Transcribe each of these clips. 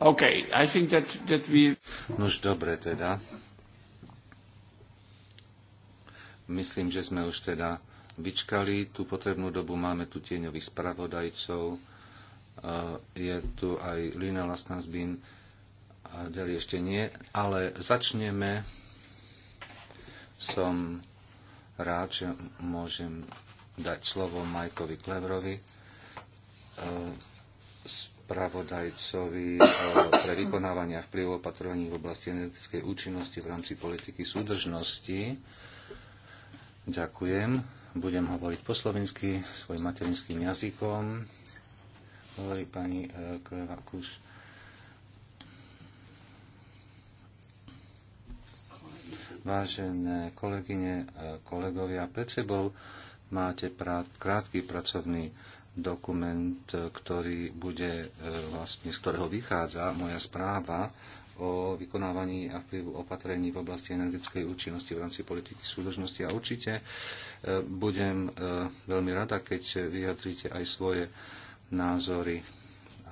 Okay, I think that, that we... Nož dobre teda. Myslím, že sme už teda vyčkali tú potrebnú dobu. Máme tu tieňových spravodajcov. Eh, je tu aj Lina Lastansbín. A ďalej ešte nie. Ale začneme. Som rád, že môžem dať slovo Majkovi Klevrovi eh, spravodajcovi eh, pre vykonávanie a opatrovaní v oblasti energetickej účinnosti v rámci politiky súdržnosti. Ďakujem. Budem hovoriť po slovensky svojim materinským jazykom. Hovorí pani eh, Klevakuš. Vážené kolegyne, eh, kolegovia, pred sebou máte krátky pracovný dokument, e, ktorý bude e, vlastne, z ktorého vychádza moja správa o vykonávaní a vplyvu opatrení v oblasti energetickej účinnosti v rámci politiky súdržnosti. A určite e, budem veľmi rada, keď vyjadrite aj svoje názory.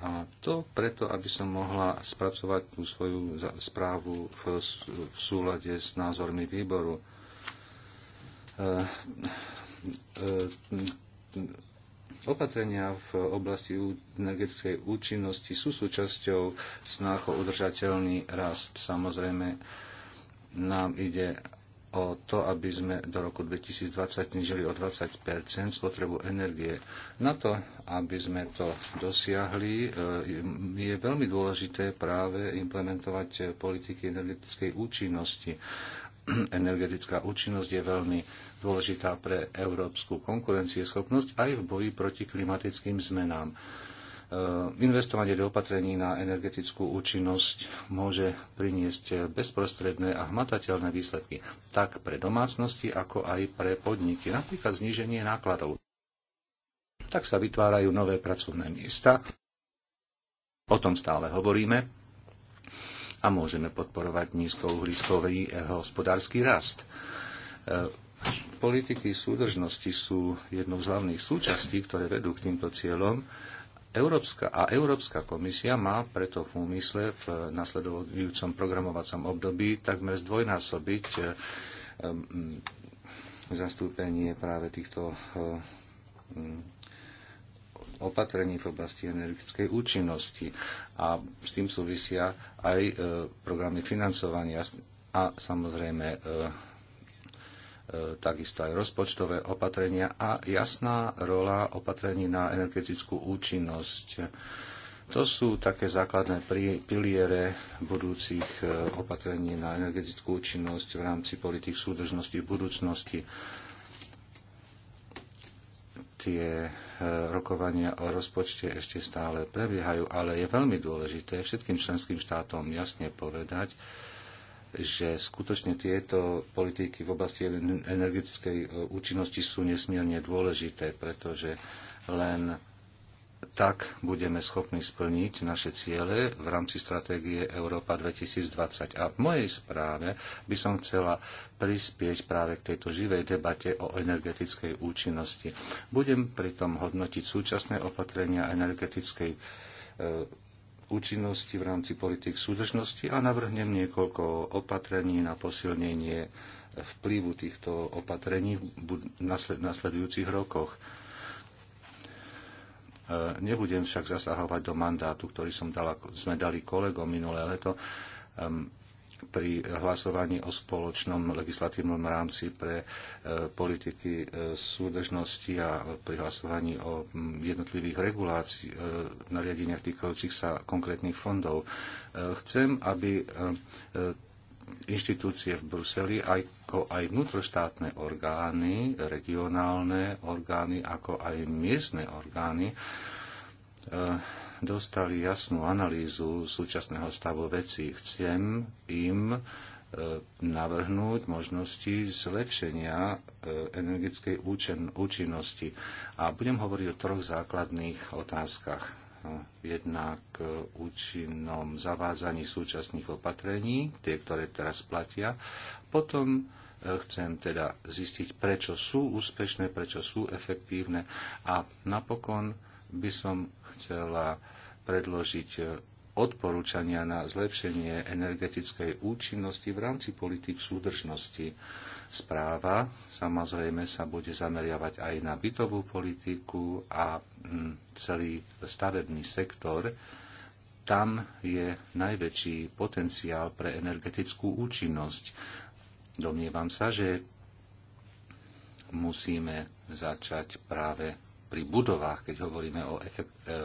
A to preto, aby som mohla spracovať tú svoju správu v, v súlade s názormi výboru Opatrenia v oblasti energetickej účinnosti sú súčasťou snáho udržateľný rast. Samozrejme, nám ide o to, aby sme do roku 2020 znižili o 20 spotrebu energie. Na to, aby sme to dosiahli, e, je veľmi dôležité práve implementovať politiky energetickej účinnosti energetická účinnosť je veľmi dôležitá pre európsku konkurencieschopnosť aj v boji proti klimatickým zmenám. E, investovanie do opatrení na energetickú účinnosť môže priniesť bezprostredné a hmatateľné výsledky tak pre domácnosti, ako aj pre podniky, napríklad zníženie nákladov. Tak sa vytvárajú nové pracovné miesta. O tom stále hovoríme a môžeme podporovať nízkouhlíkový eh, hospodársky rast. Eh, politiky súdržnosti sú jednou z hlavných súčastí, ktoré vedú k týmto cieľom. Európska a Európska komisia má preto v úmysle v nasledujúcom programovacom období takmer zdvojnásobiť eh, zastúpenie práve týchto opatrení v oblasti energetickej účinnosti a s tým súvisia aj e, programy financovania a samozrejme e, e, takisto aj rozpočtové opatrenia a jasná rola opatrení na energetickú účinnosť. To sú také základné piliere budúcich opatrení na energetickú účinnosť v rámci politik súdržnosti v budúcnosti. Tie rokovania o rozpočte ešte stále prebiehajú, ale je veľmi dôležité všetkým členským štátom jasne povedať, že skutočne tieto politiky v oblasti energetickej účinnosti sú nesmierne dôležité, pretože len tak budeme schopní splniť naše ciele v rámci stratégie Európa 2020. A v mojej správe by som chcela prispieť práve k tejto živej debate o energetickej účinnosti. Budem pritom hodnotiť súčasné opatrenia energetickej e, účinnosti v rámci politik súdržnosti a navrhnem niekoľko opatrení na posilnenie vplyvu týchto opatrení v nasledujúcich rokoch E, nebudem však zasahovať do mandátu, ktorý som dal, sme dali kolegom minulé leto pri hlasovaní o spoločnom legislatívnom rámci pre e, politiky e, súdržnosti a pri hlasovaní o jednotlivých regulácií, nariadeniach týkajúcich sa konkrétnych fondov. Chcem, aby inštitúcie v Bruseli, ako aj vnútroštátne orgány, regionálne orgány, ako aj miestne orgány, eh, dostali jasnú analýzu súčasného stavu vecí. Chcem im eh, navrhnúť možnosti zlepšenia eh, energetickej účinnosti. A budem hovoriť o troch základných otázkach jednak k účinnom zavázaní súčasných opatrení, tie, ktoré teraz platia. Potom e, chcem teda zistiť, prečo sú úspešné, prečo sú efektívne a napokon by som chcela predložiť e, odporúčania na zlepšenie energetickej účinnosti v rámci politik súdržnosti Správa samozrejme sa bude zameriavať aj na bytovú politiku a mm, celý stavebný sektor. Tam je najväčší potenciál pre energetickú účinnosť. Domnievam sa, že musíme začať práve pri budovách, keď hovoríme o e,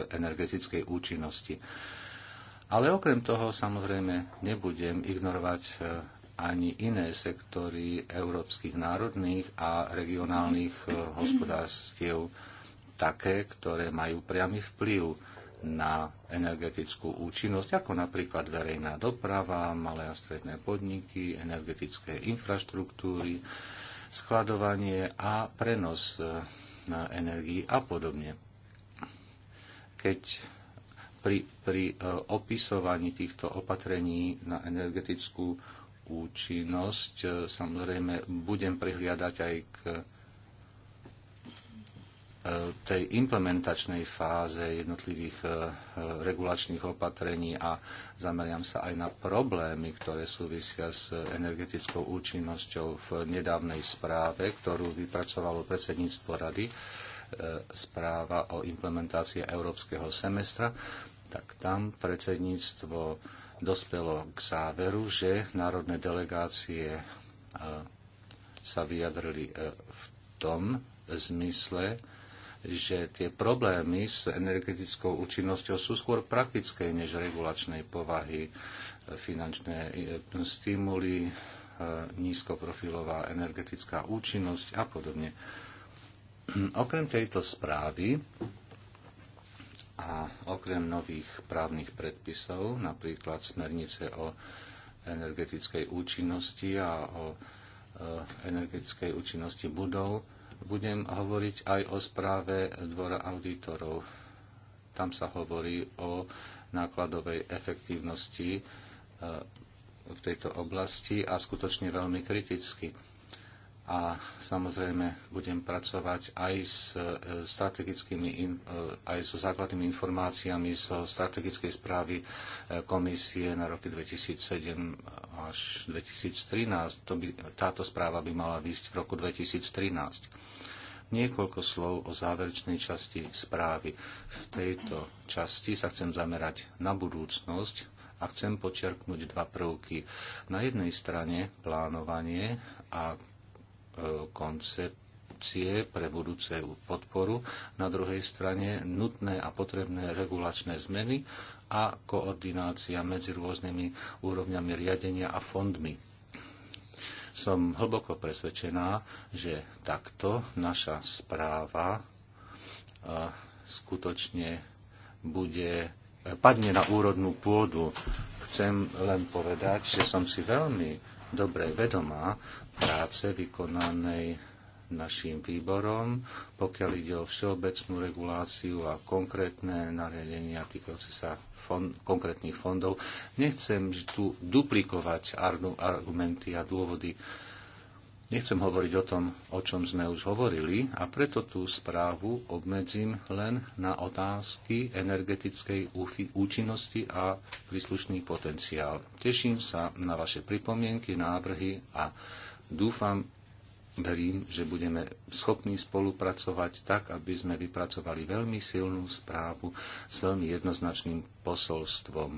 energetickej účinnosti. Ale okrem toho samozrejme nebudem ignorovať e, ani iné sektory európskych národných a regionálnych eh, hospodárstiev také, ktoré majú priamy vplyv na energetickú účinnosť, ako napríklad verejná doprava, malé a stredné podniky, energetické infraštruktúry, skladovanie a prenos eh, energií a podobne. Keď pri, pri eh, opisovaní týchto opatrení na energetickú účinnosť. E, samozrejme, budem prihliadať aj k e, tej implementačnej fáze jednotlivých e, regulačných opatrení a zameriam sa aj na problémy, ktoré súvisia s energetickou účinnosťou v nedávnej správe, ktorú vypracovalo predsedníctvo rady, správa o implementácii európskeho semestra, tak tam predsedníctvo dospelo k záveru, že národné delegácie e, sa vyjadrili e, v tom zmysle, že tie problémy s energetickou účinnosťou sú skôr praktické než regulačnej povahy, e, finančné stimuly, nízkoprofilová energetická účinnosť a podobne. Okrem tejto správy a okrem nových právnych predpisov, napríklad smernice o energetickej účinnosti a o e, energetickej účinnosti budov, budem hovoriť aj o správe Dvora auditorov. Tam sa hovorí o nákladovej efektívnosti e, v tejto oblasti a skutočne veľmi kriticky a samozrejme budem pracovať aj s e, strategickými, e, aj so základnými informáciami zo strategickej správy e, komisie na roky 2007 až 2013. To by, táto správa by mala výsť v roku 2013. Niekoľko slov o záverečnej časti správy. V tejto časti sa chcem zamerať na budúcnosť a chcem počerknúť dva prvky. Na jednej strane plánovanie a koncepcie pre budúce podporu, na druhej strane nutné a potrebné regulačné zmeny a koordinácia medzi rôznymi úrovňami riadenia a fondmi som hlboko presvedčená, že takto naša správa e, skutočne bude, e, padne na úrodnú pôdu. Chcem len povedať, že som si veľmi dobre vedomá práce vykonanej našim výborom, pokiaľ ide o všeobecnú reguláciu a konkrétne nariadenia týkajúce sa fond, konkrétnych fondov. Nechcem tu duplikovať argumenty a dôvody Nechcem hovoriť o tom, o čom sme už hovorili a preto tú správu obmedzím len na otázky energetickej účinnosti a príslušný potenciál. Teším sa na vaše pripomienky, návrhy a dúfam, verím, že budeme schopní spolupracovať tak, aby sme vypracovali veľmi silnú správu s veľmi jednoznačným posolstvom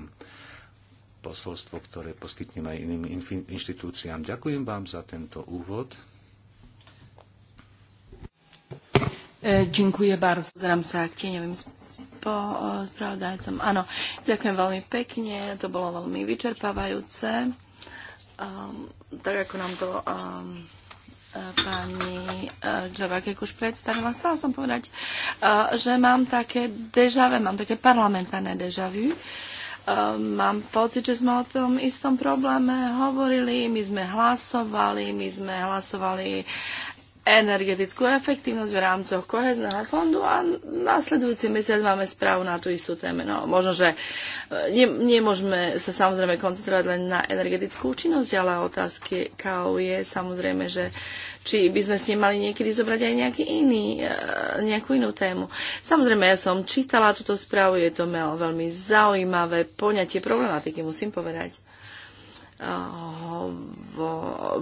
posolstvo, ktoré poskytnem aj iným inštitúciám. Ďakujem vám za tento úvod. Ďakujem e, bardzo. Zdravím sa k tieňovým spravodajcom. Áno, ďakujem veľmi pekne. To bolo veľmi vyčerpávajúce. Um, tak ako nám to um, pani Džabakek e, už predstavila. Chcela som povedať, e, že mám také dežave, mám také parlamentárne dežavy. Ehm, mám pocit, že sme o tom istom probléme hovorili, my sme hlasovali, my sme hlasovali energetickú efektívnosť v rámcoch kohezného fondu a následujúci mesiac máme správu na tú istú tému. No, možno, že e, ne, nemôžeme sa samozrejme koncentrovať len na energetickú účinnosť, ale otázky KO je samozrejme, že či by sme si mali niekedy zobrať aj nejaký iný, e, nejakú inú tému. Samozrejme, ja som čítala túto správu, je to mal veľmi zaujímavé poňatie problematiky, musím povedať. E,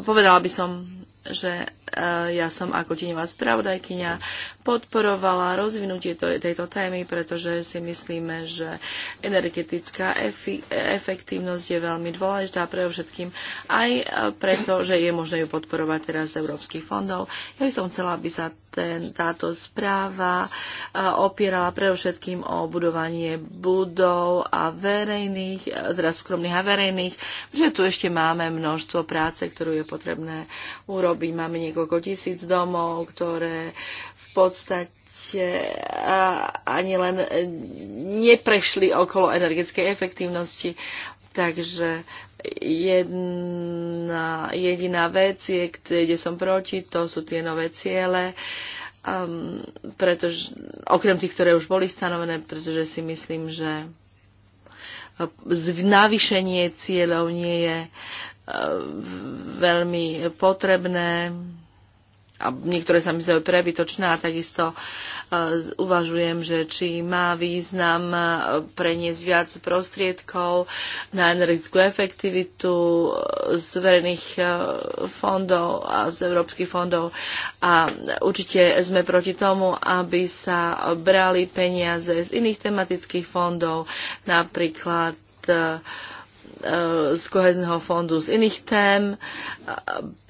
povedala by som, že e, ja som ako tieňová spravodajkyňa podporovala rozvinutie tejto témy, pretože si myslíme, že energetická efektívnosť je veľmi dôležitá pre všetkým, aj preto, že je možné ju podporovať teraz z európskych fondov. Ja by som chcela, aby sa ten, táto správa e, opierala predovšetkým o budovanie budov a verejných, e, teda súkromných a verejných, že tu ešte máme množstvo práce, ktorú je potrebné urobiť. Máme niekoľko tisíc domov, ktoré v podstate e, ani len neprešli okolo energetickej efektívnosti. Takže Jedna, jediná vec, je, kde som proti, to sú tie nové ciele, um, pretože, okrem tých, ktoré už boli stanovené, pretože si myslím, že uh, navýšenie cieľov nie je uh, veľmi potrebné a niektoré sa mi zdajú prebytočné a takisto e, uvažujem, že či má význam e, preniesť viac prostriedkov na energetickú efektivitu e, z verejných fondov a z európskych fondov a určite sme proti tomu, aby sa brali peniaze z iných tematických fondov, napríklad z kohezného fondu z iných tém,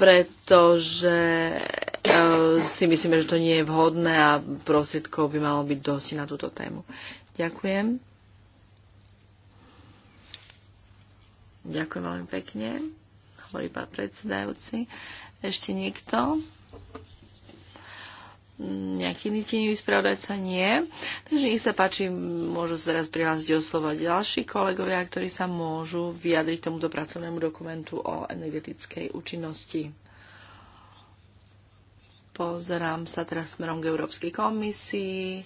pretože Eh, si myslíme, že to nie je vhodné a prostriedkov by malo byť dosť na túto tému. Ďakujem. Ďakujem veľmi pekne, hovorí pán predsedajúci. Ešte niekto? nejaký iný tieňový sa nie. Takže nech sa páči, môžu sa teraz prihlásiť o ďalší kolegovia, ktorí sa môžu vyjadriť tomuto pracovnému dokumentu o energetickej účinnosti. Pozerám sa teraz smerom k Európskej komisii.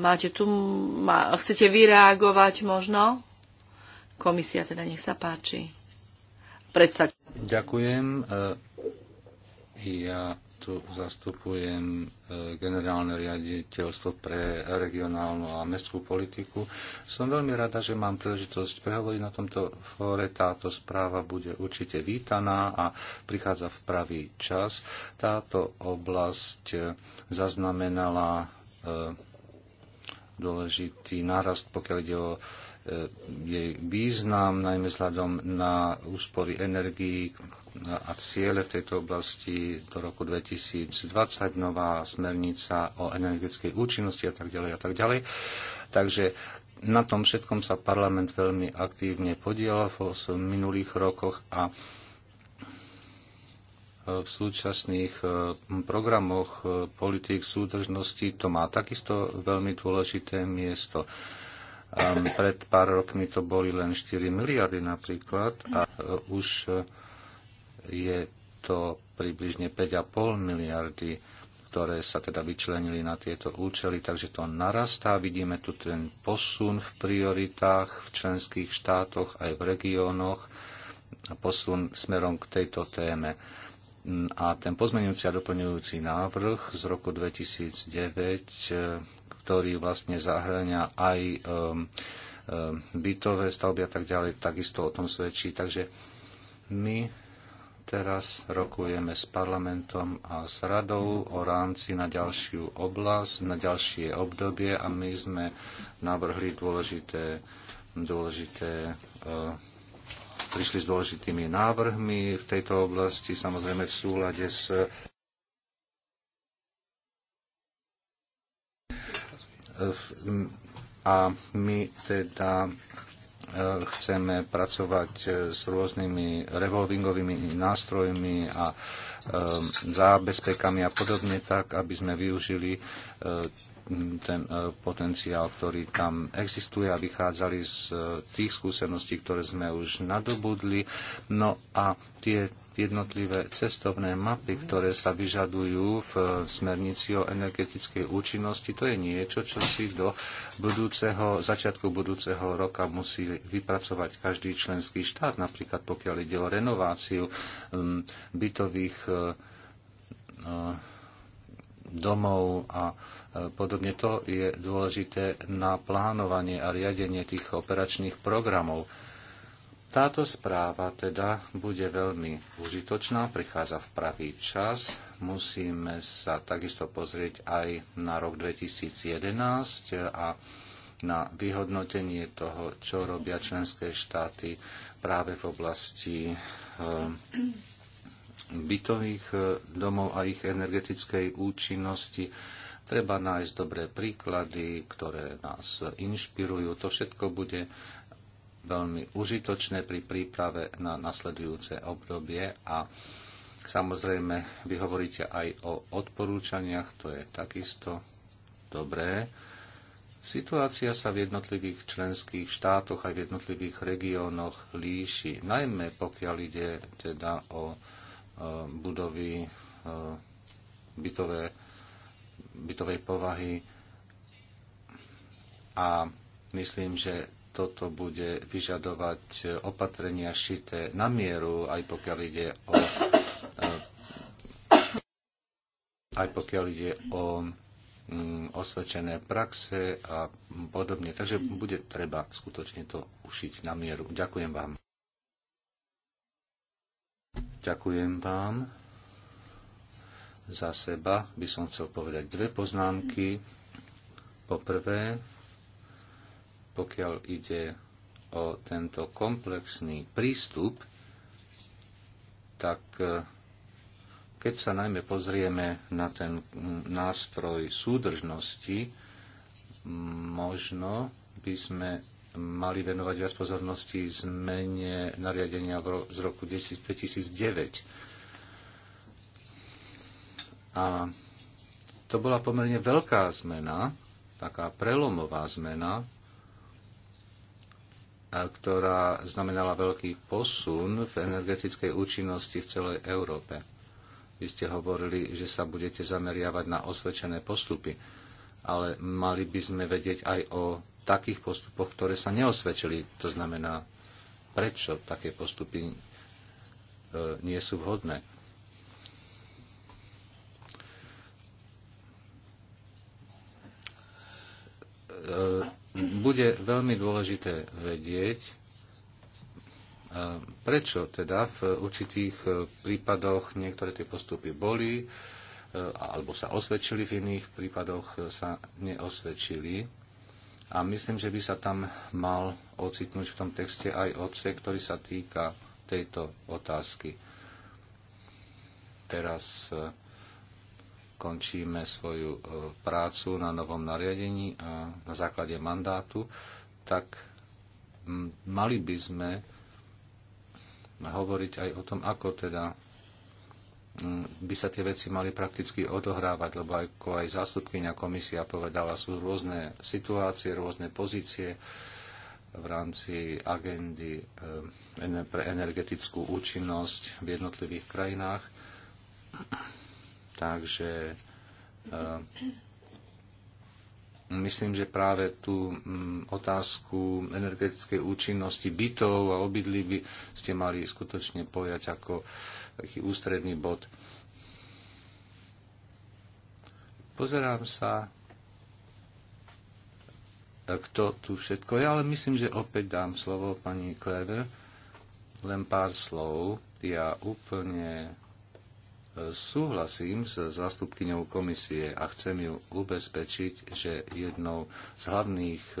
Máte tu, má, chcete vyreagovať možno? Komisia teda nech sa páči. Predstavte. Ďakujem. E, ja tu zastupujem e, generálne riaditeľstvo pre regionálnu a mestskú politiku. Som veľmi rada, že mám príležitosť prehovoriť na tomto fóre. Táto správa bude určite vítaná a prichádza v pravý čas. Táto oblasť e, zaznamenala e, dôležitý nárast, pokiaľ ide o jej význam, najmä vzhľadom na úspory energií, No a ciele v tejto oblasti do roku 2020, nová smernica o energetickej účinnosti a tak ďalej a tak ďalej. Takže na tom všetkom sa parlament veľmi aktívne podielal v minulých rokoch a v súčasných e, programoch e, politik súdržnosti to má takisto veľmi dôležité miesto. Pred pár rokmi to boli len 4 miliardy napríklad a e, už je to približne 5,5 miliardy, ktoré sa teda vyčlenili na tieto účely, takže to narastá. Vidíme tu ten posun v prioritách v členských štátoch aj v regiónoch, posun smerom k tejto téme. A ten pozmenujúci a doplňujúci návrh z roku 2009, ktorý vlastne zahrania aj um, um, bytové stavby a tak ďalej, takisto o tom svedčí. Takže my Teraz rokujeme s parlamentom a s radou o rámci na ďalšiu oblasť, na ďalšie obdobie a my sme navrhli dôležité, dôležité e, prišli s dôležitými návrhmi v tejto oblasti, samozrejme v súlade s e, a my teda chceme pracovať e, s rôznymi revolvingovými nástrojmi a e, zábezpekami a podobne tak, aby sme využili e, ten potenciál, ktorý tam existuje a vychádzali z tých skúseností, ktoré sme už nadobudli. No a tie jednotlivé cestovné mapy, ktoré sa vyžadujú v smernici o energetickej účinnosti. To je niečo, čo si do budúceho, začiatku budúceho roka musí vypracovať každý členský štát, napríklad pokiaľ ide o renováciu um, bytových uh, uh, domov a uh, podobne. To je dôležité na plánovanie a riadenie tých operačných programov táto správa teda bude veľmi užitočná, prichádza v pravý čas. Musíme sa takisto pozrieť aj na rok 2011 a na vyhodnotenie toho, čo robia členské štáty práve v oblasti ehm, bytových e, domov a ich energetickej účinnosti. Treba nájsť dobré príklady, ktoré nás inšpirujú. To všetko bude veľmi užitočné pri príprave na nasledujúce obdobie a samozrejme vy hovoríte aj o odporúčaniach, to je takisto dobré. Situácia sa v jednotlivých členských štátoch aj v jednotlivých regiónoch líši, najmä pokiaľ ide teda o e, budovy e, bytové, bytovej povahy a myslím, že toto bude vyžadovať opatrenia šité na mieru, aj pokiaľ ide o eh, aj pokiaľ ide o mm, osvedčené praxe a podobne. Takže bude treba skutočne to ušiť na mieru. Ďakujem vám. Ďakujem vám. Za seba by som chcel povedať dve poznámky. Poprvé, pokiaľ ide o tento komplexný prístup, tak e, keď sa najmä pozrieme na ten nástroj súdržnosti, možno by sme mali venovať viac pozornosti zmene nariadenia z roku 2009. A to bola pomerne veľká zmena, taká prelomová zmena ktorá znamenala veľký posun v energetickej účinnosti v celej Európe. Vy ste hovorili, že sa budete zameriavať na osvedčené postupy, ale mali by sme vedieť aj o takých postupoch, ktoré sa neosvedčili. To znamená, prečo také postupy e, nie sú vhodné. E, bude veľmi dôležité vedieť, prečo teda v určitých e, prípadoch niektoré tie postupy boli e, alebo sa osvedčili, v iných prípadoch e, sa neosvedčili. A myslím, že by sa tam mal ocitnúť v tom texte aj odsek, ktorý sa týka tejto otázky. Teraz končíme svoju e, prácu na novom nariadení a na základe mandátu, tak mali by sme hovoriť aj o tom, ako teda by sa tie veci mali prakticky odohrávať, lebo ako aj zástupkynia komisia povedala, sú rôzne situácie, rôzne pozície v rámci agendy e, pre energetickú účinnosť v jednotlivých krajinách. Takže eh, myslím, že práve tú mm, otázku energetickej účinnosti bytov a obydlí by ste mali skutočne pojať ako taký ústredný bod. Pozerám sa, eh, kto tu všetko je, ale myslím, že opäť dám slovo pani Klever. Len pár slov. Ja úplne Súhlasím s zástupkyňou komisie a chcem ju ubezpečiť, že jednou z hlavných e,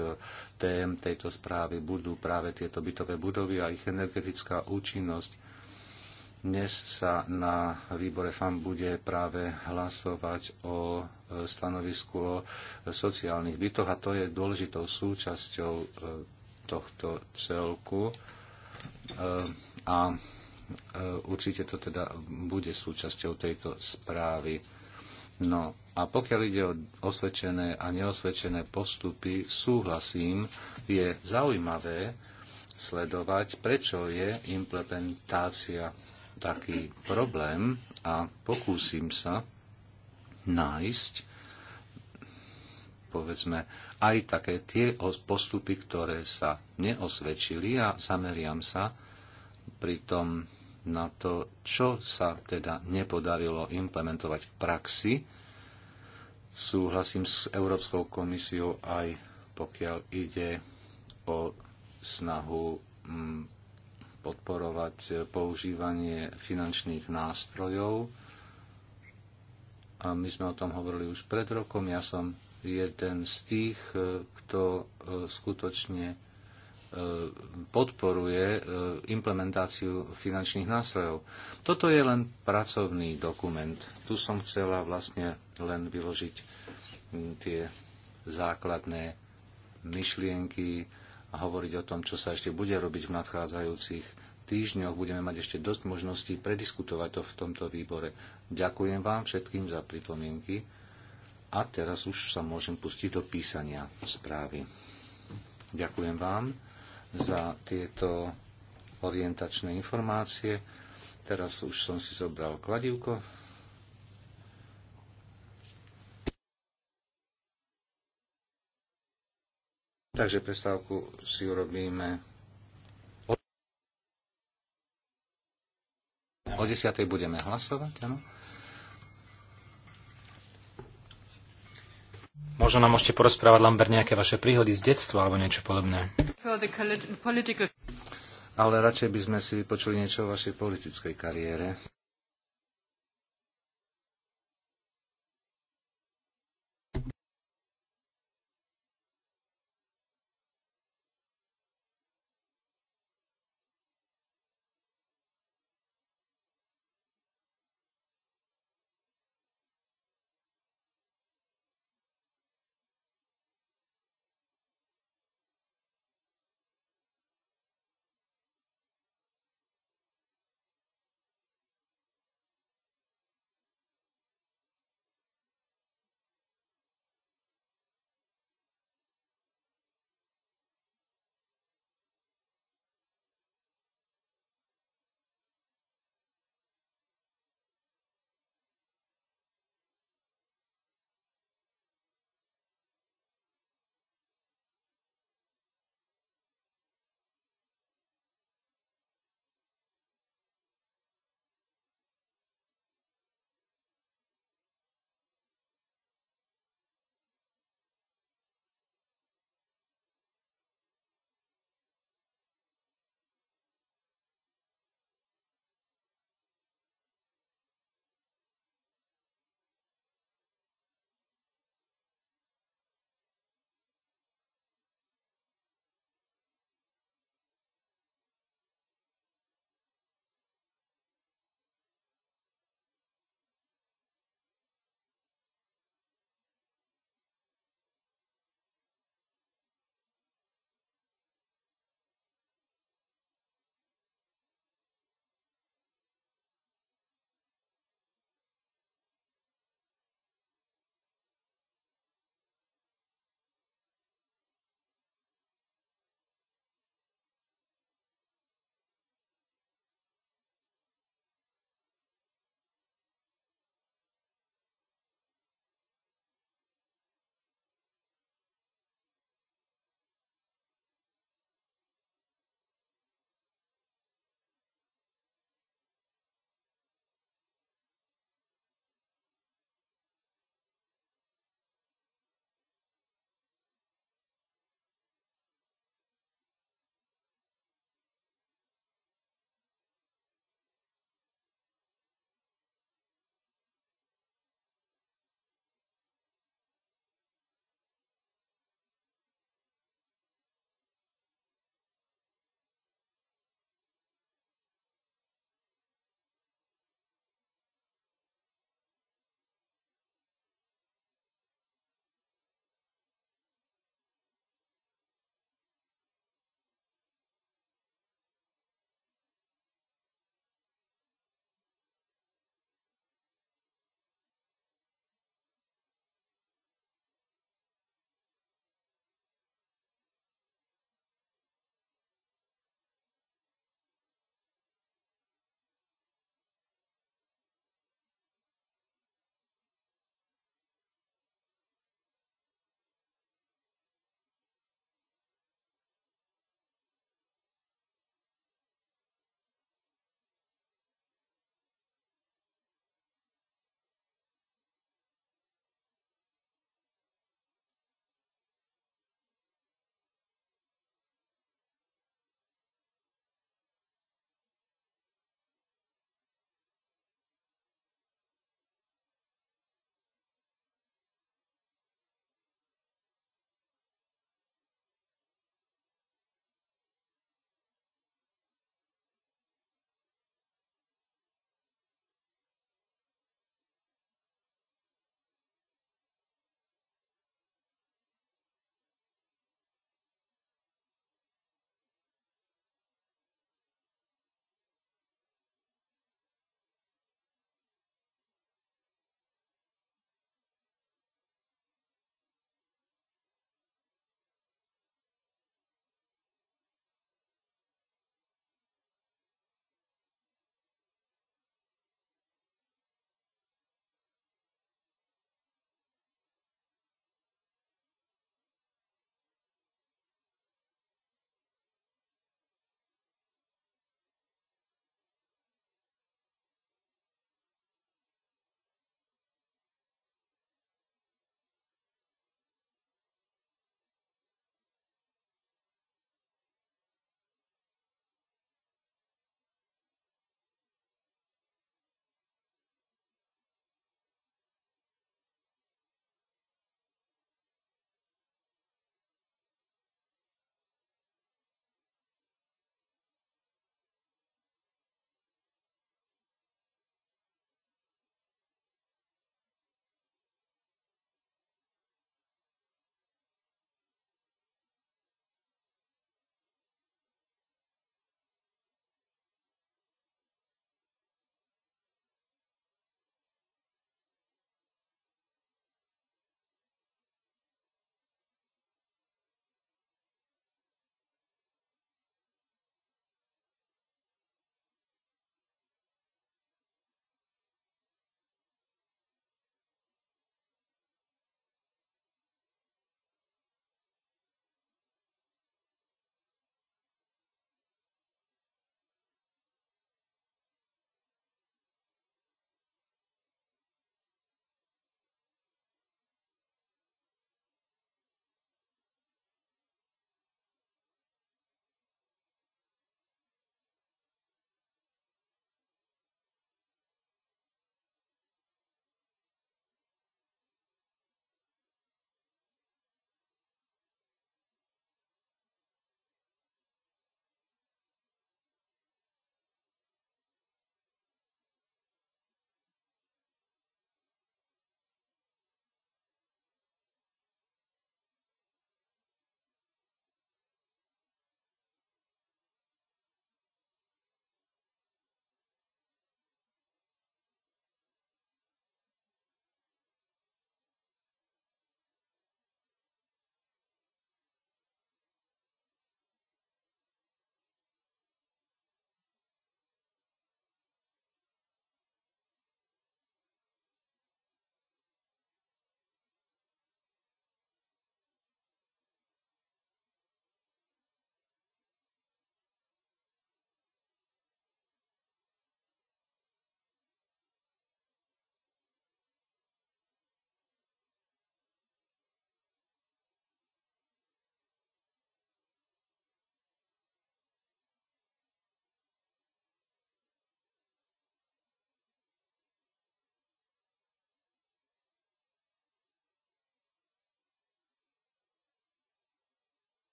tém tejto správy budú práve tieto bytové budovy a ich energetická účinnosť. Dnes sa na výbore FAM bude práve hlasovať o e, stanovisku o sociálnych bytoch a to je dôležitou súčasťou e, tohto celku. A E, určite to teda bude súčasťou tejto správy. No a pokiaľ ide o osvedčené a neosvedčené postupy, súhlasím, je zaujímavé sledovať, prečo je implementácia taký problém a pokúsim sa nájsť povedzme aj také tie postupy, ktoré sa neosvedčili a zameriam sa pritom na to, čo sa teda nepodarilo implementovať v praxi. Súhlasím s Európskou komisiou aj pokiaľ ide o snahu mm, podporovať používanie finančných nástrojov. A my sme o tom hovorili už pred rokom. Ja som jeden z tých, kto e, skutočne E, podporuje e, implementáciu finančných nástrojov. Toto je len pracovný dokument. Tu som chcela vlastne len vyložiť tie základné myšlienky a hovoriť o tom, čo sa ešte bude robiť v nadchádzajúcich týždňoch. Budeme mať ešte dosť možností prediskutovať to v tomto výbore. Ďakujem vám všetkým za pripomienky a teraz už sa môžem pustiť do písania správy. Ďakujem vám za tieto orientačné informácie. Teraz už som si zobral kladivko. Takže prestávku si urobíme o 10. budeme hlasovať, áno? Možno nám môžete porozprávať, Lambert, nejaké vaše príhody z detstva alebo niečo podobné. Ale radšej by sme si vypočuli niečo o vašej politickej kariére.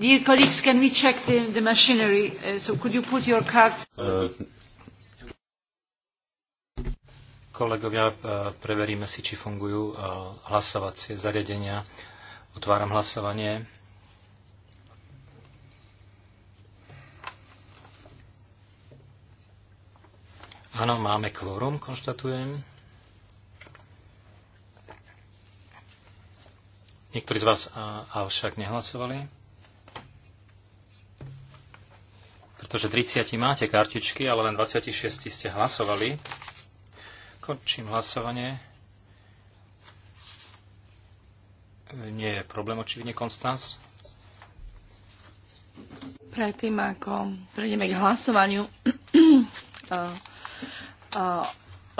Dear colleagues, can we check the, the machinery? Uh, so could you put your cards... Uh, kolegovia, uh, preveríme si, či fungujú uh, hlasovacie zariadenia. Otváram hlasovanie. Áno, máme kvórum, konštatujem. Niektorí z vás uh, avšak nehlasovali. pretože 30 máte kartičky, ale len 26 ste hlasovali. Končím hlasovanie. Nie je problém očividne, Konstanc. Predtým, ako prejdeme k hlasovaniu,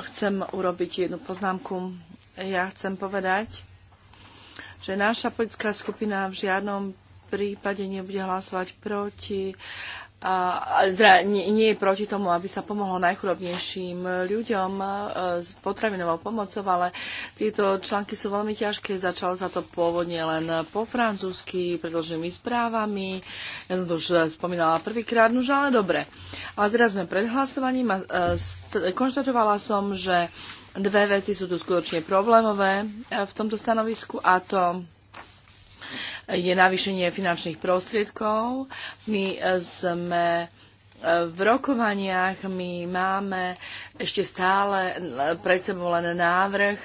chcem urobiť jednu poznámku. Ja chcem povedať, že naša politická skupina v žiadnom prípade nebude hlasovať proti a, teda nie, nie je proti tomu, aby sa pomohlo najchudobnejším ľuďom e, s potravinovou pomocou, ale tieto články sú veľmi ťažké. Začalo sa to pôvodne len po francúzsky, predloženými správami. Ja som to už spomínala prvýkrát, no ale dobre. Ale teraz sme pred hlasovaním a e, konštatovala som, že dve veci sú tu skutočne problémové e, v tomto stanovisku a to je navýšenie finančných prostriedkov. My sme v rokovaniach my máme ešte stále pred sebou len návrh,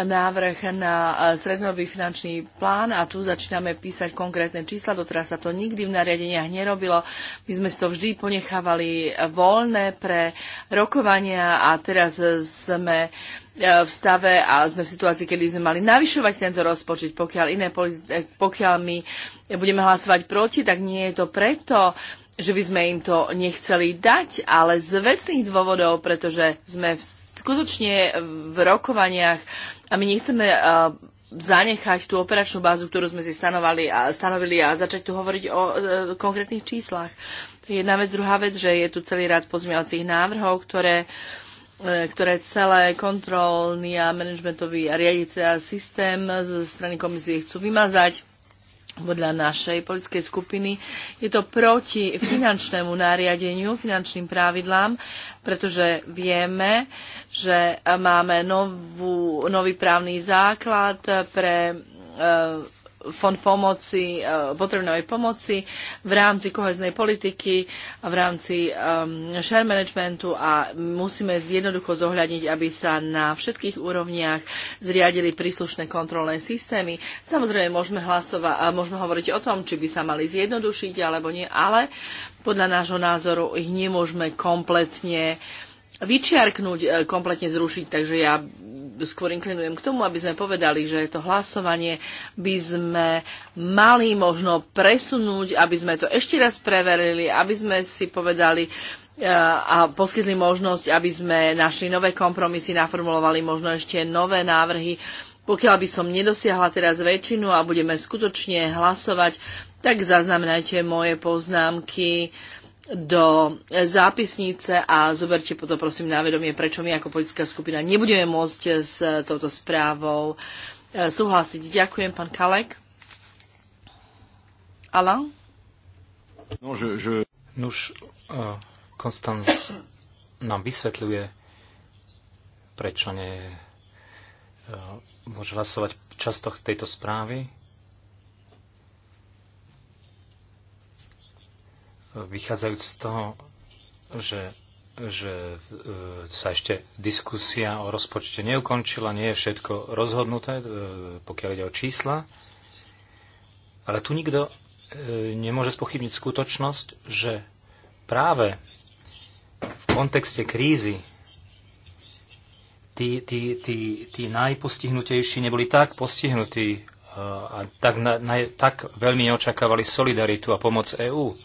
návrh na strednový finančný plán a tu začíname písať konkrétne čísla. Doteraz sa to nikdy v nariadeniach nerobilo. My sme to vždy ponechávali voľné pre rokovania a teraz sme v stave a sme v situácii, kedy sme mali navyšovať tento rozpočet, pokiaľ, iné politi- eh, pokiaľ my budeme hlasovať proti, tak nie je to preto, že by sme im to nechceli dať, ale z vecných dôvodov, pretože sme v, skutočne v rokovaniach a my nechceme uh, zanechať tú operačnú bázu, ktorú sme si stanovali a, stanovili a začať tu hovoriť o uh, konkrétnych číslach. To je Jedna vec, druhá vec, že je tu celý rád pozmiacich návrhov, ktoré uh, ktoré celé kontrolný a manažmentový a riaditeľ systém zo strany komisie chcú vymazať podľa našej politickej skupiny. Je to proti finančnému nariadeniu, finančným pravidlám, pretože vieme, že máme novú, nový právny základ pre e, fond pomoci, eh, potrebnej pomoci v rámci koheznej politiky, v rámci um, share managementu a musíme jednoducho zohľadniť, aby sa na všetkých úrovniach zriadili príslušné kontrolné systémy. Samozrejme, môžeme, hlasova- môžeme hovoriť o tom, či by sa mali zjednodušiť alebo nie, ale podľa nášho názoru ich nemôžeme kompletne vyčiarknúť, eh, kompletne zrušiť, takže ja skôr inklinujem k tomu, aby sme povedali, že to hlasovanie by sme mali možno presunúť, aby sme to ešte raz preverili, aby sme si povedali eh, a poskytli možnosť, aby sme našli nové kompromisy, naformulovali možno ešte nové návrhy. Pokiaľ by som nedosiahla teraz väčšinu a budeme skutočne hlasovať, tak zaznamenajte moje poznámky do zápisnice a zoberte potom prosím na vedomie, prečo my ako politická skupina nebudeme môcť s touto správou e, súhlasiť. Ďakujem, pán Kalek. Alain? No, že, že... Nuž, uh, Konstanc nám vysvetľuje, prečo ne, uh, e, môže hlasovať často tejto správy vychádzajúc z toho, že, že e, sa ešte diskusia o rozpočte neukončila, nie je všetko rozhodnuté, e, pokiaľ ide o čísla, ale tu nikto e, nemôže spochybniť skutočnosť, že práve v kontexte krízy tí, tí, tí, tí najpostihnutejší neboli tak postihnutí a tak, na, na, tak veľmi neočakávali solidaritu a pomoc EÚ.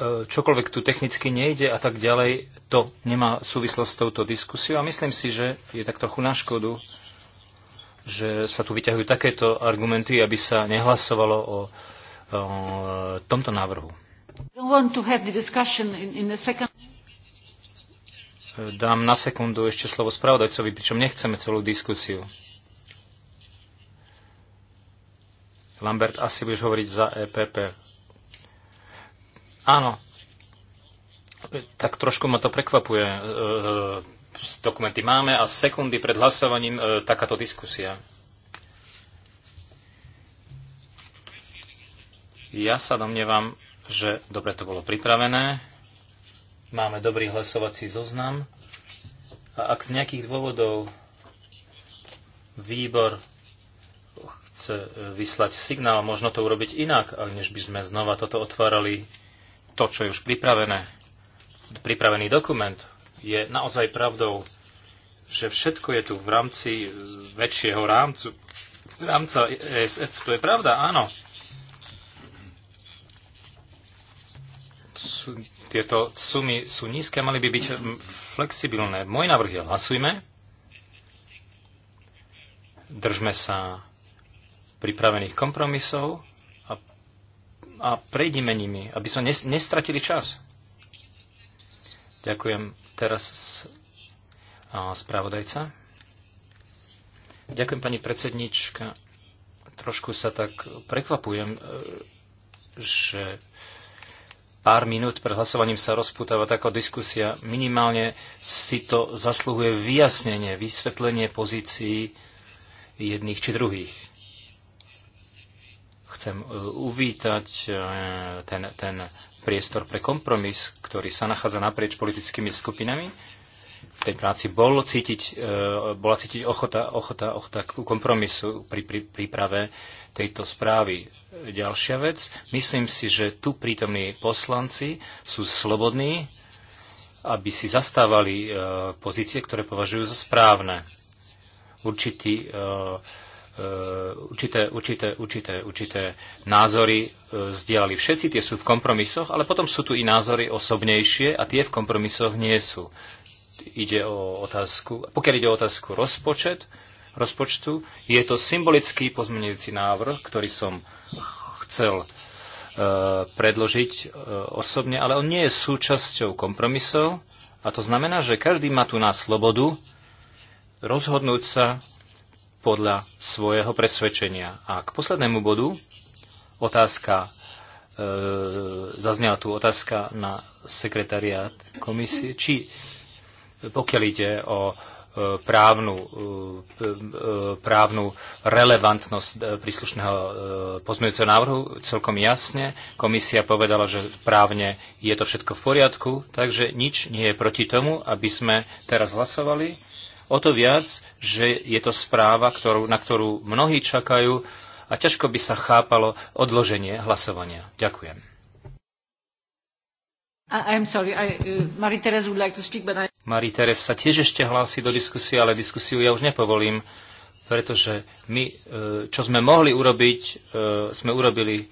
E, čokoľvek tu technicky nejde a tak ďalej, to nemá súvislosť s touto diskusiou a myslím si, že je tak trochu na škodu, že sa tu vyťahujú takéto argumenty, aby sa nehlasovalo o, o tomto návrhu. Dám na sekundu ešte slovo spravodajcovi, pričom nechceme celú diskusiu. Lambert, asi budeš hovoriť za EPP. Áno. Tak trošku ma to prekvapuje. E, e, dokumenty máme a sekundy pred hlasovaním e, takáto diskusia. Ja sa domnievam, že dobre to bolo pripravené. Máme dobrý hlasovací zoznam. A ak z nejakých dôvodov výbor chce e, vyslať signál, možno to urobiť inak, než by sme znova toto otvárali to, čo je už pripravené, pripravený dokument, je naozaj pravdou, že všetko je tu v rámci väčšieho rámcu, rámca ESF. To je pravda, áno. tieto sumy sú nízke, mali by byť hm, flexibilné. Môj návrh je, hlasujme. Držme sa pripravených kompromisov a prejdime nimi, aby sme nestratili čas. Ďakujem teraz spravodajca. Ďakujem pani predsednička. Trošku sa tak prekvapujem, e, že pár minút pred hlasovaním sa rozputáva taká diskusia. Minimálne si to zasluhuje vyjasnenie, vysvetlenie pozícií jedných či druhých chcem e, uvítať e, ten, ten priestor pre kompromis, ktorý sa nachádza naprieč politickými skupinami. V tej práci bol cítiť, e, bola cítiť ochota, ochota, ochota k kompromisu pri, príprave tejto správy. Ďalšia vec, myslím si, že tu prítomní poslanci sú slobodní, aby si zastávali pozície, ktoré považujú za správne. Určitý uh, E, určité, určité, určité, určité názory e, zdieľali všetci, tie sú v kompromisoch, ale potom sú tu i názory osobnejšie a tie v kompromisoch nie sú. Ide o otázku, pokiaľ ide o otázku rozpočet, rozpočtu, je to symbolický pozmenujúci návrh, ktorý som chcel e, predložiť osobne, ale on nie je súčasťou kompromisov a to znamená, že každý má tu na slobodu rozhodnúť sa, podľa svojho presvedčenia. A k poslednému bodu otázka, e, zaznela tu otázka na sekretariát komisie, či pokiaľ ide o e, právnu, e, e, právnu relevantnosť príslušného pozmeňujúceho návrhu celkom jasne. Komisia povedala, že právne je to všetko v poriadku, takže nič nie je proti tomu, aby sme teraz hlasovali. O to viac, že je to správa, ktorú, na ktorú mnohí čakajú a ťažko by sa chápalo odloženie hlasovania. Ďakujem. Uh, Marie Teres sa tiež ešte hlási do diskusie, ale diskusiu ja už nepovolím, pretože my, uh, čo sme mohli urobiť, uh, sme urobili.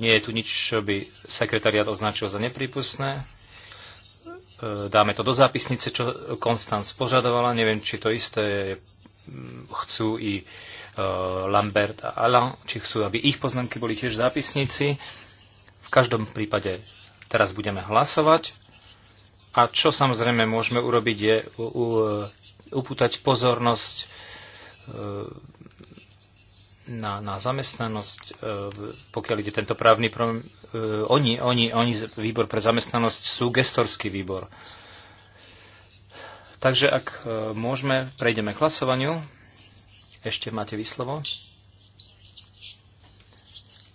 Nie je tu nič, čo by sekretariat označil za neprípustné. E, dáme to do zápisnice, čo Konstanc požadovala. Neviem, či to isté chcú i e, Lambert a Alain, či chcú, aby ich poznámky boli tiež v zápisnici. V každom prípade teraz budeme hlasovať. A čo samozrejme môžeme urobiť je e, upútať pozornosť na, na zamestnanosť, pokiaľ ide tento právny E, oni, oni, oni, výbor pre zamestnanosť sú gestorský výbor. Takže ak e, môžeme, prejdeme k hlasovaniu. Ešte máte výslovo.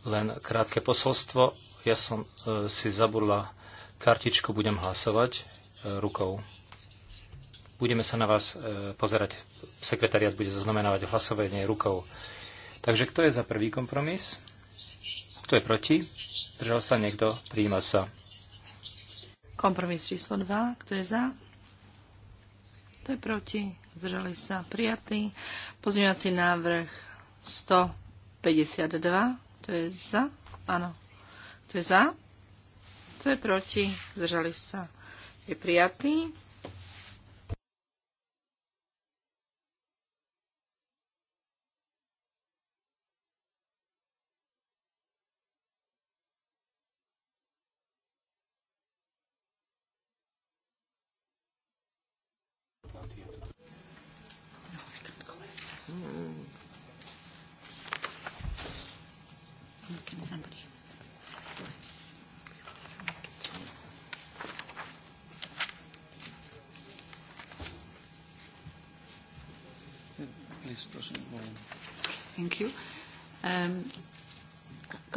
Len krátke posolstvo. Ja som e, si zaburla kartičku, budem hlasovať rukou. Budeme sa na vás pozerať. Sekretariat bude zaznamenávať hlasovanie rukou. Takže kto je za prvý kompromis? Kto je proti? Zdržal sa niekto? Príjima sa. Kompromis číslo 2. Kto je za? Kto je proti? Zdržali sa. Prijatý. Pozmeňovací návrh 152. Kto je za? Áno. Kto je za? Kto je proti? Zdržali sa. Je prijatý.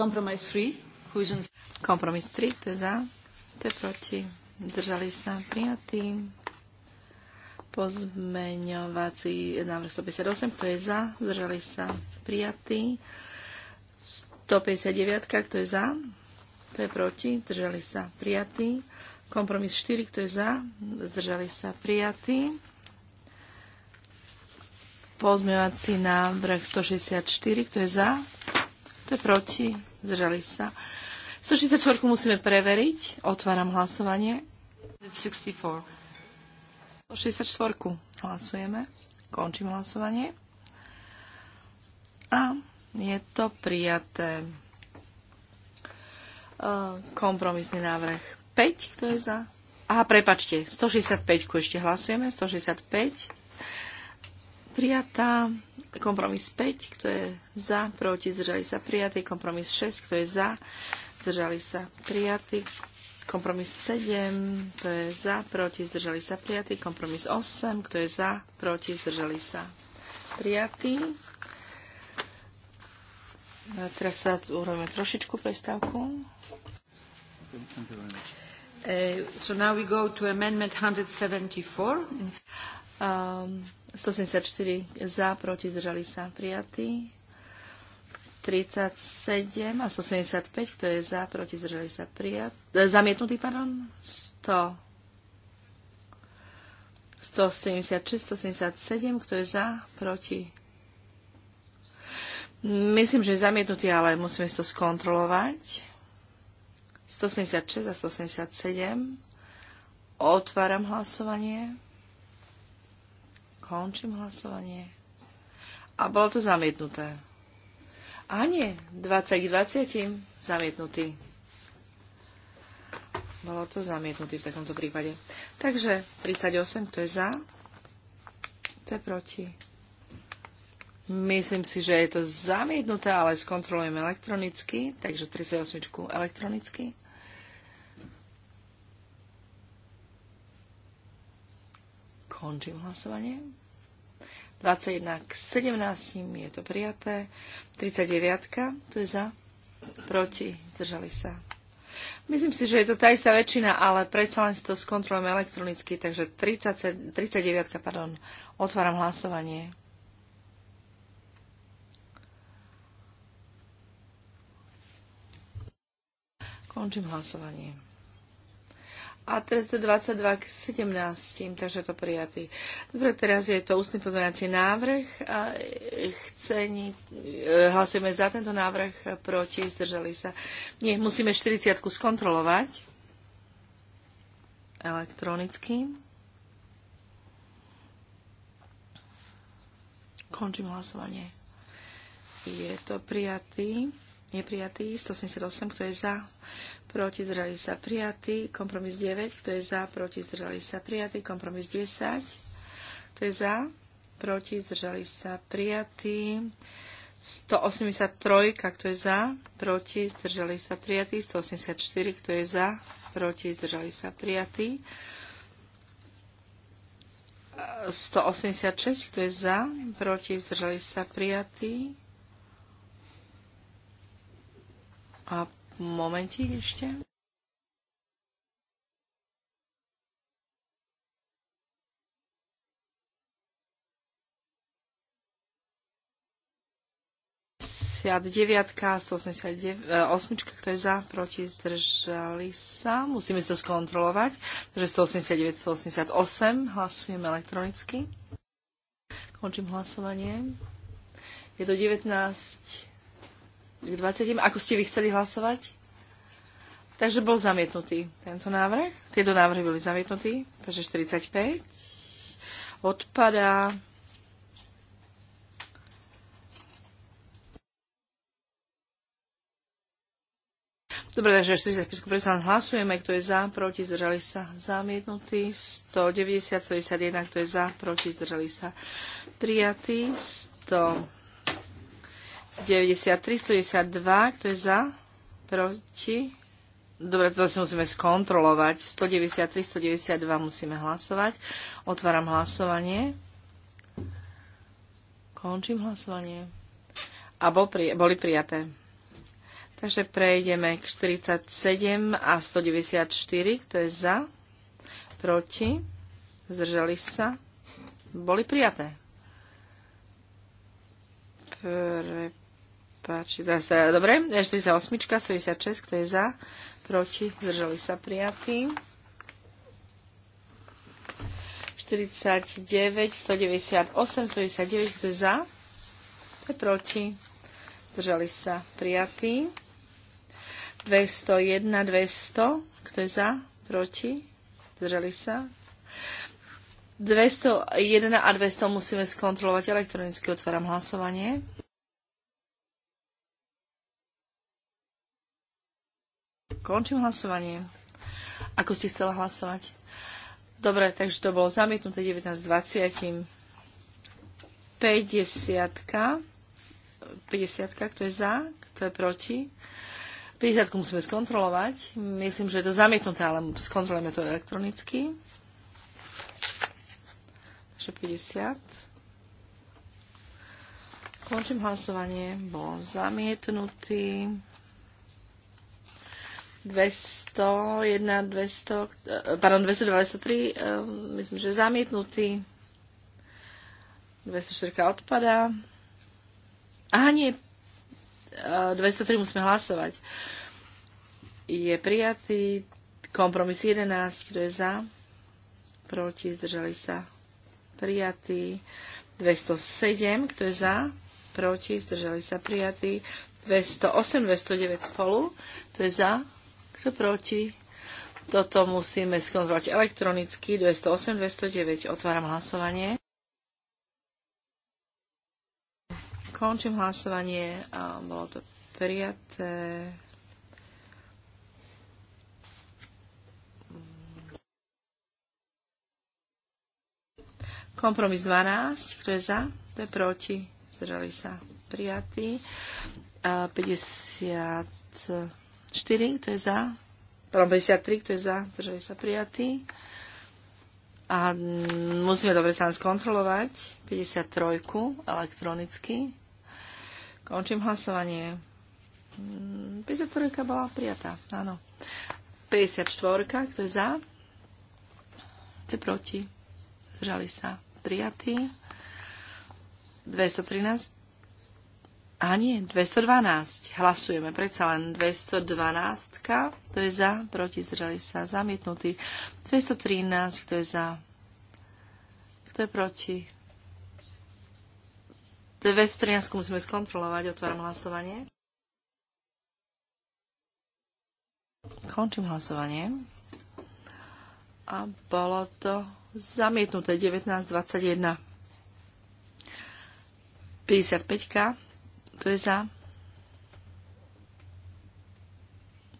Compromise 3. Kompromis 3, to je za, to je proti. Držali sa prijatý. Pozmeňovací návrh 158, kto je za, Držali sa prijatý. 159, kto je za, kto je proti, držali sa prijatý. Kompromis 4, kto je za, zdržali sa prijatý. Pozmeňovací návrh 164, kto je za, to je proti. Zdržali sa. 164 musíme preveriť. Otváram hlasovanie. 64. 164 hlasujeme. Končím hlasovanie. A je to prijaté. E, kompromisný návrh 5, kto je za? Aha, prepačte, 165 ešte hlasujeme, 165 prijatá. Kompromis 5, kto je za, proti, zdržali sa prijatý. Kompromis 6, kto je za, zdržali sa prijatý. Kompromis 7, kto je za, proti, zdržali sa prijatý. Kompromis 8, kto je za, proti, zdržali sa prijatý. teraz sa urobíme trošičku prestávku. Uh, so now we go to amendment 174. Um, 174 za, proti, zdržali sa prijatí. 37 a 175, kto je za, proti, zdržali sa prijatí. E, zamietnutý, pardon. 100. 176, 177, kto je za, proti. Myslím, že je zamietnutý, ale musíme si to skontrolovať. 176 a 177. Otváram hlasovanie. Končím hlasovanie. A bolo to zamietnuté. A nie, 20 20 zamietnutý. Bolo to zamietnutý v takomto prípade. Takže 38, kto je za, kto je proti. Myslím si, že je to zamietnuté, ale skontrolujeme elektronicky, takže 38 elektronicky. Končím hlasovanie. 21 k 17 je to prijaté. 39, to je za, proti, zdržali sa. Myslím si, že je to tá istá väčšina, ale predsa len si to skontrolujeme elektronicky, takže 30, 39, pardon, otváram hlasovanie. Končím hlasovanie a teraz to 22 k 17, takže to prijatý. Dobre, teraz je to ústny pozvaniací návrh. A e, hlasujeme za tento návrh, proti, zdržali sa. Nie, musíme 40 skontrolovať elektronicky. Končím hlasovanie. Je to prijatý. Je prijatý 178, kto je za proti zdržali sa prijatí, kompromis 9, kto je za, proti zdržali sa prijatí, kompromis 10, kto je za, proti zdržali sa prijatí, 183, kto je za, proti zdržali sa prijatí, 184, kto je za, proti zdržali sa prijatí, 186, kto je za, proti zdržali sa prijatí, a Momentík ešte. deviatka, 189, e, kto je za, proti, zdržali sa. Musíme sa skontrolovať. Takže 189, 188, hlasujeme elektronicky. Končím hlasovanie. Je to 19 k 20. Ako ste vy chceli hlasovať? Takže bol zamietnutý tento návrh. Tieto návrhy boli zamietnutí. Takže 45. Odpadá. Dobre, takže 45 predsa hlasujeme, kto je za, proti, zdržali sa, zamietnutý, 190, 191, kto je za, proti, zdržali sa, prijatý, 100. 93, 72, kto je za? Proti? Dobre, to si musíme skontrolovať. 193, 192 musíme hlasovať. Otváram hlasovanie. Končím hlasovanie. A bol pri, boli prijaté. Takže prejdeme k 47 a 194. Kto je za? Proti? Zdržali sa? Boli prijaté. Pre páči. Teraz teda, dobre, 48, 76, kto je za, proti, zdržali sa prijatí. 49, 198, 199, kto je za, kto je proti, zdržali sa prijatí. 201, 200, kto je za, proti, zdržali sa. 201 a 200 musíme skontrolovať elektronicky, otváram hlasovanie. Končím hlasovanie. Ako si chcela hlasovať? Dobre, takže to bolo zamietnuté 19 20. 50. 50, kto je za, kto je proti. 50 musíme skontrolovať. Myslím, že je to zamietnuté, ale skontrolujeme to elektronicky. Takže 50. Končím hlasovanie. Bol zamietnutý. 201, 200, eh, pardon, 223, eh, myslím, že zamietnutý. 204 odpadá. Aha, nie. 203 eh, musíme hlasovať. Je prijatý kompromis 11, kto je za, proti, zdržali sa. Prijatý 207, kto je za, proti, zdržali sa. Prijatý 208, 209 spolu, to je za, kto proti? Toto musíme skontrolovať elektronicky. 208, 209. Otváram hlasovanie. Končím hlasovanie. A bolo to prijaté. Kompromis 12. Kto je za? Kto je proti? Zdržali sa. Prijatý. 50. 4, kto je za? Pardon, 53, kto je za? Zdržali sa prijatí. A musíme dobre sa skontrolovať. 53 elektronicky. Končím hlasovanie. 53 bola prijatá, áno. 54, kto je za? Kto je proti? Zdržali sa prijatí. 213, a nie, 212. Hlasujeme predsa len 212. Kto je za? Proti zdržali sa. Zamietnutý. 213. Kto je za? Kto je proti? 213 musíme skontrolovať. Otváram hlasovanie. Končím hlasovanie. A bolo to zamietnuté 1921. 55. Kto je za?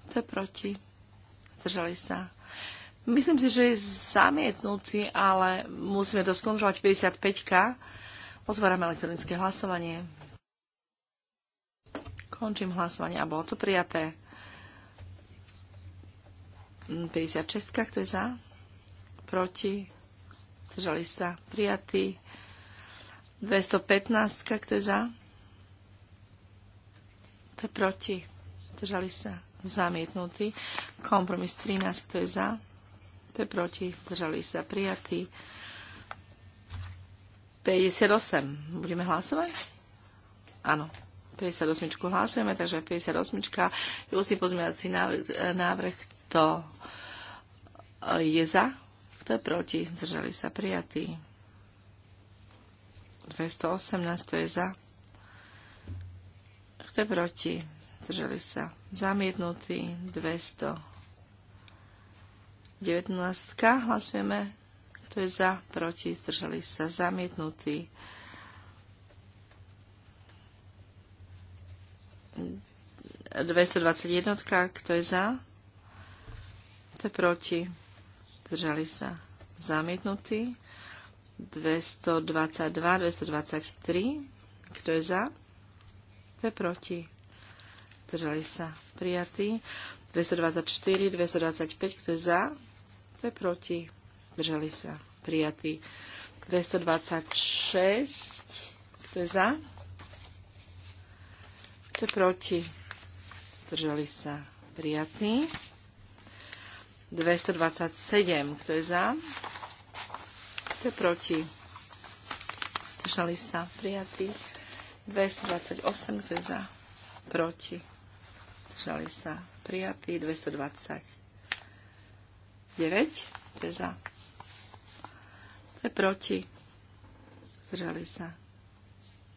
Kto je proti? Zdržali sa. Myslím si, že je zamietnutý, ale musíme to skontrolovať 55K. Otváram elektronické hlasovanie. Končím hlasovanie a bolo to prijaté. 56, kto je za? Proti? Zdržali sa. Prijatý. 215, kto je za? kto je proti, zdržali sa zamietnutí. Kompromis 13, kto je za, kto je proti, zdržali sa prijatí. 58. Budeme hlasovať? Áno. 58 hlasujeme, takže 58. Je ústny pozmeňovací návrh, návrh, kto je za, kto je proti, zdržali sa prijatí. 218, to je za, kto je proti? drželi sa. Zamietnutý 219. Hlasujeme. Kto je za? Proti? Zdržali sa. Zamietnutý 221. Kto je za? Kto je proti? Zdržali sa. Zamietnutý 222, 223. Kto je za? Kto je proti? Zdržali sa. Prijatý. 224, 225. Kto je za? Kto je proti? Zdržali sa. Prijatý. 226. Kto je za? Kto je proti? Zdržali sa. Prijatý. 227. Kto je za? Kto je proti? Zdržali sa. Prijatý. 228, kto je za, proti, zdržali sa prijatí. 229, kto je za, kto je proti, zdržali sa.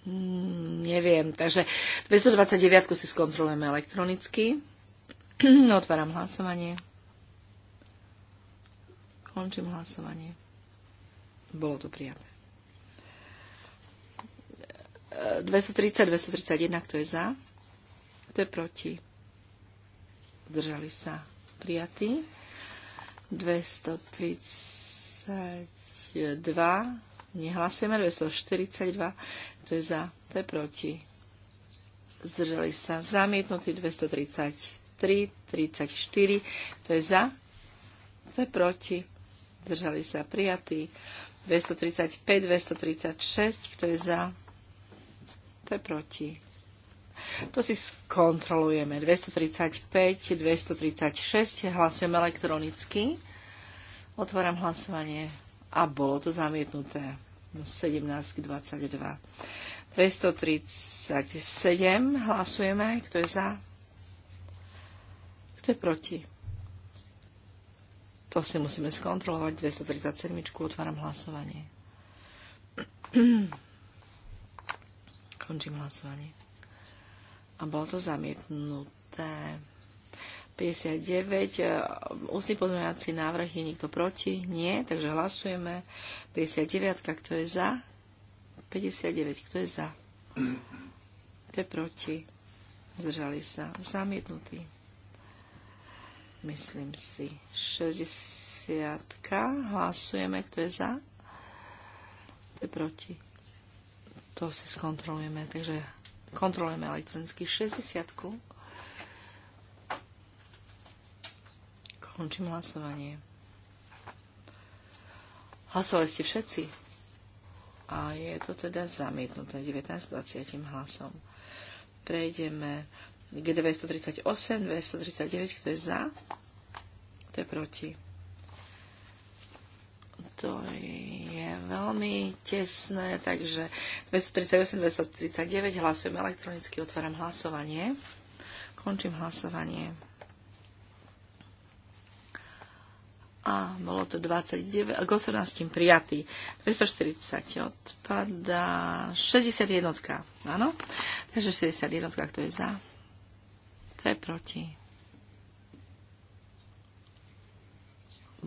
Mm, neviem, takže 229 si skontrolujeme elektronicky. Otváram hlasovanie. Končím hlasovanie. Bolo to prijaté. 230, 231, kto je za? Kto je proti? Zdržali sa prijatí. 232, nehlasujeme, 242, kto je za? Kto je proti? Zdržali sa zamietnutí 233, 34, kto je za? Kto je proti? Zdržali sa prijatí. 235, 236, kto je za? to je proti. To si skontrolujeme. 235, 236, hlasujem elektronicky. Otváram hlasovanie a bolo to zamietnuté. 17 no, k 22. 237 hlasujeme. Kto je za? Kto je proti? To si musíme skontrolovať. 237. Otváram hlasovanie. Končím hlasovanie. A bolo to zamietnuté. 59, e, ústny pozmeňovací návrh, je nikto proti? Nie, takže hlasujeme. 59, kto je za? 59, kto je za? Kto je proti? Zdržali sa. Zamietnutý. Myslím si. 60, hlasujeme, kto je za? Kto je proti? to si skontrolujeme. Takže kontrolujeme elektronicky 60. Končím hlasovanie. Hlasovali ste všetci. A je to teda zamietnuté 19-20 hlasom. Prejdeme k 238, 239, kto je za, kto je proti to je veľmi tesné, takže 238, 239 hlasujem elektronicky, otváram hlasovanie. Končím hlasovanie. A bolo to 29, k 18 prijatý. 240 odpada 61. Áno? Takže 61, kto je za? To je proti.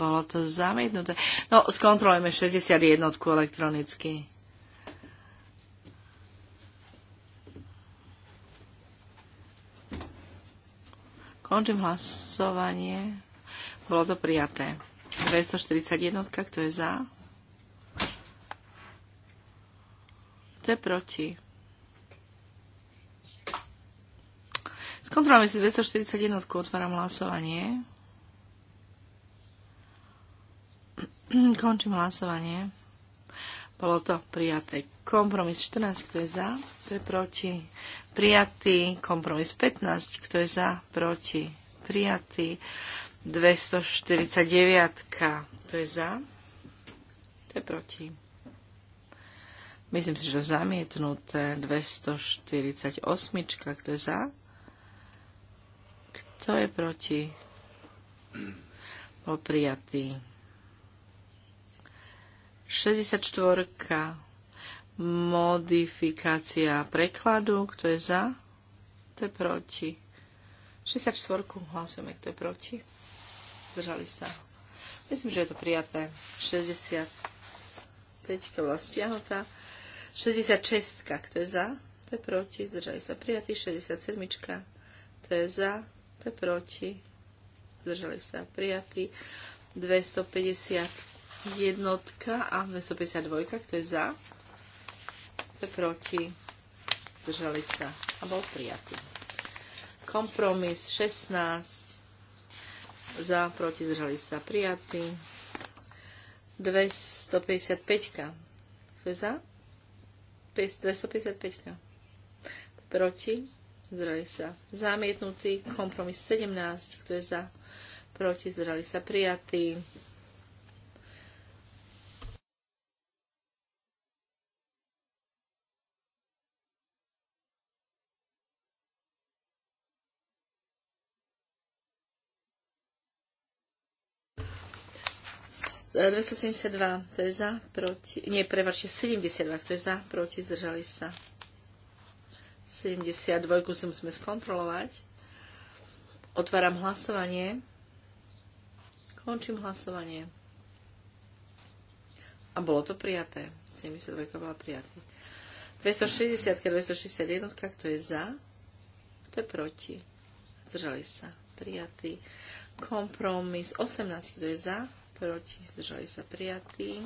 Bolo to zamietnuté. No, skontrolujeme 61 elektronicky. Končím hlasovanie. Bolo to prijaté. 241, kto je za? Kto je proti? Skontrolujeme si 241, otváram hlasovanie. Hm, končím hlasovanie. Bolo to prijaté. Kompromis 14, kto je za, kto je proti. Prijatý. Kompromis 15, kto je za, proti. Prijatý. 249, kto je za, kto je proti. Myslím si, že to zamietnuté. 248, kto je za, kto je proti. Bol prijatý. 64. Modifikácia prekladu. Kto je za? Kto je proti? 64. Hlasujeme, kto je proti. Zdržali sa. Myslím, že je to prijaté. 65. bola stiahnutá. 66. Kto je za? Kto je proti? Zdržali sa prijatí. 67. Kto je za? Kto je proti? Zdržali sa prijatí. 250 jednotka a 252, kto je za, kto je proti, držali sa a bol prijatý. Kompromis 16, za, proti, držali sa, prijatý. 255, kto je za, 255, proti, zdržali sa, zamietnutý. Kompromis 17, kto je za, proti, zdrali sa, prijatý. 272, to je za, proti, nie, prevažte 72, to je za, proti, zdržali sa. 72 si musíme skontrolovať. Otváram hlasovanie. Končím hlasovanie. A bolo to prijaté. 72 bola prijaté. 260, 261, kto je za, kto je proti. Zdržali sa. Prijatý. Kompromis 18, kto je za, proti, zdržali sa prijatí.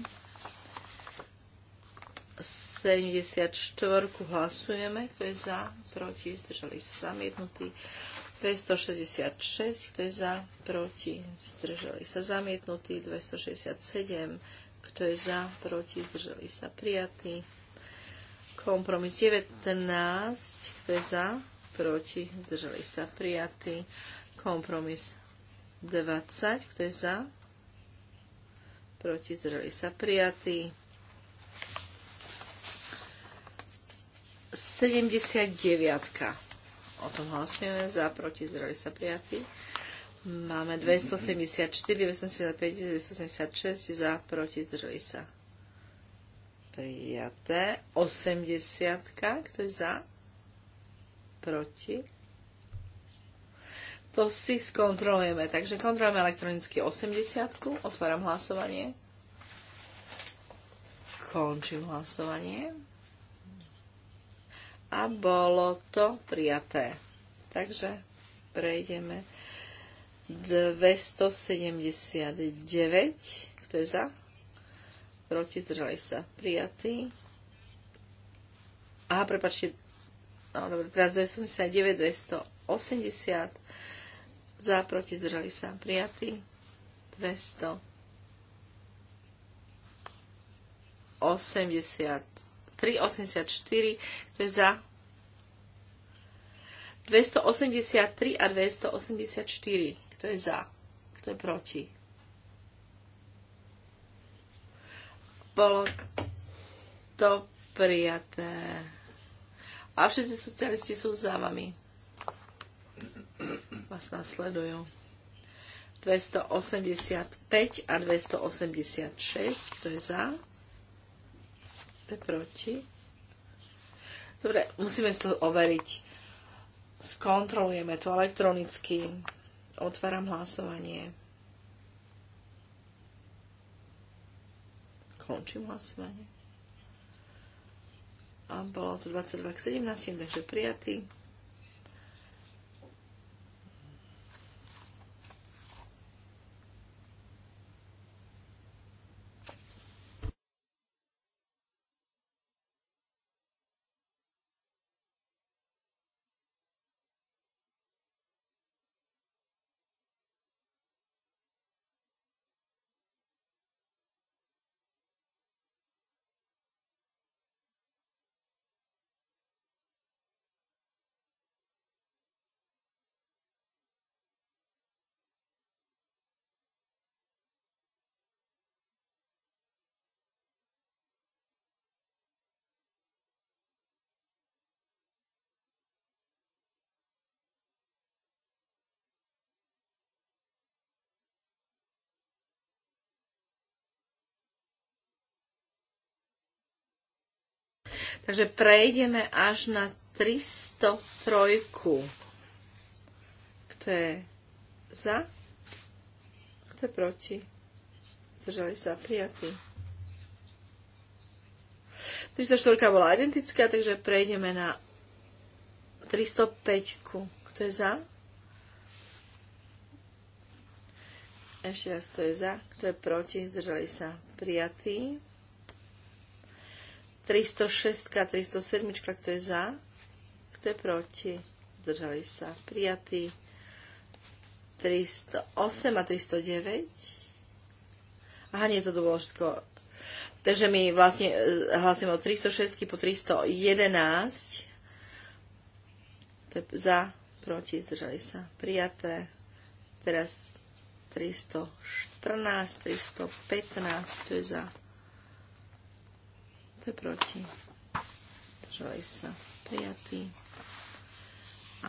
74 hlasujeme, kto je za, proti, zdržali sa zamietnutí. 266, kto je za, proti, zdržali sa zamietnutí. 267, kto je za, proti, zdržali sa prijatí. Kompromis 19, kto je za, proti, zdržali sa prijatí. Kompromis 20, kto je za, proti, zdržali sa prijatý 79. O tom hlasujeme za, proti, zdržali sa prijatý. Máme 274, 275, 276 za, proti, zdržali sa prijaté. 80. Kto je za? Proti to si skontrolujeme. Takže kontrolujeme elektronicky 80. Otváram hlasovanie. Končím hlasovanie. A bolo to prijaté. Takže prejdeme 279. Kto je za? Proti zdržali sa. Prijatý. Aha, prepačte. No, dobre, teraz 289, 280 za, proti, zdržali sa, prijatí. 200. 83, 84, kto je za? 283 a 284, kto je za? Kto je proti? Bolo to prijaté. A všetci socialisti sú za vami vás nasledujú. 285 a 286, kto je za? Kto je proti? Dobre, musíme si to overiť. Skontrolujeme to elektronicky. Otváram hlasovanie. Končím hlasovanie. A bolo to 22 k 17, takže prijatý. Takže prejdeme až na 303. Kto je za? Kto je proti? Zdržali sa prijatí. 304 bola identická, takže prejdeme na 305. Kto je za? Ešte raz, kto je za? Kto je proti? Zdržali sa prijatí. 306, 307, kto je za, kto je proti, zdržali sa, prijatí. 308 a 309. Aha, nie, to bolo všetko. Takže my vlastne hlasíme od 306 po 311. To je za, proti, zdržali sa, prijaté. Teraz 314, 315, to je za, to je proti? Držali sa prijatí.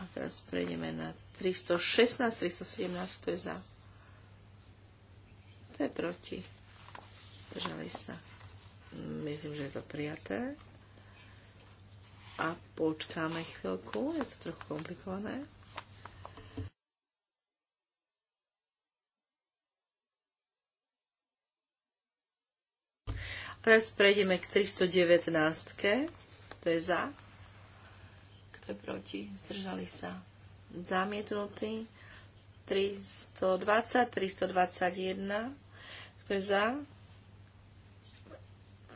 A teraz prejdeme na 316, 317, kto je za? To je proti? Držali sa. Myslím, že je to prijaté. A počkáme chvíľku, je to trochu komplikované. Teraz prejdeme k 319. to je za? Kto je proti? Zdržali sa. Zamietnutý. 320, 321. Kto je za?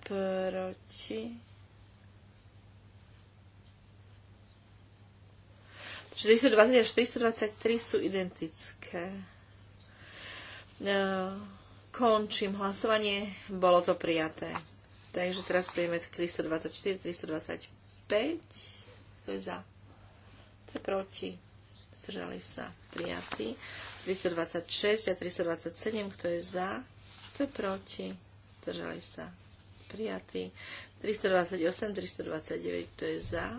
Proti. Čiže 420 a 423 sú identické. No. Končím hlasovanie. Bolo to prijaté. Takže teraz príjeme 324, 325. Kto je za? Kto je proti? Zdržali sa. Prijatí. 326 a 327. Kto je za? Kto je proti? Zdržali sa. Prijatí. 328, 329. Kto je za?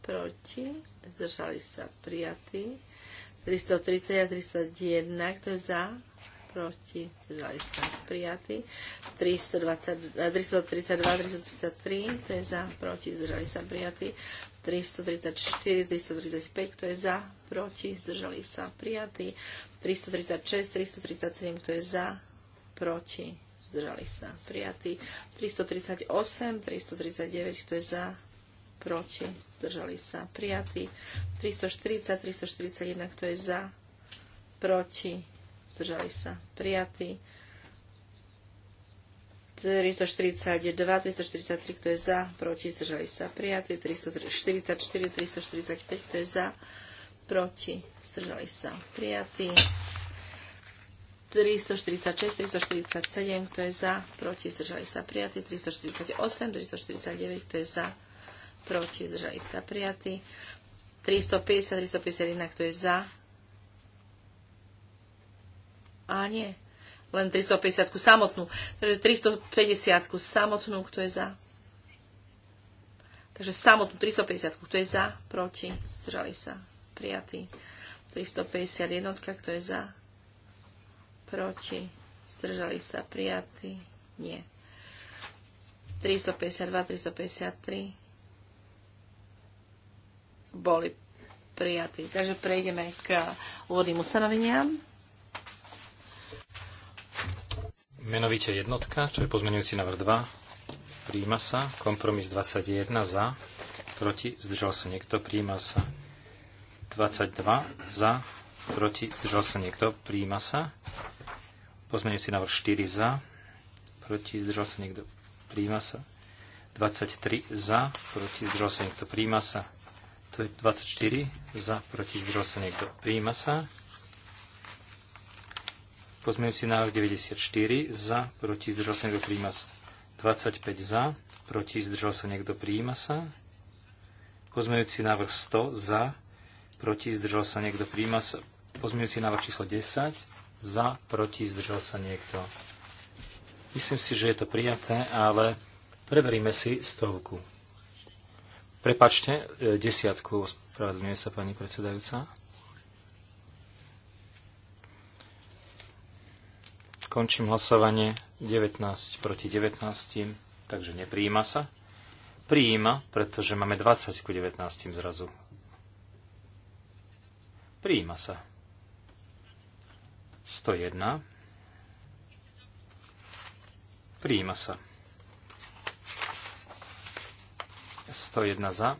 Proti? Zdržali sa. Prijatí. 330 a 301. Kto je za? proti, zdržali sa prijatí. 320, 332, 333, kto je za, proti, zdržali sa prijatý. 334, 335, kto je za, proti, zdržali sa prijatí. 336, 337, kto je za, proti, zdržali sa prijatý. 338, 339, kto je za, proti, zdržali sa prijatý. 340, 341, kto je za, proti, zdržali sa prijatí. 342, 343, kto je za, proti, zdržali sa prijatí. 344, 345, kto je za, proti, zdržali sa prijatí. 346, 347, kto je za, proti, zdržali sa prijatí. 348, 349, kto je za, proti, zdržali sa prijatí. 350, 351, kto je za, a nie. Len 350 samotnú. Takže 350 samotnú, kto je za. Takže samotnú 350, kto je za, proti, zdržali sa, prijatý. 351, kto je za, proti, zdržali sa, prijatý, nie. 352, 353 boli prijatí. Takže prejdeme k úvodným ustanoveniam. Menovite jednotka, čo je pozmenujúci návrh 2. Príjima sa. Kompromis 21 za. Proti. Zdržal sa niekto. Príjima sa. 22 za. Proti. Zdržal sa niekto. Príjima sa. Pozmenujúci návrh 4 za. Proti. Zdržal sa niekto. Príjima sa. 23 za. Proti. Zdržal sa niekto. Príjima sa. to je 24 za. Proti. Zdržal sa niekto. Príjima sa. Pozmeňujúci návrh 94 za, proti zdržal sa niekto príjma sa. 25 za, proti zdržal sa niekto príjma sa. Pozmeňujúci návrh 100 za, proti zdržal sa niekto príjma sa. Pozmeňujúci návrh číslo 10 za, proti zdržal sa niekto. Myslím si, že je to prijaté, ale preveríme si stovku. Prepačte, e, desiatku, spravedlňuje sa pani predsedajúca. Končím hlasovanie 19 proti 19, takže nepríjima sa. Príjima, pretože máme 20 ku 19 zrazu. Príjima sa. 101. Príjima sa. 101 za.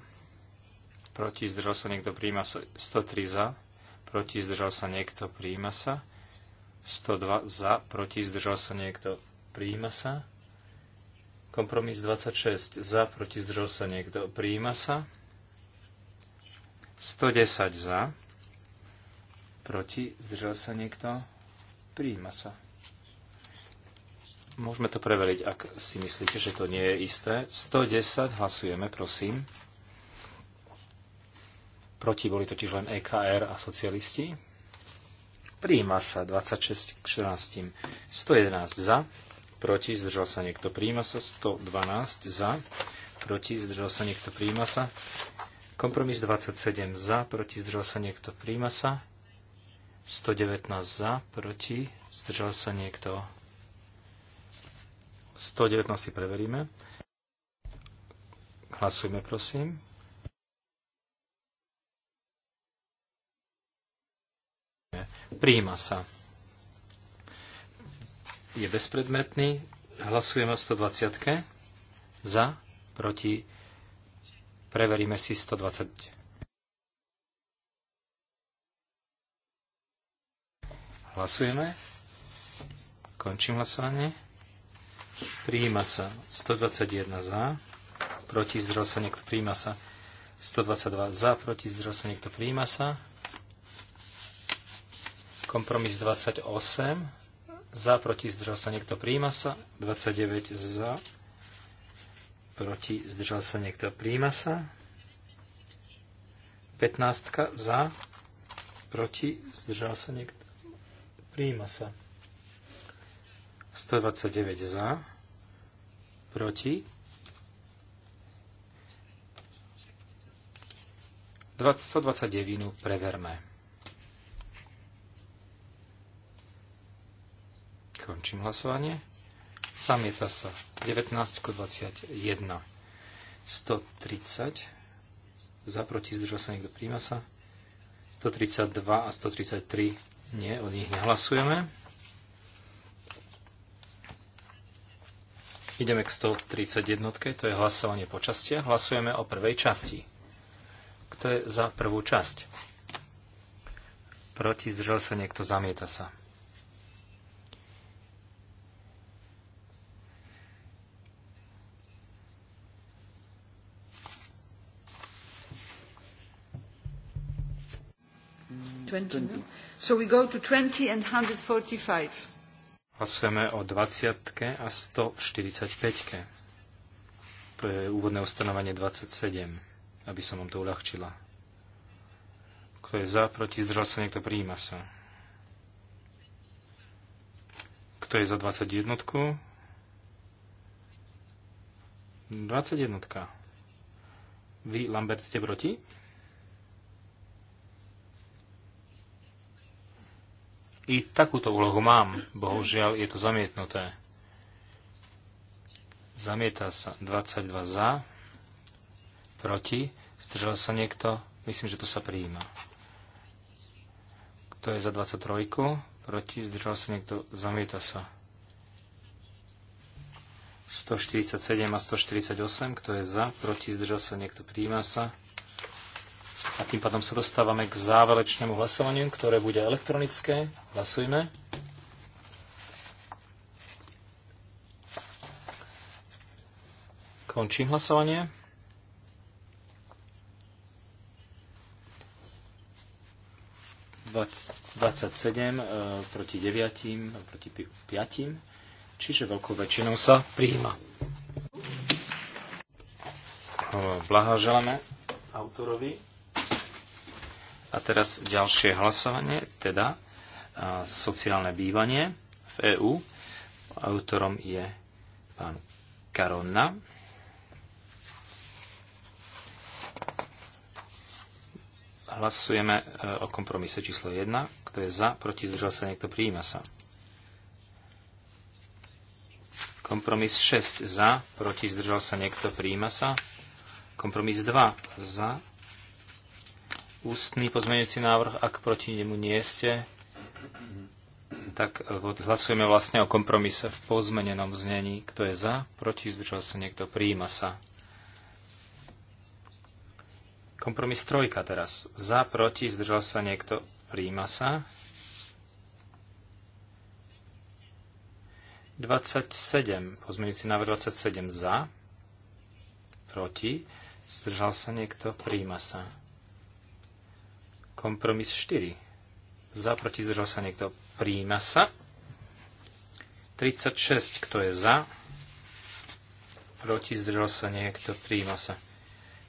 Proti zdržal sa niekto, príjima sa. 103 za. Proti zdržal sa niekto, príjima sa. 102 za, proti, zdržal sa niekto. Prijíma sa. Kompromis 26 za, proti, zdržal sa niekto. Prijíma sa. 110 za, proti, zdržal sa niekto. Prijíma sa. Môžeme to preveriť, ak si myslíte, že to nie je isté. 110 hlasujeme, prosím. Proti boli totiž len EKR a socialisti. Prijíma sa 26 k 14. 111 za, proti, zdržal sa niekto, prijíma sa 112 za, proti, zdržal sa niekto, prijíma sa. Kompromis 27 za, proti, zdržal sa niekto, prijíma sa. 119 za, proti, zdržal sa niekto. 119 si preveríme. Hlasujme, prosím. Prijíma sa. Je bezpredmetný. Hlasujeme o 120. -ke. Za, proti. Preveríme si 120. Hlasujeme. Končím hlasovanie. Prijíma sa 121 za, proti zdrosa niekto prijíma sa 122 za, proti zdrosa niekto prijíma sa Kompromis 28. Za, proti, zdržal sa niekto, príjma sa. 29 za, proti, zdržal sa niekto, príjma sa. 15 za, proti, zdržal sa niekto, príjma sa. 129 za, proti, 129 no, preverme. Končím hlasovanie. Samieta sa 19 ku 21. 130. Za proti zdržal sa niekto príjma sa. 132 a 133 nie, o nich nehlasujeme. Ideme k 131, to je hlasovanie po častiach. Hlasujeme o prvej časti. Kto je za prvú časť? Proti zdržal sa niekto, zamieta sa. 20, 20. No? So we go to 20 and 145. Hlasujeme o 20 a 145. To je úvodné ustanovanie 27, aby som vám to uľahčila. Kto je za, proti, zdržal sa, niekto prijíma sa. Kto je za 21? 21. Vy, Lambert, ste proti? I takúto úlohu mám. Bohužiaľ, je to zamietnuté. Zamieta sa 22 za, proti, zdržal sa niekto, myslím, že to sa prijíma. Kto je za 23? Proti, zdržal sa niekto, zamieta sa. 147 a 148, kto je za, proti, zdržal sa niekto, prijíma sa. A tým pádom sa dostávame k záverečnému hlasovaniu, ktoré bude elektronické. Hlasujme. Končím hlasovanie. Dvac, 27 e, proti 9, e, proti 5, čiže veľkou väčšinou sa prijíma. E, Blahoželeme autorovi. A teraz ďalšie hlasovanie, teda sociálne bývanie v EÚ. Autorom je pán Karonna. Hlasujeme e, o kompromise číslo 1. Kto je za, proti, zdržal sa, niekto prijíma sa. Kompromis 6 za, proti, zdržal sa, niekto prijíma sa. Kompromis 2 za, ústny pozmeňujúci návrh, ak proti nemu nie ste, tak eh, hlasujeme vlastne o kompromise v pozmenenom znení. Kto je za, proti, zdržal sa niekto, prijíma sa. Kompromis trojka teraz. Za, proti, zdržal sa niekto, prijíma sa. 27, pozmeňujúci návrh 27 za, proti, zdržal sa niekto, prijíma sa. Kompromis 4. Za, proti, zdržal sa niekto. Príjma sa. 36. Kto je za? Proti, zdržal sa niekto. Príjma sa.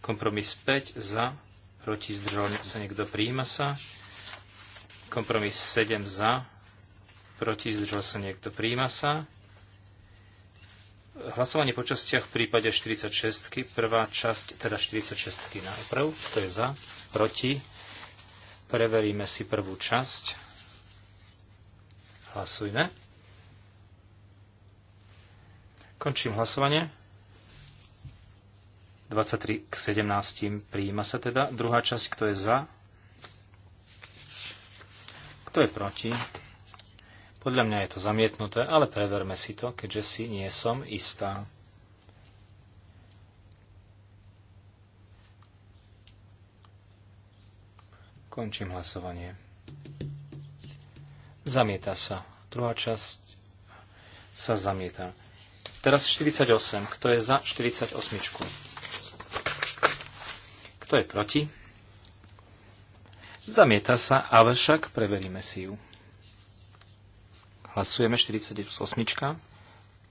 Kompromis 5. Za, proti, zdržal sa niekto. Príjma sa. Kompromis 7. Za, proti, zdržal sa niekto. Príjma sa hlasovanie po častiach v prípade 46 prvá časť, teda 46 na opravu, kto je za, proti, Preveríme si prvú časť. Hlasujme. Končím hlasovanie. 23 k 17 prijíma sa teda. Druhá časť, kto je za? Kto je proti? Podľa mňa je to zamietnuté, ale preverme si to, keďže si nie som istá. Končím hlasovanie. Zamieta sa. Druhá časť sa zamieta. Teraz 48. Kto je za 48? Kto je proti? Zamieta sa, ale však preveríme si ju. Hlasujeme 48.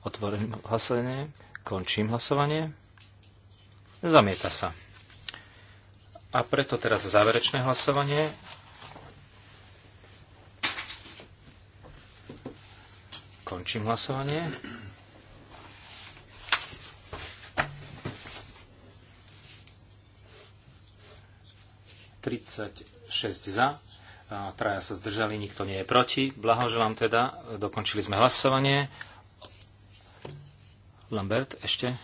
Otvorím hlasovanie. Končím hlasovanie. Zamieta sa. A preto teraz záverečné hlasovanie. Končím hlasovanie. Tridsať šesť za, traja sa zdržali, nikto nie je proti. Blahoželám teda, dokončili sme hlasovanie. Lambert, ešte?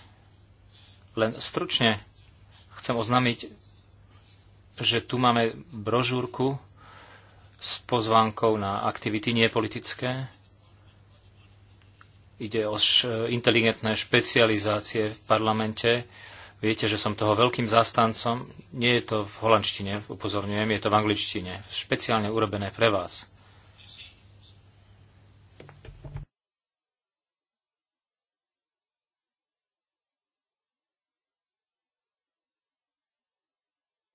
Len stručne chcem oznámiť, že tu máme brožúrku s pozvánkou na aktivity nepolitické. Ide o inteligentné špecializácie v parlamente. Viete, že som toho veľkým zastancom. Nie je to v holandštine, upozorňujem, je to v angličtine. Špeciálne urobené pre vás.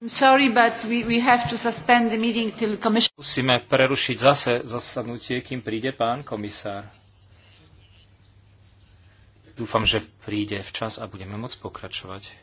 Sorry, we, we commission... Musíme prerušiť zase zasadnutie, kým príde pán komisár. Dúfam, že príde včas a budeme môcť pokračovať.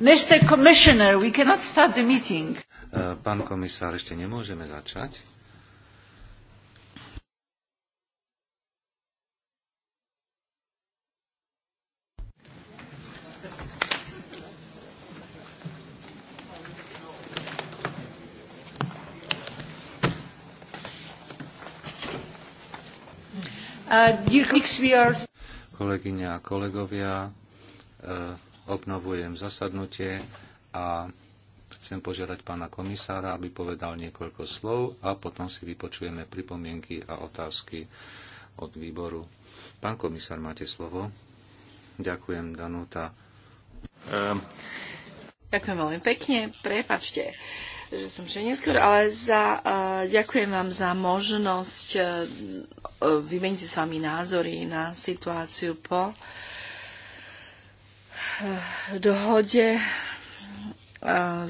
Mr. Commissioner, we cannot start the meeting. E, pán komisár, ešte nemôžeme začať. Uh, Kolegyňa a kolegovia, uh, Obnovujem zasadnutie a chcem požiadať pána komisára, aby povedal niekoľko slov a potom si vypočujeme pripomienky a otázky od výboru. Pán komisár, máte slovo. Ďakujem, Danúta. Um. Ehm. Ďakujem veľmi pekne. Prepačte, že som že neskôr, ale za, uh, ďakujem vám za možnosť uh, vymeniť s vami názory na situáciu po uh, Eh, dohode eh,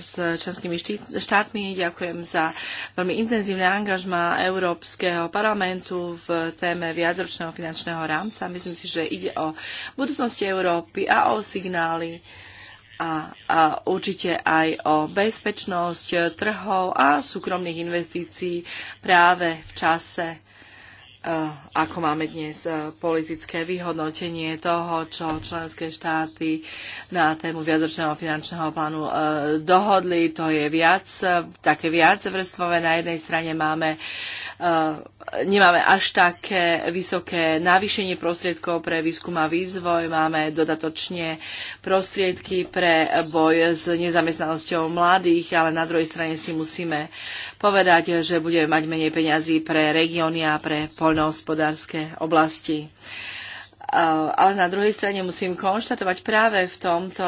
s členskými štátmi. Ďakujem za veľmi intenzívne angažma Európskeho parlamentu v téme viacročného finančného rámca. Myslím si, že ide o budúcnosti Európy a o signály a, a určite aj o bezpečnosť trhov a súkromných investícií práve v čase Eh, ako máme dnes eh, politické vyhodnotenie toho, čo členské štáty na tému viadročného finančného plánu eh, dohodli. To je viac, také viac vrstvové. Na jednej strane máme nemáme až také vysoké navýšenie prostriedkov pre výskum a výzvoj, máme dodatočne prostriedky pre boj s nezamestnanosťou mladých, ale na druhej strane si musíme povedať, že budeme mať menej peňazí pre regióny a pre poľnohospodárske oblasti. Eh, ale na druhej strane musím konštatovať práve v tomto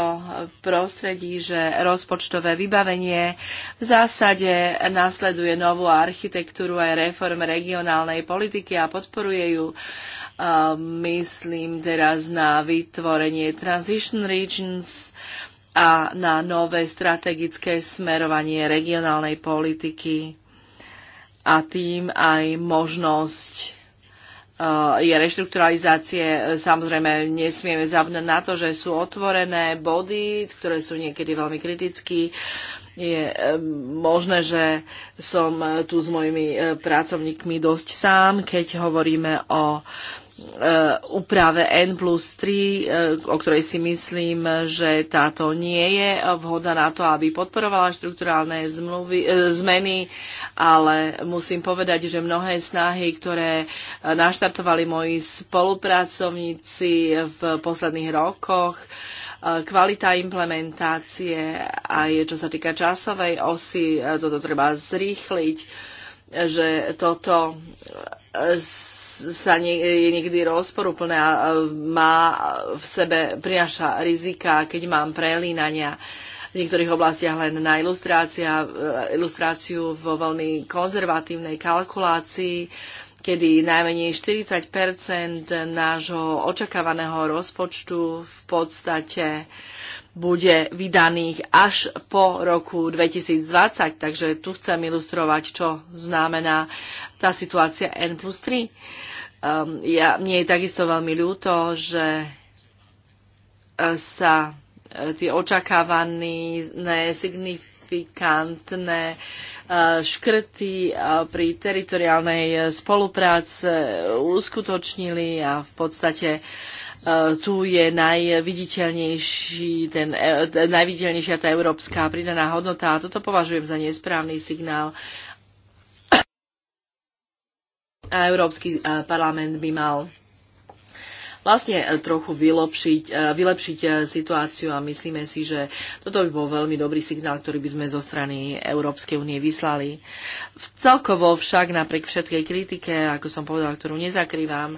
prostredí, že rozpočtové vybavenie v zásade nasleduje novú architektúru aj reform regionálnej politiky a podporuje ju. Eh, myslím teraz na vytvorenie Transition Regions a na nové strategické smerovanie regionálnej politiky a tým aj možnosť Eh, je reštrukturalizácie. Eh, samozrejme, nesmieme zabúdať na to, že sú otvorené body, ktoré sú niekedy veľmi kritické. Je eh, možné, že som tu s mojimi pracovníkmi dosť sám, keď hovoríme o Eh, úprave N plus 3, eh, o ktorej si myslím, že táto nie je vhoda na to, aby podporovala štrukturálne zmluvy, eh, zmeny, ale musím povedať, že mnohé snahy, ktoré naštartovali moji spolupracovníci v posledných rokoch, kvalita implementácie aj čo sa týka časovej osy, toto treba zrýchliť, že toto s sa nie, je niekdy rozporúplné a má v sebe, prinaša rizika, keď mám prelínania v niektorých oblastiach len na ilustrácia, e, ilustráciu vo veľmi konzervatívnej kalkulácii, kedy najmenej 40 nášho očakávaného rozpočtu v podstate bude vydaných až po roku 2020. Takže tu chcem ilustrovať, čo znamená tá situácia N plus 3 Um, ja, mne je takisto veľmi ľúto, že e, sa e, tie očakávané signifikantné e, škrty pri teritoriálnej spolupráce uskutočnili a v podstate tu je najviditeľnejší ten, najviditeľnejšia tá európska pridaná hodnota a toto považujem za nesprávny signál a Európsky e, parlament by mal vlastne e, trochu vylepšiť, e, vylepšiť situáciu a myslíme si, že toto by bol veľmi dobrý signál, ktorý by sme zo strany Európskej únie vyslali. Celkovo však napriek všetkej kritike, ako som povedala, ktorú nezakrývam,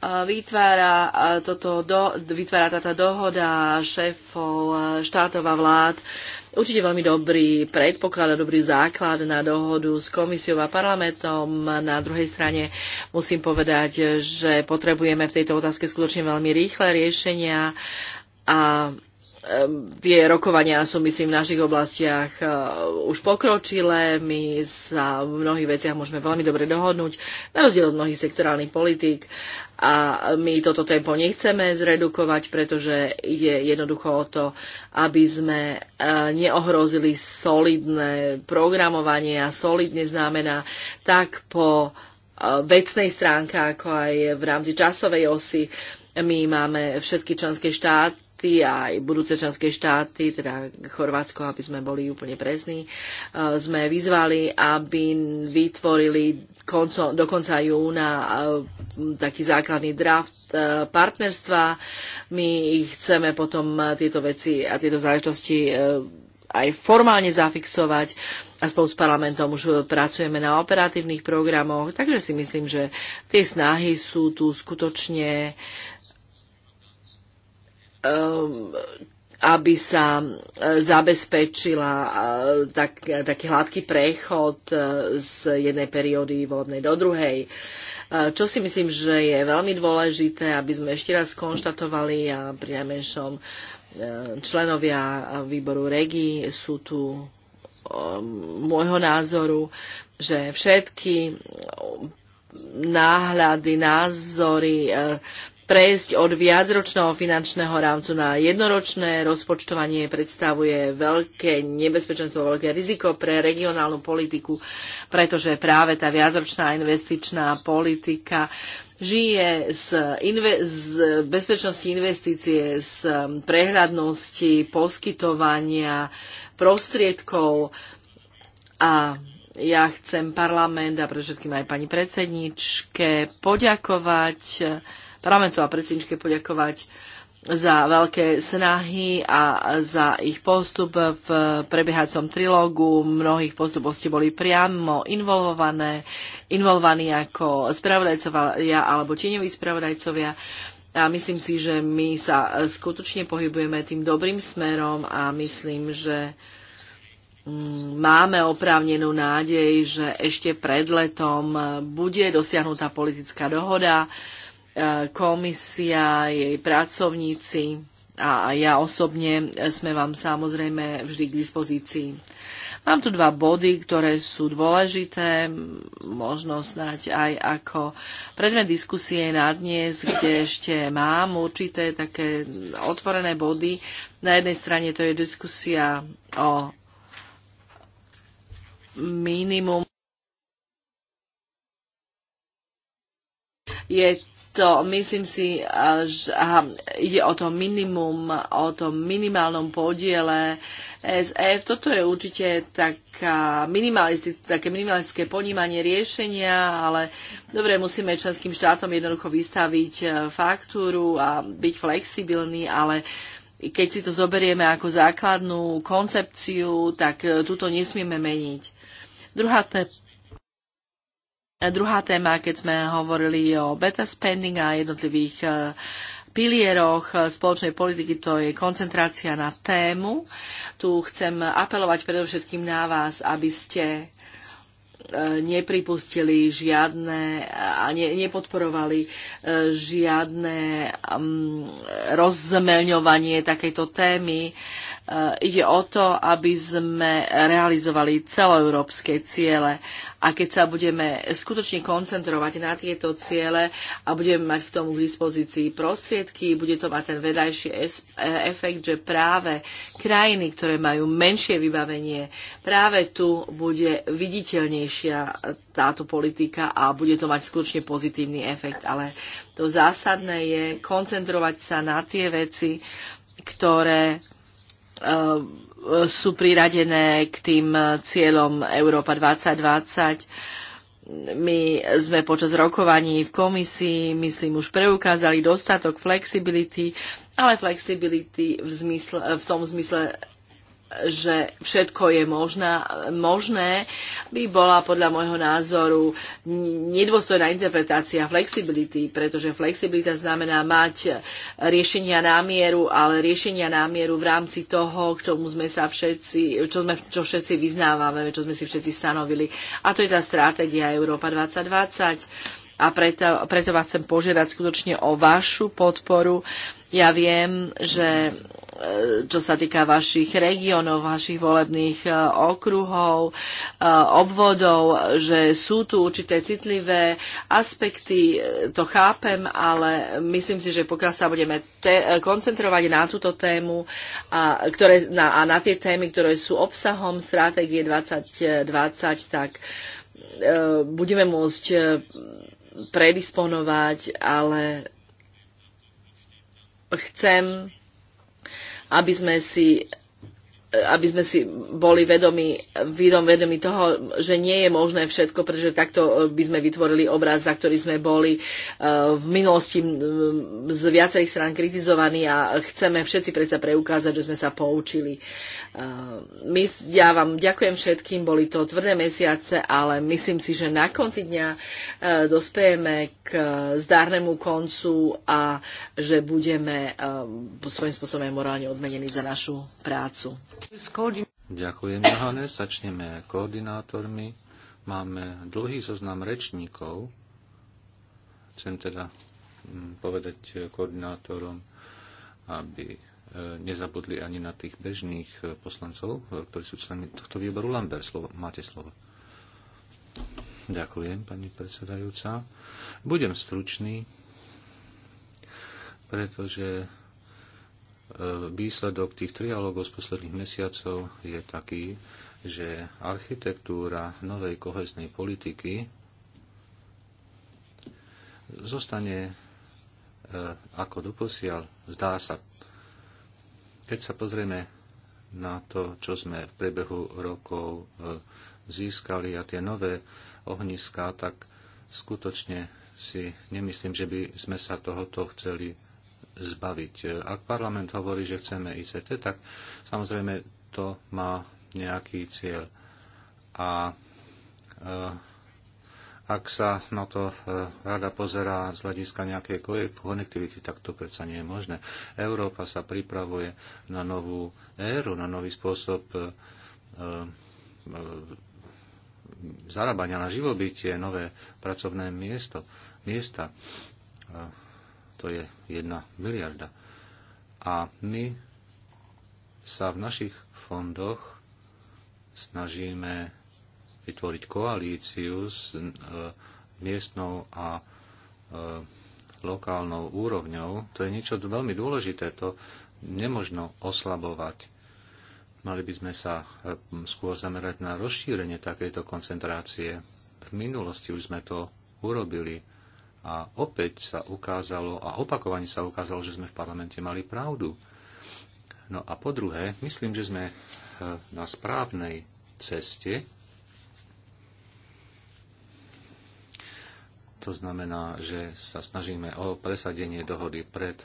vytvára, toto do, vytvára táto dohoda šéfov štátov a vlád určite veľmi dobrý predpoklad a dobrý základ na dohodu s komisiou a parlamentom. Na druhej strane musím povedať, že potrebujeme v tejto otázke skutočne veľmi rýchle riešenia a tie rokovania sú, myslím, v našich oblastiach eh, už pokročilé. My sa v mnohých veciach môžeme veľmi dobre dohodnúť, na rozdiel od mnohých sektorálnych politík. A my toto tempo nechceme zredukovať, pretože ide jednoducho o to, aby sme eh, neohrozili solidné programovanie a solidne znamená tak po eh, vecnej stránke, ako aj v rámci časovej osy. My máme všetky členské štáty, štáty a aj budúce členské štáty, teda Chorvátsko, aby sme boli úplne presní, e, sme vyzvali, aby vytvorili konco, do konca júna e, taký základný draft e, partnerstva. My chceme potom tieto veci a tieto záležitosti aj formálne zafixovať a spolu s parlamentom už pracujeme na operatívnych programoch, takže si myslím, že tie snahy sú tu skutočne uh, Um, aby sa um, zabezpečila uh, tak, taký hladký prechod uh, z jednej periódy volebnej do druhej. Uh, čo si myslím, že je veľmi dôležité, aby sme ešte raz konštatovali a pri najmenšom členovia výboru REGI sú tu um, môjho názoru, že všetky náhľady, názory prejsť od viacročného finančného rámcu na jednoročné. Rozpočtovanie predstavuje veľké nebezpečenstvo, veľké riziko pre regionálnu politiku, pretože práve tá viacročná investičná politika žije z, inve- z bezpečnosti investície, z um, prehľadnosti poskytovania prostriedkov a ja chcem parlament a predovšetkým aj pani predsedničke poďakovať parlamentu a predsedničke poďakovať za veľké snahy a za ich postup v prebiehacom trilógu. Mnohých postupov boli priamo involvované, involvovaní ako spravodajcovia alebo tieňoví spravodajcovia. A myslím si, že my sa skutočne pohybujeme tým dobrým smerom a myslím, že mm, máme oprávnenú nádej, že ešte pred letom bude dosiahnutá politická dohoda E, komisia, jej pracovníci a ja osobne sme vám samozrejme vždy k dispozícii. Mám tu dva body, ktoré sú dôležité, možno snáď aj ako predmet diskusie na dnes, kde ešte mám určité také otvorené body. Na jednej strane to je diskusia o minimum je to myslím si, že aha, ide o to minimum, o tom minimálnom podiele SF. Toto je určite taká také minimalistické ponímanie riešenia, ale dobre, musíme členským štátom jednoducho vystaviť e, faktúru a byť flexibilní, ale keď si to zoberieme ako základnú koncepciu, tak e, túto nesmieme meniť. Druhá Druhá téma, keď sme hovorili o beta spending a jednotlivých e, pilieroch e, spoločnej politiky, to je koncentrácia na tému. Tu chcem apelovať predovšetkým na vás, aby ste e, nepripustili žiadne a ne, nepodporovali žiadne um, mm, rozmeľňovanie takejto témy. Eh, ide o to, aby sme realizovali celoeurópske ciele a keď sa budeme skutočne koncentrovať na tieto ciele a budeme mať k tomu k dispozícii prostriedky, bude to mať ten vedajší eh, efekt, že práve krajiny, ktoré majú menšie vybavenie, práve tu bude viditeľnejšia táto politika a bude to mať skutočne pozitívny efekt. Ale to zásadné je koncentrovať sa na tie veci, ktoré Eh, sú priradené k tým cieľom Európa 2020 my sme počas rokovaní v komisii, myslím, už preukázali dostatok flexibility, ale flexibility v, zmysle, v tom zmysle, že všetko je možná, možné, by bola podľa môjho názoru nedôstojná interpretácia flexibility, pretože flexibilita znamená mať riešenia námieru, ale riešenia námieru v rámci toho, k čomu sme sa všetci, čo, sme, čo všetci vyznávame, čo sme si všetci stanovili. A to je tá stratégia Európa 2020 a preto, preto vás chcem požiadať skutočne o vašu podporu. Ja viem, že E, čo sa týka vašich regiónov, vašich volebných e, okruhov, e, obvodov, že sú tu určité citlivé aspekty, to chápem, ale myslím si, že pokiaľ sa budeme koncentrovať na túto tému a, ktoré, na, a na tie témy, ktoré sú obsahom stratégie 2020, tak e, budeme môcť predisponovať, ale chcem aby sme si aby sme si boli vedomi, vidom vedomi toho, že nie je možné všetko, pretože takto e, by sme vytvorili obraz, za ktorý sme boli e, v minulosti z viacerých strán kritizovaní a chceme všetci predsa preukázať, že sme sa poučili. E, my, ja vám ďakujem všetkým, boli to tvrdé mesiace, ale myslím si, že na konci dňa dospejeme k zdárnemu koncu a že budeme svojím spôsobom morálne odmenení za našu prácu. Ďakujem, Johane. Začneme koordinátormi. Máme dlhý zoznam rečníkov. Chcem teda mm, povedať koordinátorom, aby e, nezabudli ani na tých bežných e, poslancov, e, ktorí sú členmi tohto výboru. Lambert, slovo, máte slovo. Ďakujem, pani predsedajúca. Budem stručný, pretože E, výsledok tých trialógov z posledných mesiacov je taký, že architektúra novej koheznej politiky zostane e, ako doposiaľ, zdá sa. Keď sa pozrieme na to, čo sme v priebehu rokov e, získali a tie nové ohniská, tak skutočne si nemyslím, že by sme sa tohoto chceli zbaviť. Ak parlament hovorí, že chceme ICT, tak samozrejme to má nejaký cieľ. A eh, ak sa na to eh, rada pozerá z hľadiska nejakej konektivity, tak to predsa nie je možné. Európa sa pripravuje na novú éru, na nový spôsob eh, zarábania na živobytie, nové pracovné miesto, miesta to je 1 miliarda. A my sa v našich fondoch snažíme vytvoriť koalíciu s e, miestnou a e, lokálnou úrovňou. To je niečo veľmi dôležité, to nemožno oslabovať. Mali by sme sa e, skôr zamerať na rozšírenie takejto koncentrácie. V minulosti už sme to urobili. A opäť sa ukázalo, a opakovane sa ukázalo, že sme v parlamente mali pravdu. No a po druhé, myslím, že sme eh, na správnej ceste. To znamená, že sa snažíme o presadenie dohody pred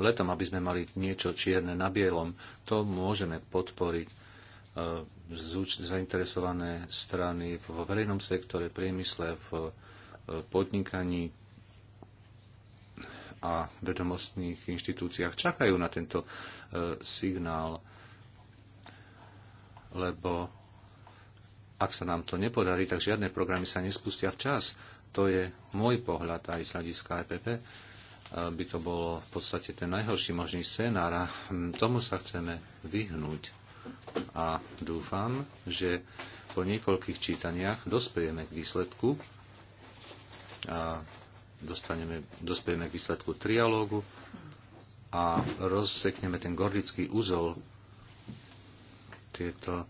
letom, aby sme mali niečo čierne na bielom. To môžeme podporiť eh, zainteresované strany vo verejnom sektore, priemysle, v eh, podnikaní, a vedomostných inštitúciách čakajú na tento e, signál, lebo ak sa nám to nepodarí, tak žiadne programy sa nespustia včas. To je môj pohľad aj z hľadiska EPP. E, by to bolo v podstate ten najhorší možný scénár a hm, tomu sa chceme vyhnúť. A dúfam, že po niekoľkých čítaniach dospejeme k výsledku, a dostaneme, dospejeme k výsledku trialógu a rozsekneme ten gordický úzol tieto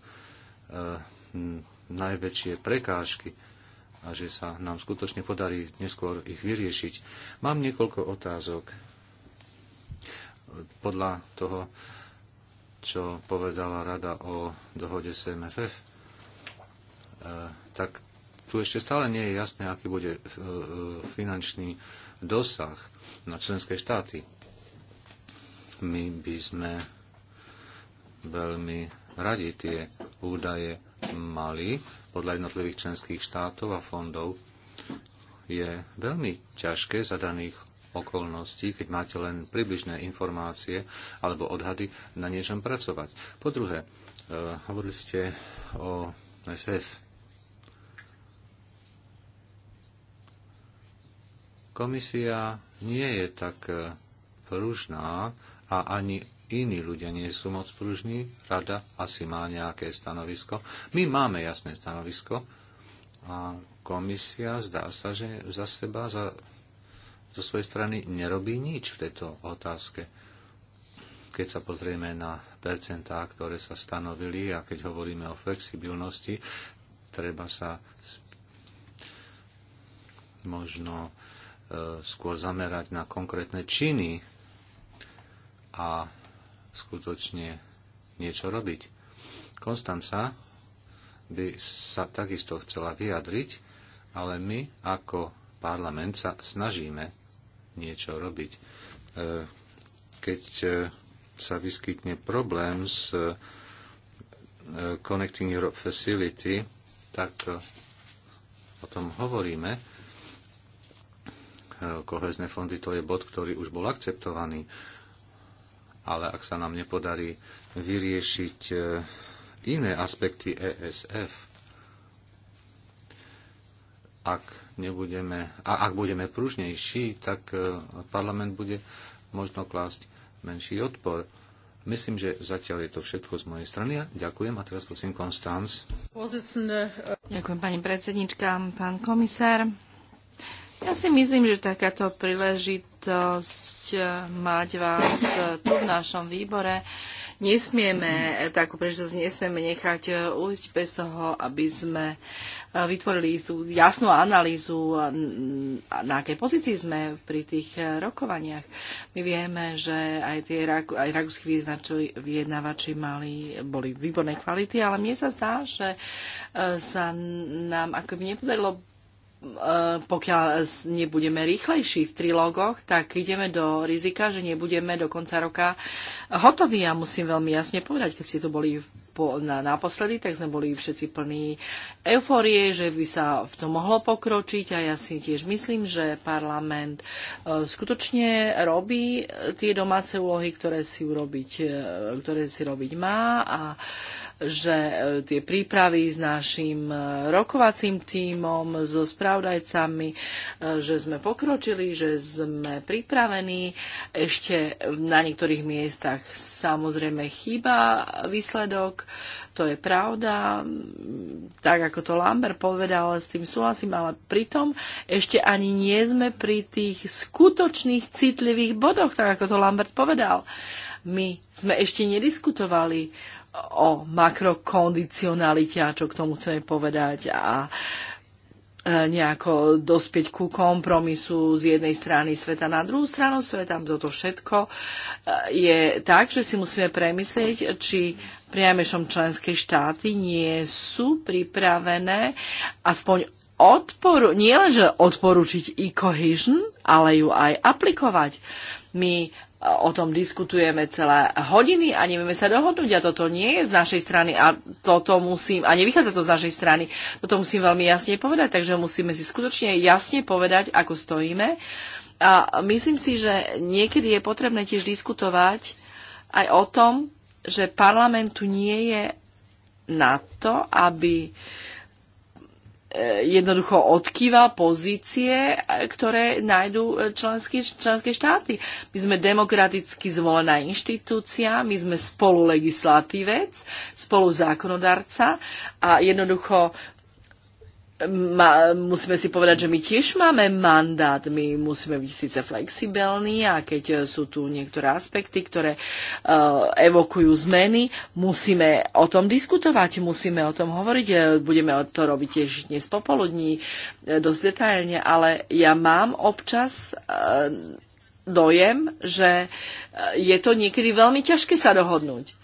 e, najväčšie prekážky a že sa nám skutočne podarí neskôr ich vyriešiť. Mám niekoľko otázok. Podľa toho, čo povedala rada o dohode s MFF, eh, tak tu ešte stále nie je jasné, aký bude e, e, finančný dosah na členské štáty. My by sme veľmi radi tie údaje mali podľa jednotlivých členských štátov a fondov. Je veľmi ťažké za daných okolností, keď máte len približné informácie alebo odhady, na niečom pracovať. Po druhé, e, hovorili ste o SF. Komisia nie je tak e, pružná a ani iní ľudia nie sú moc pružní, rada asi má nejaké stanovisko. My máme jasné stanovisko a komisia zdá sa, že za seba, za, zo svojej strany nerobí nič v tejto otázke. Keď sa pozrieme na percentá, ktoré sa stanovili a keď hovoríme o flexibilnosti, treba sa možno E, skôr zamerať na konkrétne činy a skutočne niečo robiť. Konstanca by sa takisto chcela vyjadriť, ale my ako parlament sa snažíme niečo robiť. E, keď e, sa vyskytne problém s Connecting Europe Facility, tak o tom hovoríme kohezné fondy, to je bod, ktorý už bol akceptovaný. Ale ak sa nám nepodarí vyriešiť e, iné aspekty ESF, ak, nebudeme, a ak budeme pružnejší, tak e, parlament bude možno klásť menší odpor. Myslím, že zatiaľ je to všetko z mojej strany. ďakujem a teraz prosím Konstanc. Ďakujem pani predsednička, pán komisár. Ja si myslím, že takáto príležitosť eh, mať vás eh, tu v našom výbore nesmieme, eh, takú príležitosť nesmieme nechať ujsť bez toho, aby sme vytvorili tú jasnú analýzu, na akej pozícii sme pri tých rokovaniach. My vieme, že aj tie aj rakúsky vyjednávači mali, boli výborné kvality, ale mne sa zdá, že sa nám ako by nepodarilo E, pokiaľ nebudeme rýchlejší v trilógoch, tak ideme do rizika, že nebudeme do konca roka hotoví. Ja musím veľmi jasne povedať, keď ste tu boli po, na, naposledy, tak sme boli všetci plní euforie, že by sa v tom mohlo pokročiť a ja si tiež myslím, že parlament e, skutočne robí e, tie domáce úlohy, ktoré si, urobiť, e, ktoré si robiť má a že tie prípravy s našim rokovacím tímom, so spravdajcami, že sme pokročili, že sme pripravení. Ešte na niektorých miestach samozrejme chýba výsledok, to je pravda, tak ako to Lambert povedal, s tým súhlasím, ale pritom ešte ani nie sme pri tých skutočných citlivých bodoch, tak ako to Lambert povedal. My sme ešte nediskutovali o makrokondicionalite a čo k tomu chceme povedať a a Eh, nejako dospieť ku kompromisu z jednej strany sveta na druhú stranu sveta. Toto všetko eh, je tak, že si musíme premyslieť, či priamešom členské štáty nie sú pripravené aspoň odporu, nie len, že odporučiť e-cohesion, ale ju aj aplikovať. My o tom diskutujeme celé hodiny a nevieme sa dohodnúť a toto nie je z našej strany a toto musím, a nevychádza to z našej strany, toto musím veľmi jasne povedať, takže musíme si skutočne jasne povedať, ako stojíme. A myslím si, že niekedy je potrebné tiež diskutovať aj o tom, že parlamentu nie je na to, aby E, jednoducho odkýva pozície, e, ktoré nájdú e, členské, členské štáty. My sme demokraticky zvolená inštitúcia, my sme spolu legislatívec, spolu zákonodarca a jednoducho ma, musíme si povedať, že my tiež máme mandát, my musíme byť síce flexibilní a keď sú tu niektoré aspekty, ktoré uh, evokujú zmeny, musíme o tom diskutovať, musíme o tom hovoriť, e, budeme to robiť tiež dnes popoludní e, dosť detailne, ale ja mám občas uh, dojem, že je to niekedy veľmi ťažké sa dohodnúť.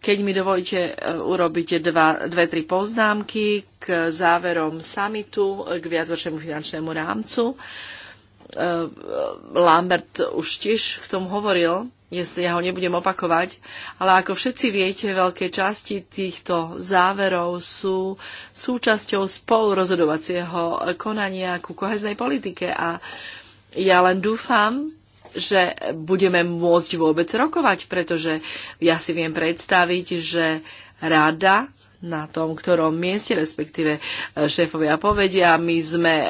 Keď mi dovolíte, e, urobíte dva, dve, tri poznámky k záverom samitu, k viacročnému finančnému rámcu. E, Lambert už tiež k tomu hovoril, ja ho nebudem opakovať, ale ako všetci viete, veľké časti týchto záverov sú súčasťou spolurozhodovacieho konania ku koheznej politike a ja len dúfam, že budeme môcť vôbec rokovať, pretože ja si viem predstaviť, že rada na tom, ktorom mieste, respektíve e, šéfovia povedia, my sme e,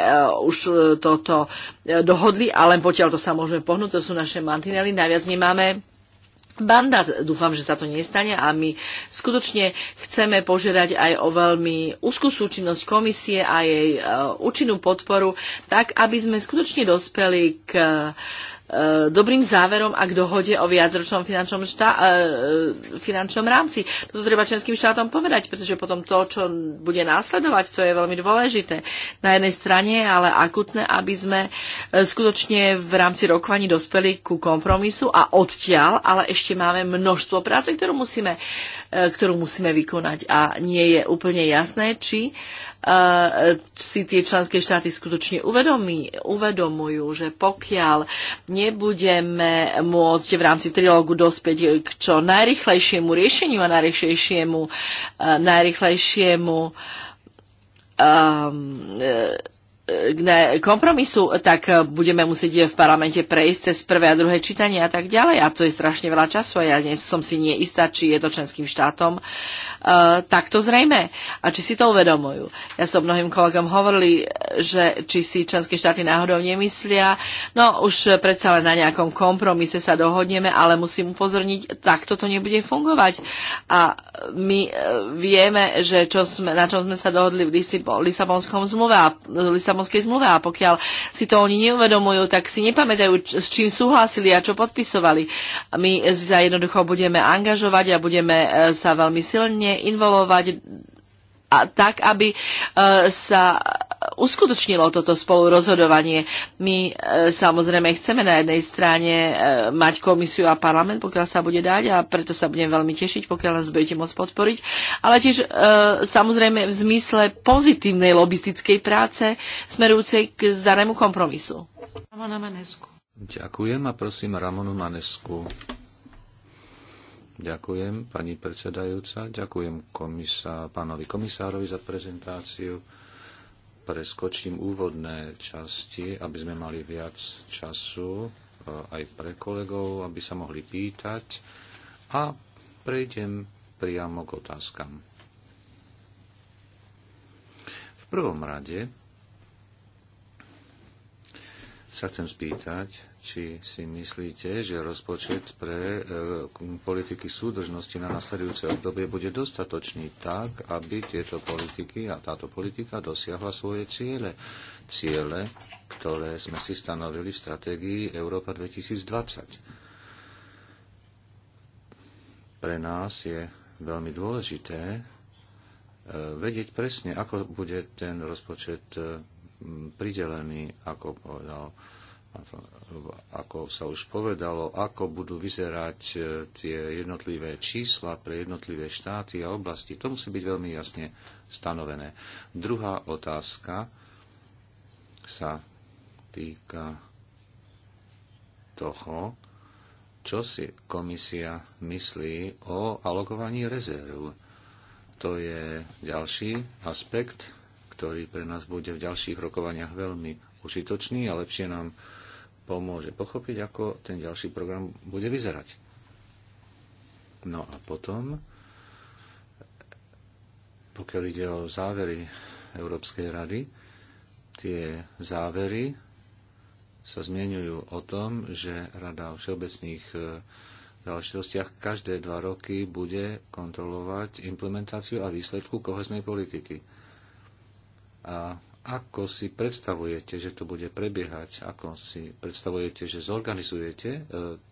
už e, toto dohodli, ale potiaľ to sa môžeme pohnúť, to sú naše mantinely, najviac nemáme Bandát, dúfam, že sa to nestane a my skutočne chceme požiadať aj o veľmi úzkú súčinnosť komisie a jej účinnú podporu, tak aby sme skutočne dospeli k E, dobrým záverom a k dohode o viacročnom finančnom, štá, e, e, finančnom rámci. Toto treba členským štátom povedať, pretože potom to, čo bude následovať, to je veľmi dôležité. Na jednej strane je ale akutné, aby sme skutočne v rámci rokovaní dospeli ku kompromisu a odtiaľ, ale ešte máme množstvo práce, ktorú musíme, ktorú musíme vykonať a nie je úplne jasné, či uh, E, si tie členské štáty skutočne uvedomí, uvedomujú, že pokiaľ nebudeme môcť v rámci trilógu dospäť k čo najrychlejšiemu riešeniu a najrychlejšiemu, najrychlejšiemu um, kompromisu, tak e, budeme musieť e, v parlamente prejsť cez prvé a druhé čítanie a tak ďalej. A to je strašne veľa času a ja dnes som si neistá, či je to členským štátom. Uh, e, tak to zrejme. A či si to uvedomujú. Ja som mnohým kolegom hovorili, že či si členské štáty náhodou nemyslia. No už predsa len na nejakom kompromise sa dohodneme, ale musím upozorniť, takto to nebude fungovať. A my vieme, že čo sme, na čom sme sa dohodli v Lisabonskom zmluve a Lisabonskom Lisabonskej zmluve a pokiaľ si to oni neuvedomujú, tak si nepamätajú, s čím súhlasili a čo podpisovali. My sa jednoducho budeme angažovať a budeme e, sa veľmi silne involovať a tak, aby e, sa uskutočnilo toto spolurozhodovanie. My e, samozrejme chceme na jednej strane e, mať komisiu a parlament, pokiaľ sa bude dať a preto sa budem veľmi tešiť, pokiaľ nás budete môcť podporiť, ale tiež e, samozrejme v zmysle pozitívnej lobistickej práce smerujúcej k zdanému kompromisu. Ramona Manesku. Ďakujem a prosím Ramonu Manesku. Ďakujem, pani predsedajúca. Ďakujem komisá, pánovi komisárovi za prezentáciu preskočím úvodné časti, aby sme mali viac času e, aj pre kolegov, aby sa mohli pýtať a prejdem priamo k otázkam. V prvom rade sa chcem spýtať, či si myslíte, že rozpočet pre e, politiky súdržnosti na nasledujúce obdobie bude dostatočný tak, aby tieto politiky a táto politika dosiahla svoje ciele. Ciele, ktoré sme si stanovili v stratégii Európa 2020. Pre nás je veľmi dôležité e, vedieť presne, ako bude ten rozpočet e, pridelený, ako povedal ako sa už povedalo, ako budú vyzerať e, tie jednotlivé čísla pre jednotlivé štáty a oblasti. To musí byť veľmi jasne stanovené. Druhá otázka sa týka toho, čo si komisia myslí o alokovaní rezerv. To je ďalší aspekt ktorý pre nás bude v ďalších rokovaniach veľmi užitočný a lepšie nám pomôže pochopiť, ako ten ďalší program bude vyzerať. No a potom, pokiaľ ide o závery Európskej rady, tie závery sa zmienujú o tom, že Rada o všeobecných e, záležitostiach každé dva roky bude kontrolovať implementáciu a výsledku kohesnej politiky. A ako si predstavujete, že to bude prebiehať? Ako si predstavujete, že zorganizujete e,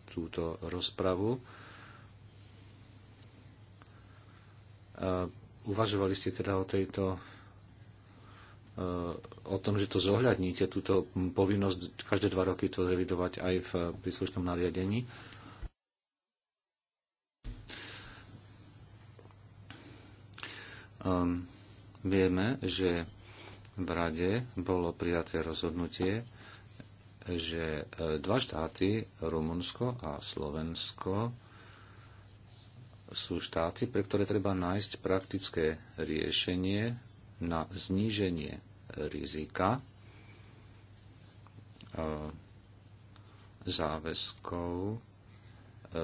túto rozpravu? uvažovali ste teda o tejto e, o tom, že to zohľadníte, túto povinnosť každé dva roky to revidovať aj v príslušnom nariadení. Um, vieme, že v Rade bolo prijaté rozhodnutie, že e, dva štáty, Rumunsko a Slovensko, sú štáty, pre ktoré treba nájsť praktické riešenie na zníženie rizika e, záväzkov, e,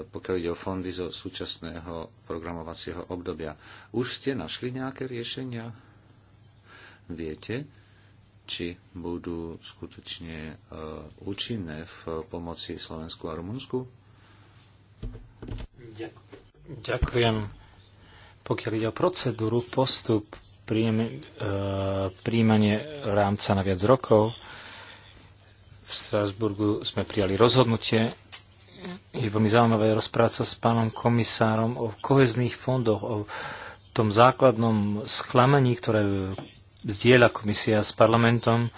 pokiaľ ide o fondy zo súčasného programovacieho obdobia. Už ste našli nejaké riešenia? Viete, či budú skutočne e, účinné v pomoci Slovensku a Rumunsku? Ďakujem. Pokiaľ ide o procedúru, postup, príjem, e, príjmanie rámca na viac rokov, v Strasburgu sme prijali rozhodnutie. Je veľmi zaujímavé rozprávať sa s pánom komisárom o kohezných fondoch, o tom základnom sklamaní, ktoré zdieľa komisia s parlamentom,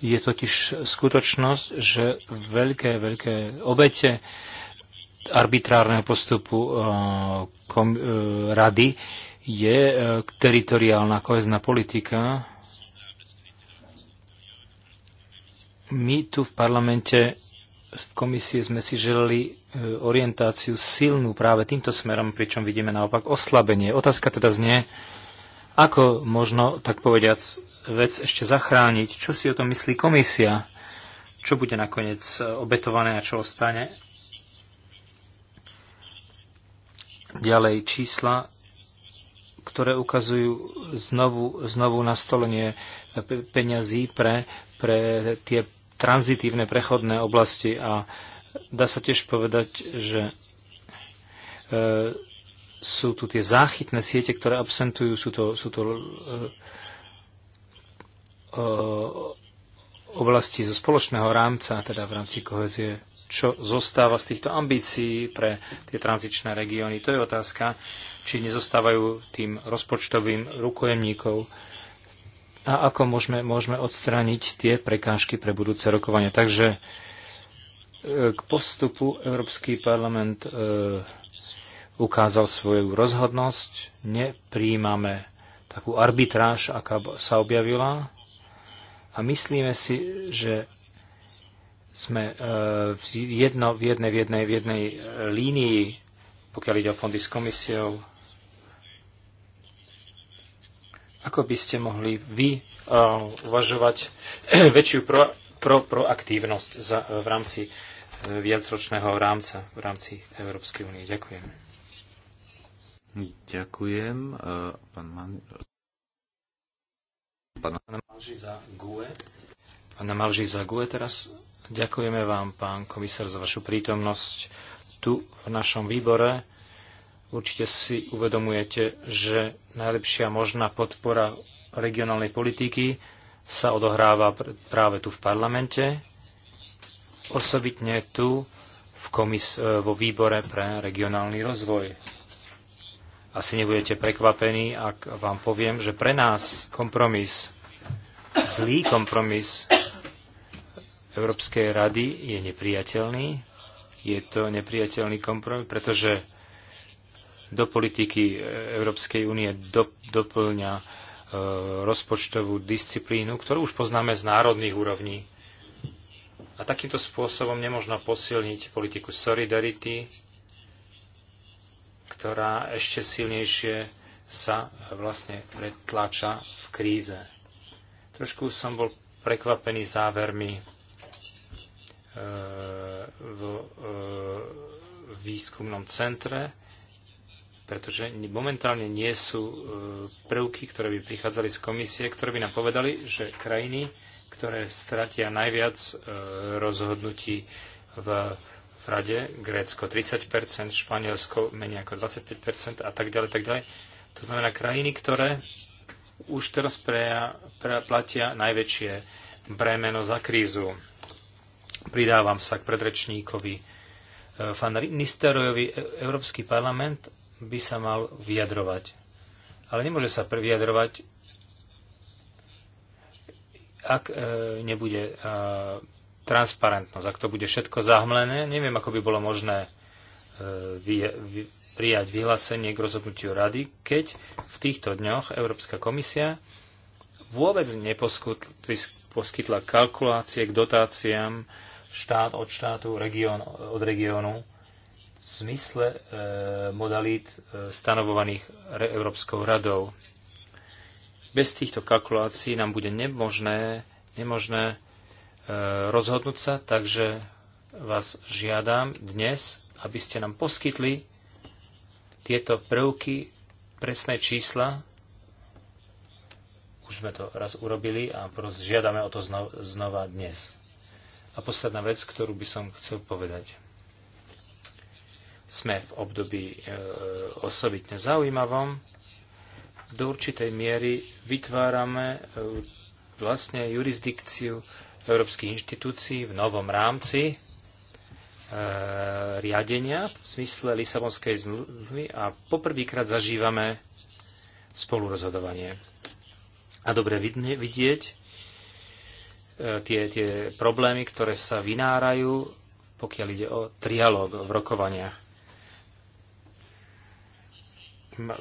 je totiž skutočnosť, že veľké, veľké obete arbitrárneho postupu e, kom, e, rady je e, teritoriálna kohezná politika. My tu v parlamente, v komisie sme si želali orientáciu silnú práve týmto smerom, pričom vidíme naopak oslabenie. Otázka teda znie, ako možno, tak povediac, vec ešte zachrániť? Čo si o tom myslí komisia? Čo bude nakoniec e, obetované a čo ostane? Ďalej čísla, ktoré ukazujú znovu, znovu nastolenie e, peňazí pre, pre tie tranzitívne prechodné oblasti a dá sa tiež povedať, že e, sú tu tie záchytné siete, ktoré absentujú, sú to, sú to uh, uh, oblasti zo spoločného rámca, teda v rámci kohezie, čo zostáva z týchto ambícií pre tie tranzičné regióny. To je otázka, či nezostávajú tým rozpočtovým rukojemníkov a ako môžeme, môžeme odstrániť tie prekážky pre budúce rokovania. Takže eh, k postupu Európsky parlament Uh, ukázal svoju rozhodnosť. Nepríjmame takú arbitráž, aká sa objavila. A myslíme si, že sme e, v, jedno, v, jednej, v, jednej, v jednej e, línii, pokiaľ ide o fondy s komisiou. Ako by ste mohli vy uh, uvažovať väčšiu pro, pro, proaktívnosť za, v rámci viacročného rámca, v rámci Európskej únie? Ďakujem. Ďakujem. E, pán Man... Pána Malži za GUE. Pána Malži za GUE teraz. Ďakujeme vám, pán komisár, za vašu prítomnosť tu v našom výbore. Určite si uvedomujete, že najlepšia možná podpora regionálnej politiky sa odohráva práve tu v parlamente, osobitne tu v komis- e, vo výbore pre regionálny rozvoj asi nebudete prekvapení, ak vám poviem, že pre nás kompromis, zlý kompromis Európskej rady je nepriateľný. Je to nepriateľný kompromis, pretože do politiky Európskej únie do, doplňa e, rozpočtovú disciplínu, ktorú už poznáme z národných úrovní. A takýmto spôsobom nemožno posilniť politiku solidarity, ktorá ešte silnejšie sa vlastne pretláča v kríze. Trošku som bol prekvapený závermi e, v e, výskumnom centre, pretože momentálne nie sú e, prvky, ktoré by prichádzali z komisie, ktoré by nám povedali, že krajiny, ktoré stratia najviac rozhodnutí v rade, Grécko 30%, Španielsko menej ako 25% a tak ďalej, tak ďalej. To znamená krajiny, ktoré už teraz preja, pre, platia najväčšie bremeno za krízu. Pridávam sa k predrečníkovi Fan e, Nisterojovi. E, Európsky parlament by sa mal vyjadrovať. Ale nemôže sa vyjadrovať, ak e, nebude e, transparentnosť. Ak to bude všetko zahmlené, neviem, ako by bolo možné e, prijať vyhlásenie k rozhodnutiu rady, keď v týchto dňoch Európska komisia vôbec neposkytla kalkulácie k dotáciám štát od štátu, región od regiónu v zmysle e, modalít e, stanovovaných re, Európskou radou. Bez týchto kalkulácií nám bude nemožné, nemožné rozhodnúť sa, takže vás žiadam dnes, aby ste nám poskytli tieto prvky, presné čísla. Už sme to raz urobili a žiadame o to znova dnes. A posledná vec, ktorú by som chcel povedať. Sme v období e, osobitne zaujímavom. Do určitej miery vytvárame e, vlastne jurisdikciu európskych inštitúcií v novom rámci e, riadenia v zmysle Lisabonskej zmluvy a poprvýkrát zažívame spolurozhodovanie. A dobre vidieť e, tie, tie problémy, ktoré sa vynárajú, pokiaľ ide o trialóg v rokovaniach.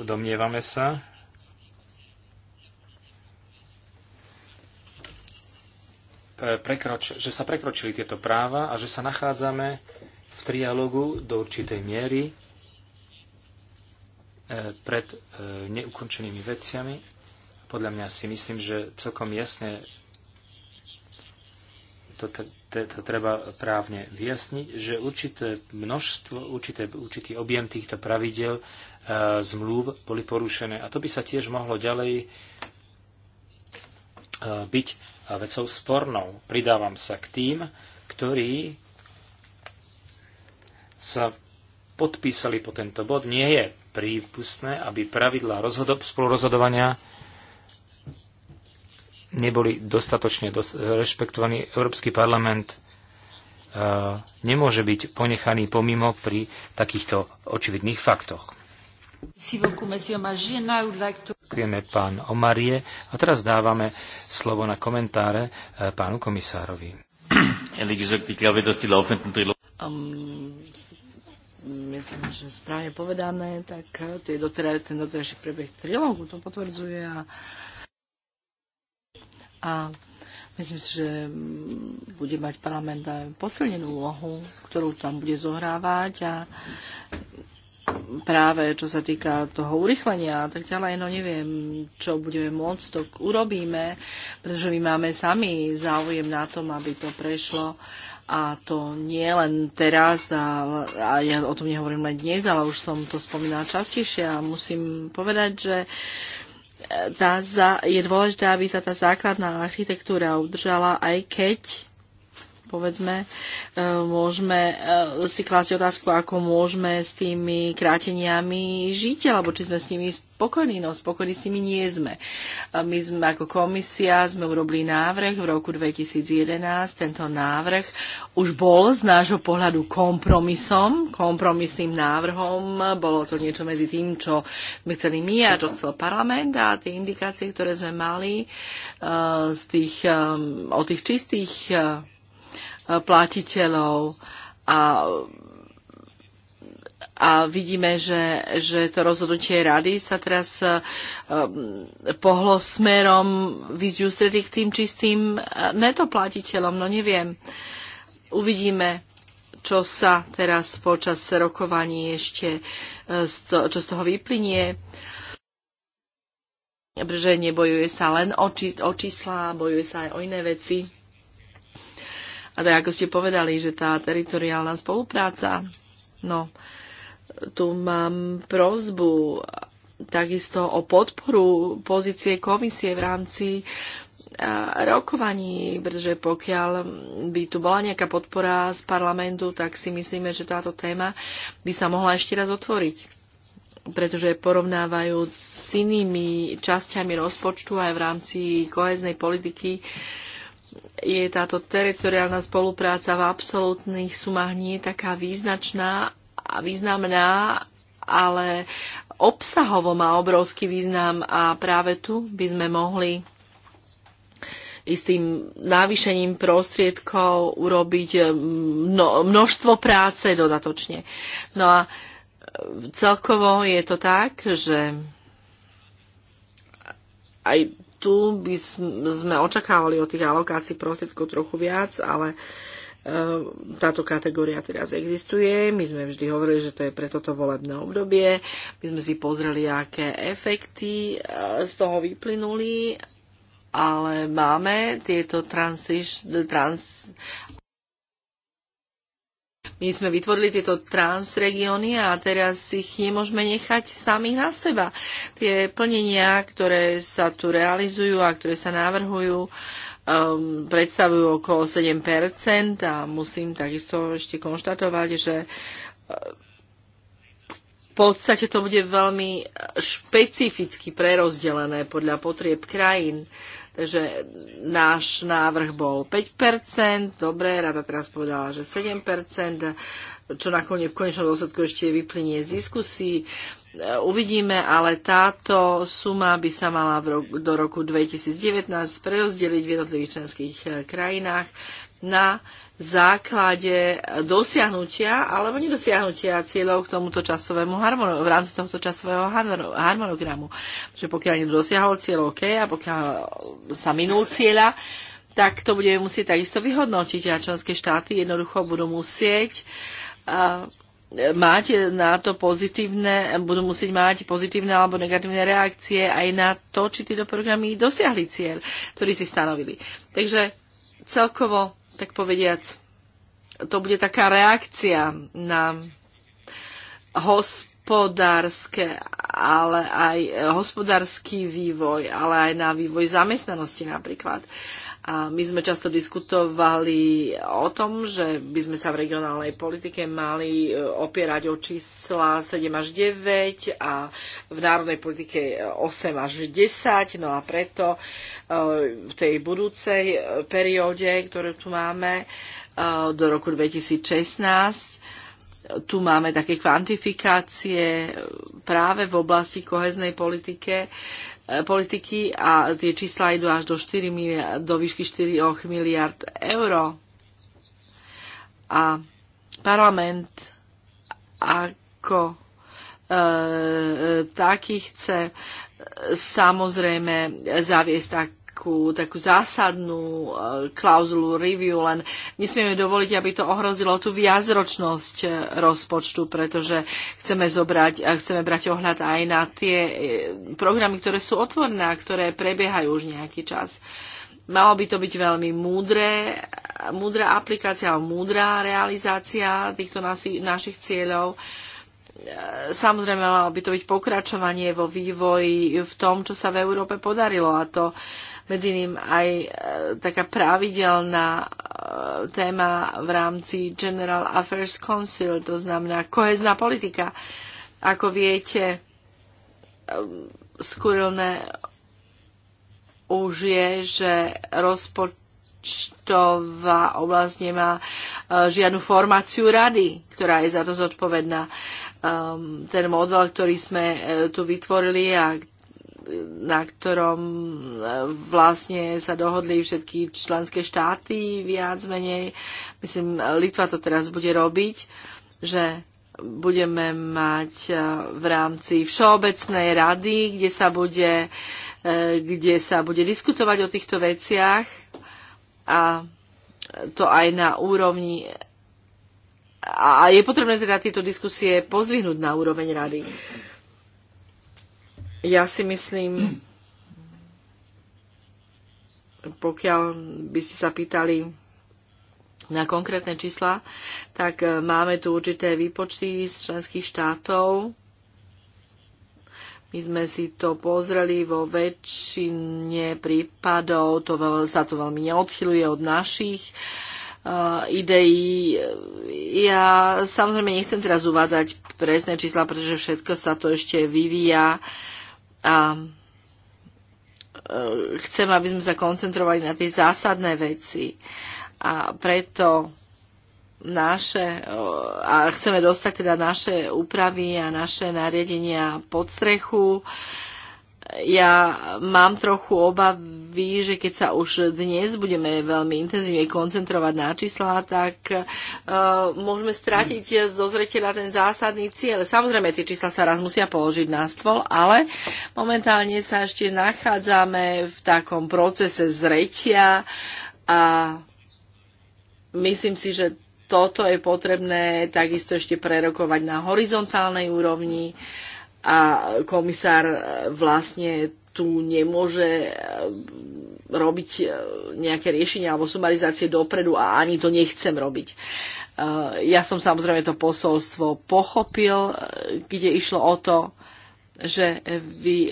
Domnievame sa, prekroč, že sa prekročili tieto práva a že sa nachádzame v trialogu do určitej miery e, pred e, neukončenými veciami. Podľa mňa si myslím, že celkom jasne to, to, to treba právne vyjasniť, že určité množstvo, určité, určitý objem týchto pravidel e, zmluv boli porušené. A to by sa tiež mohlo ďalej e, byť vecou spornou. Pridávam sa k tým, ktorí sa podpísali po tento bod. Nie je prípustné, aby pravidlá spolurozhodovania neboli dostatočne dos- rešpektovaní. Európsky parlament e, nemôže byť ponechaný pomimo pri takýchto očividných faktoch. Ďakujeme pán Omarie a teraz dávame slovo na komentáre eh, pánu komisárovi. Um, myslím, že správne povedané, tak eh, tie doteraj, ten doterajší prebeh trilógu to potvrdzuje a, a myslím si, že mm, bude mať parlament aj posilnenú úlohu, ktorú tam bude zohrávať a práve čo sa týka toho urychlenia a tak ďalej, no neviem, čo budeme môcť, to urobíme, pretože my máme sami záujem na tom, aby to prešlo a to nie len teraz a, a ja o tom nehovorím len dnes, ale už som to spomínala častejšie a musím povedať, že e, tá za, je dôležité, aby sa tá základná architektúra udržala, aj keď povedzme, e, môžeme e, si klásť otázku, ako môžeme s tými kráteniami žiť, alebo či sme s nimi spokojní. No, spokojní s nimi nie sme. My sme ako komisia, sme urobili návrh v roku 2011. Tento návrh už bol z nášho pohľadu kompromisom, kompromisným návrhom. Bolo to niečo medzi tým, čo sme chceli my a čo chcel parlament a tie indikácie, ktoré sme mali e, z tých, o tých čistých platiteľov a a vidíme, že, že to rozhodnutie rady sa teraz um, pohlo smerom výzdiu stredy k tým čistým e, netoplatiteľom. No neviem. Uvidíme, čo sa teraz počas rokovaní ešte, e, čo z toho vyplynie. Pretože nebojuje sa len o, či, o čísla, bojuje sa aj o iné veci. A tak ako ste povedali, že tá teritoriálna spolupráca, no, tu mám prozbu takisto o podporu pozície komisie v rámci e, rokovaní, pretože pokiaľ by tu bola nejaká podpora z parlamentu, tak si myslíme, že táto téma by sa mohla ešte raz otvoriť pretože porovnávajú s inými časťami rozpočtu aj v rámci koheznej politiky uh, je táto teritoriálna spolupráca v absolútnych sumách nie je taká význačná a významná, ale obsahovo má obrovský význam a práve tu by sme mohli istým návyšením prostriedkov urobiť eh, množstvo práce dodatočne. No a eh, celkovo je to tak, že aj tu by sme očakávali od tých alokácií prostriedkov trochu viac, ale e, táto kategória teraz existuje. My sme vždy hovorili, že to je pre toto volebné obdobie. My sme si pozreli, aké efekty e, z toho vyplynuli ale máme tieto transiš, trans, my sme vytvorili tieto transregióny a teraz ich nemôžeme nechať samých na seba. Tie plnenia, ktoré sa tu realizujú a ktoré sa navrhujú, um, predstavujú okolo 7 a musím takisto ešte konštatovať, že uh, v podstate to bude veľmi špecificky prerozdelené podľa potrieb krajín že náš návrh bol 5%, dobre, rada teraz povedala, že 7%, čo nakoniec v konečnom dôsledku ešte vyplynie z diskusí. E, uvidíme, ale táto suma by sa mala roku, do roku 2019 prerozdeliť v jednotlivých členských e, krajinách na základe dosiahnutia alebo nedosiahnutia cieľov k tomuto časovému v rámci tohto časového harmonogramu. Čiže pokiaľ nedosiahol cieľ OK a pokiaľ sa minul cieľa, tak to budeme musieť takisto vyhodnotiť a členské štáty jednoducho budú musieť uh, mať na to pozitívne, budú musieť mať pozitívne alebo negatívne reakcie aj na to, či tieto programy dosiahli cieľ, ktorý si stanovili. Takže celkovo tak povediac, to bude taká reakcia na hospodárske, ale aj hospodársky vývoj, ale aj na vývoj zamestnanosti napríklad. A my sme často diskutovali o tom, že by sme sa v regionálnej politike mali e, opierať o čísla 7 až 9 a v národnej politike 8 až 10. No a preto e, v tej budúcej e, perióde, ktorú tu máme do roku 2016, tu máme také kvantifikácie práve v oblasti koheznej politike, politiky a tie čísla idú až do, 4 miliard, do výšky 4 miliard eur. A parlament ako e, e, taký chce samozrejme zaviesť tak takú, takú zásadnú e, klauzulu review, len nesmieme dovoliť, aby to ohrozilo tú viacročnosť e, rozpočtu, pretože chceme, zobrať, a e, chceme brať ohľad aj na tie programy, ktoré sú otvorené a ktoré prebiehajú už nejaký čas. Malo by to byť veľmi múdre, múdra aplikácia, múdra realizácia týchto nasi, našich cieľov. Samozrejme, malo by to byť pokračovanie vo vývoji v tom, čo sa v Európe podarilo a to medzi ním aj e, taká pravidelná e, téma v rámci General Affairs Council, to znamená kohezná politika. Ako viete, e, skurilné už je, že rozpočtová oblasť nemá e, žiadnu formáciu rady, ktorá je za to zodpovedná. E, ten model, ktorý sme e, tu vytvorili a na ktorom e, vlastne sa dohodli všetky členské štáty viac menej. Myslím, Litva to teraz bude robiť, že budeme mať e, v rámci Všeobecnej rady, kde sa bude, e, kde sa bude diskutovať o týchto veciach a to aj na úrovni a je potrebné teda tieto diskusie pozvihnúť na úroveň rady. Ja si myslím, pokiaľ by ste sa pýtali na konkrétne čísla, tak e, máme tu určité výpočty z členských štátov. My sme si to pozreli vo väčšine prípadov, to veľ, sa to veľmi neodchyluje od našich uh, ideí. Ja samozrejme nechcem teraz uvádzať presné čísla, pretože všetko sa to ešte vyvíja. Uh, a e, chcem, aby sme sa koncentrovali na tie zásadné veci. A preto naše, e, a chceme dostať teda naše úpravy a naše nariadenia pod strechu. Uh, ja mám trochu obavy, že keď sa už dnes budeme veľmi intenzívne koncentrovať na čísla, tak uh, môžeme stratiť zo zreteľa ten zásadný cieľ. Samozrejme, tie čísla sa raz musia položiť na stôl, ale momentálne sa ešte nachádzame v takom procese zretia a myslím si, že toto je potrebné takisto ešte prerokovať na horizontálnej úrovni. Uh, a komisár vlastne tu nemôže eh, robiť eh, nejaké riešenia alebo sumarizácie dopredu a ani to nechcem robiť. Eh, ja som samozrejme to posolstvo pochopil, kde išlo o to, že vy,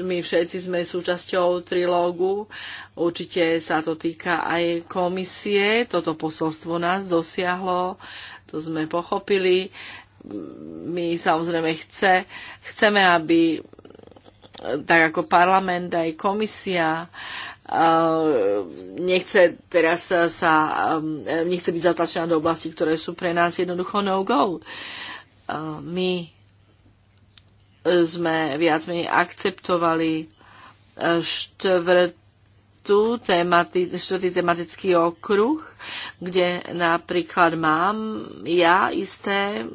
my všetci sme súčasťou trilógu. Určite sa to týka aj komisie. Toto posolstvo nás dosiahlo, to sme pochopili my samozrejme chce, chceme, aby tak ako parlament, aj komisia nechce teraz sa, um, nechce byť zatlačená do oblasti, ktoré sú pre nás jednoducho no-go. My sme viac menej akceptovali štvrtú temati- štvrtý tematický okruh, kde napríklad mám ja isté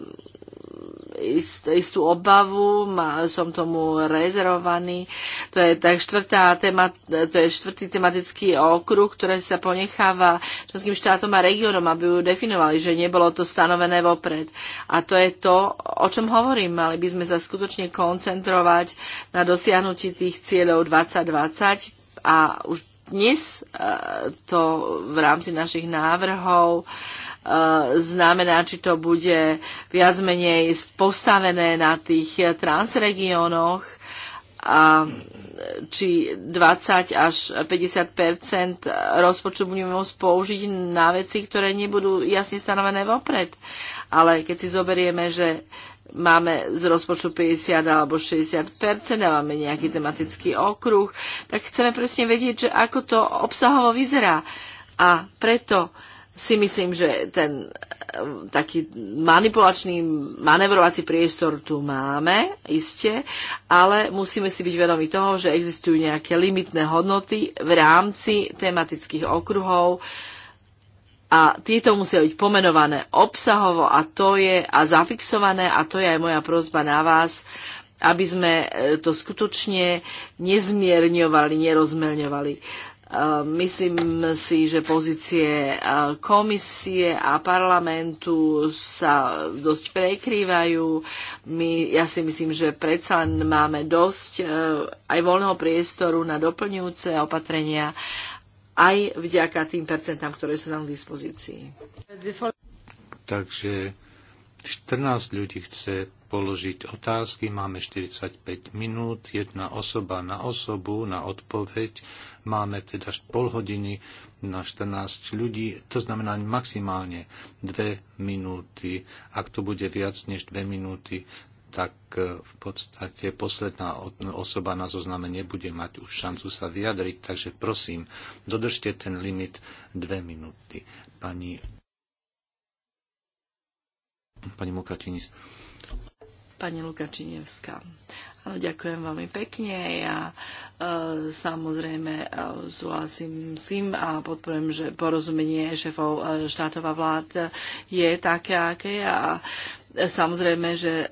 ist, istú obavu, má, som tomu rezervovaný. To je tak štvrtá tema, to je štvrtý tematický okruh, ktoré sa ponecháva členským štátom a regiónom, aby ju definovali, že nebolo to stanovené vopred. A to je to, o čom hovorím. Mali by sme sa skutočne koncentrovať na dosiahnutí tých cieľov 2020 a už dnes e, to v rámci našich návrhov znamená, či to bude viac menej postavené na tých transregiónoch a či 20 až 50 rozpočtu budeme môcť použiť na veci, ktoré nebudú jasne stanovené vopred. Ale keď si zoberieme, že máme z rozpočtu 50 alebo 60 a máme nejaký tematický okruh, tak chceme presne vedieť, že ako to obsahovo vyzerá. A preto uh, si myslím, že ten eh, taký manipulačný, manevrovací priestor tu máme, iste, ale musíme si byť vedomi toho, že existujú nejaké limitné hodnoty v rámci tematických okruhov a tieto musia byť pomenované obsahovo a to je a zafixované a to je aj moja prozba na vás, aby sme eh, to skutočne nezmierňovali, nerozmelňovali Myslím si, že pozície komisie a parlamentu sa dosť prekrývajú. My, ja si myslím, že predsa len máme dosť e, aj voľného priestoru na doplňujúce opatrenia aj vďaka tým percentám, ktoré sú nám k dispozícii. Takže 14 ľudí chce položiť otázky. Máme 45 minút, jedna osoba na osobu, na odpoveď. Máme teda pol hodiny na 14 ľudí, to znamená maximálne 2 minúty. Ak to bude viac než 2 minúty, tak e, v podstate posledná osoba na zozname nebude mať už šancu sa vyjadriť, takže prosím, dodržte ten limit 2 minúty. Pani, pani Mukačinis pani Činevská. Áno, ďakujem veľmi pekne. Ja e, samozrejme e, súhlasím s tým a podporujem, že porozumenie šéfov e, štátov a vlád je také, aké a samozrejme, že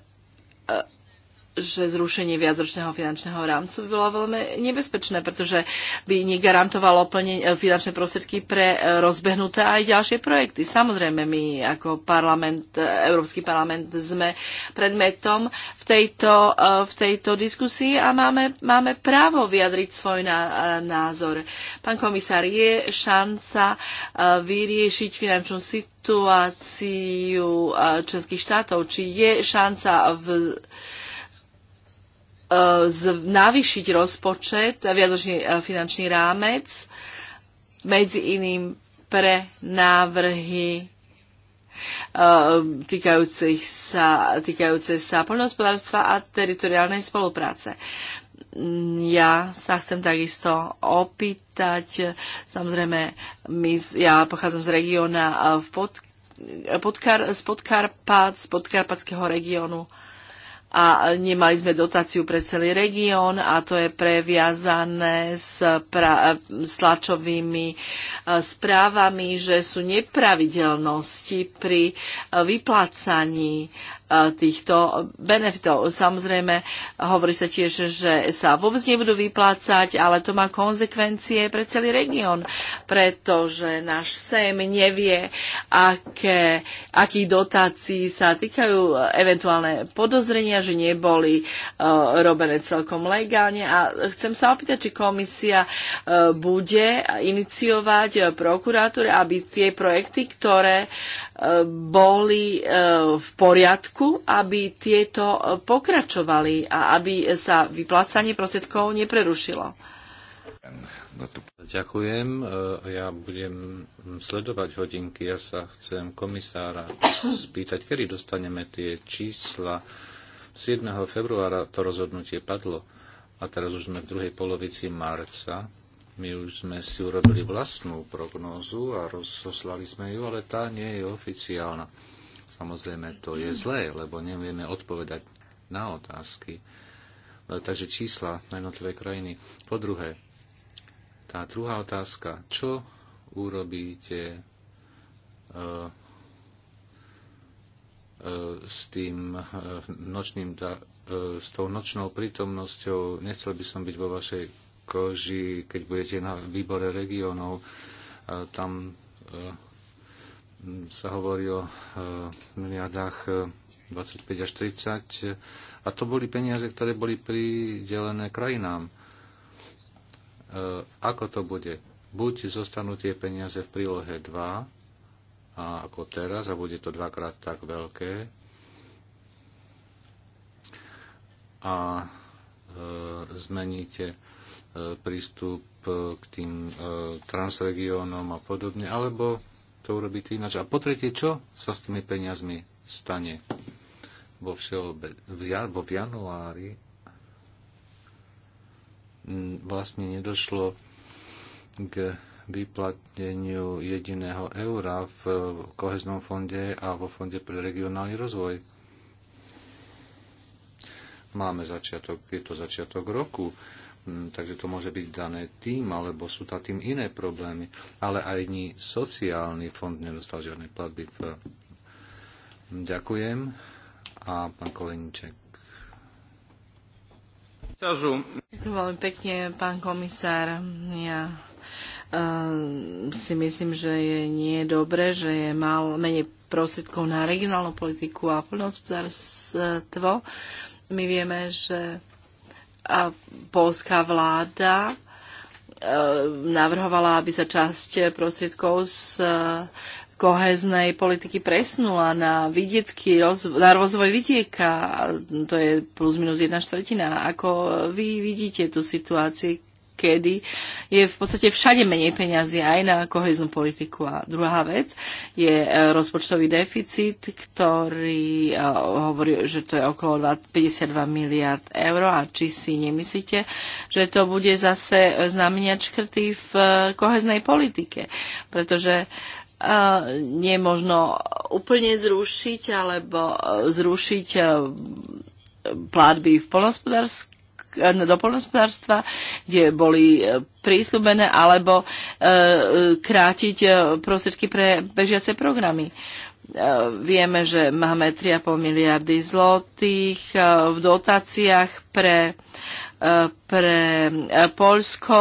že zrušenie viacročného finančného rámcu by bolo veľmi nebezpečné, pretože by negarantovalo plne eh, finančné prostriedky pre eh, rozbehnuté aj ďalšie projekty. Samozrejme, my ako parlament, eh, Európsky parlament sme predmetom v tejto, v tejto diskusii a máme, máme právo vyjadriť svoj názor. Pán komisár, je šanca vyriešiť finančnú situáciu členských štátov? Či je šanca v navýšiť rozpočet, viadočný e, finančný rámec, medzi iným pre návrhy e, týkajúcich sa, týkajúce sa poľnohospodárstva a teritoriálnej spolupráce. Ja sa chcem takisto opýtať, samozrejme, my, ja pochádzam z regióna e, pod, podkar, z Podkarpat, z podkarpatského regiónu. Uh, a nemali sme dotáciu pre celý región a to je previazané s, pra, s tlačovými e, správami, že sú nepravidelnosti pri e, vyplácaní týchto benefitov. Samozrejme, hovorí sa tiež, že sa vôbec nebudú vyplácať, ale to má konsekvencie pre celý región, pretože náš SEM nevie, aké, akých dotácií sa týkajú eventuálne podozrenia, že neboli uh, robené celkom legálne. A chcem sa opýtať, či komisia uh, bude iniciovať prokuratúre, aby tie projekty, ktoré boli e, v poriadku, aby tieto pokračovali a aby sa vyplácanie prostriedkov neprerušilo. Ďakujem. E, ja budem sledovať hodinky. Ja sa chcem komisára spýtať, kedy dostaneme tie čísla. 7. februára to rozhodnutie padlo a teraz už sme v druhej polovici marca my už sme si urobili vlastnú prognózu a rozoslali sme ju, ale tá nie je oficiálna. Samozrejme, to je zlé, lebo nevieme odpovedať na otázky. E, takže čísla na jednotlivé krajiny. Po druhé, tá druhá otázka, čo urobíte e, e, s tým nočným, s tou nočnou prítomnosťou. Nechcel by som byť vo vašej koži, keď budete na výbore regionov. Tam e, sa hovorí o e, miliardách 25 e, až 30 a to boli peniaze, ktoré boli pridelené krajinám. Ako to bude? Buď zostanú tie peniaze v prílohe 2 a ako teraz a bude to dvakrát tak veľké a e, zmeníte E, prístup e, k tým e, transregiónom a podobne, alebo to urobiť ináč. A po tretie, čo sa s tými peniazmi stane vo, všeobe, vo januári vlastne nedošlo k vyplatneniu jediného eura v koheznom fonde a vo fonde pre regionálny rozvoj. Máme začiatok, je to začiatok roku Hm, takže to môže byť dané tým, alebo sú tam tým iné problémy. Ale aj ni sociálny fond nedostal žiadne platby. V... Ďakujem. A pán Koleníček. Ďakujem veľmi pekne, pán komisár. Ja uh, si myslím, že je nie je dobré, že je mal, menej prostriedkov na regionálnu politiku a poľnohospodárstvo. My vieme, že a polská vláda e, navrhovala, aby sa časť prostriedkov z e, koheznej politiky presunula na, vidiecky, na rozvoj vidieka. To je plus minus jedna štvrtina. Ako vy vidíte tú situáciu, kedy je v podstate všade menej peniazy aj na koheznú politiku. A druhá vec je e, rozpočtový deficit, ktorý e, hovorí, že to je okolo 52 miliard eur a či si nemyslíte, že to bude zase znameniať škrty v e, koheznej politike, pretože nie možno úplne zrušiť alebo zrušiť platby v polnospodárskej E, do polnospodárstva, kde boli e, prísľubené, alebo e, krátiť prostriedky pre bežiace programy vieme, že máme 3,5 miliardy zlotých v dotáciách pre, pre Polsko.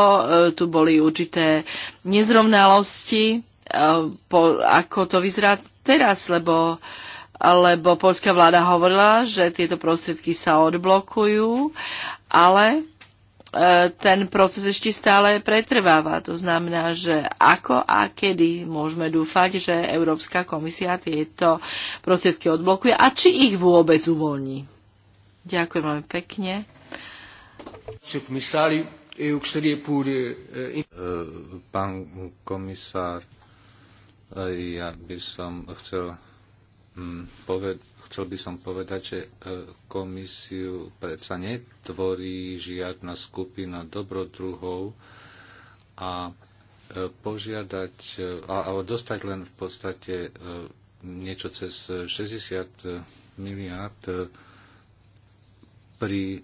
Tu boli určité nezrovnalosti, ako to vyzerá teraz, lebo lebo polská vláda hovorila, že tieto prostriedky sa odblokujú ale e, ten proces ešte stále pretrváva. To znamená, že ako a kedy môžeme dúfať, že Európska komisia tieto prostriedky odblokuje a či ich vôbec uvoľní. Ďakujem veľmi pekne. E, e, pán komisár, ja by som chcel hm, povedať, chcel by som povedať, že e, komisiu predsa netvorí žiadna skupina dobrodruhov a e, požiadať e, a, dostať len v podstate niečo cez 60 miliard pri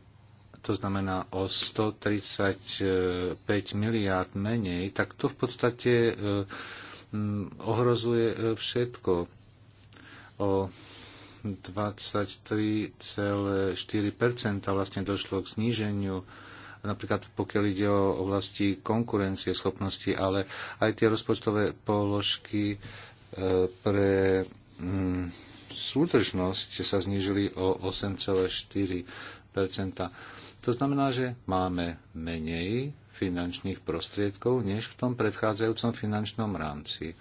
to znamená o 135 miliard menej, tak to v podstate ohrozuje všetko. O 23,4 vlastne došlo k zníženiu napríklad pokiaľ ide o oblasti konkurencie schopnosti, ale aj tie rozpočtové položky e, pre mm, súdržnosť sa znížili o 8,4 To znamená, že máme menej finančných prostriedkov než v tom predchádzajúcom finančnom rámci.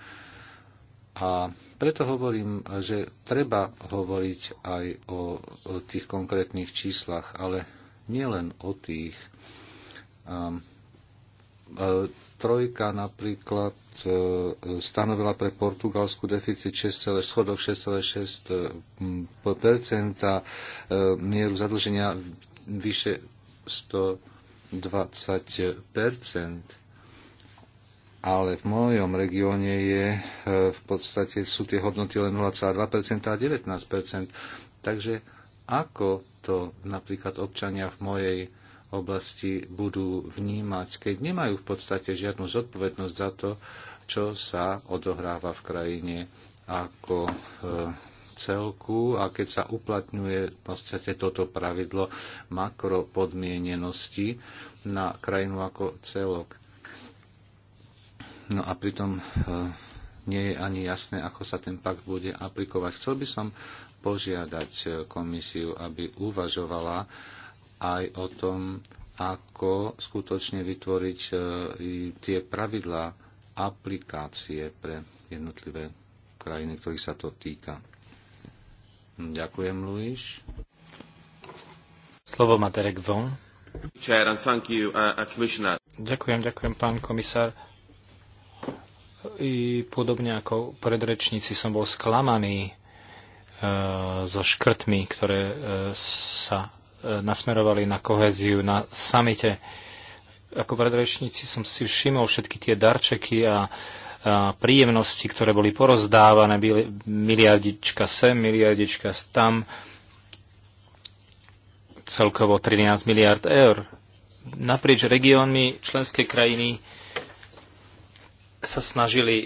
A preto hovorím, že treba hovoriť aj o, o tých konkrétnych číslach, ale nielen o tých. A, a, e, trojka napríklad e, stanovila pre Portugalsku deficit 6, schodok 6,6 e, e, mieru zadlženia vyše 120 ale v mojom regióne je e, v podstate sú tie hodnoty len 0,2% a 19%. Takže ako to napríklad občania v mojej oblasti budú vnímať, keď nemajú v podstate žiadnu zodpovednosť za to, čo sa odohráva v krajine ako e, celku a keď sa uplatňuje v podstate toto pravidlo makropodmienenosti na krajinu ako celok No a pritom e, nie je ani jasné, ako sa ten pakt bude aplikovať. Chcel by som požiadať e, komisiu, aby uvažovala aj o tom, ako skutočne vytvoriť e, tie pravidlá aplikácie pre jednotlivé krajiny, ktorých sa to týka. Ďakujem, Luis. Slovo má Derek Von. Uh, uh, ďakujem, ďakujem, pán komisár i podobne ako predrečníci som bol sklamaný e, so škrtmi, ktoré e, sa e, nasmerovali na koheziu na samite. Ako predrečníci som si všimol všetky tie darčeky a, a príjemnosti, ktoré boli porozdávané, byli miliardička sem, miliardička tam, celkovo 13 miliard eur. Naprieč regiónmi členské krajiny sa snažili e,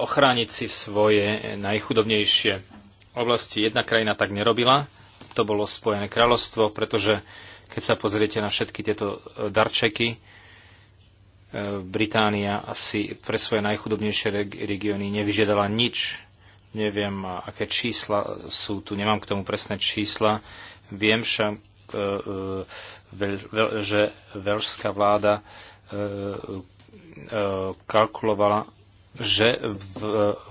ochrániť si svoje najchudobnejšie oblasti. Jedna krajina tak nerobila, to bolo Spojené kráľovstvo, pretože keď sa pozriete na všetky tieto e, darčeky, e, Británia asi pre svoje najchudobnejšie regióny nevyžiadala nič. Neviem, aké čísla sú tu, nemám k tomu presné čísla. Viem však, že veľská vláda E, kalkulovala, že v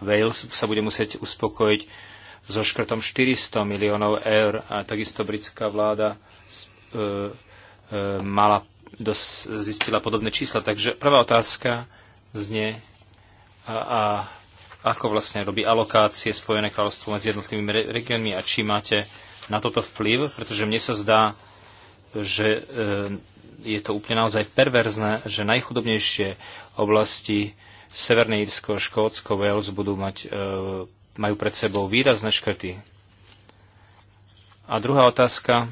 Wales sa bude musieť uspokojiť so škrtom 400 miliónov eur a takisto britská vláda e, e, mala, dos, zistila podobné čísla. Takže prvá otázka znie, a, a ako vlastne robí alokácie Spojené kráľovstvo medzi jednotlivými regiónmi a či máte na toto vplyv, pretože mne sa zdá, že e, je to úplne naozaj perverzné, že najchudobnejšie oblasti Severné Írsko, Škótsko, Wales budú mať, e, majú pred sebou výrazné škrty. A druhá otázka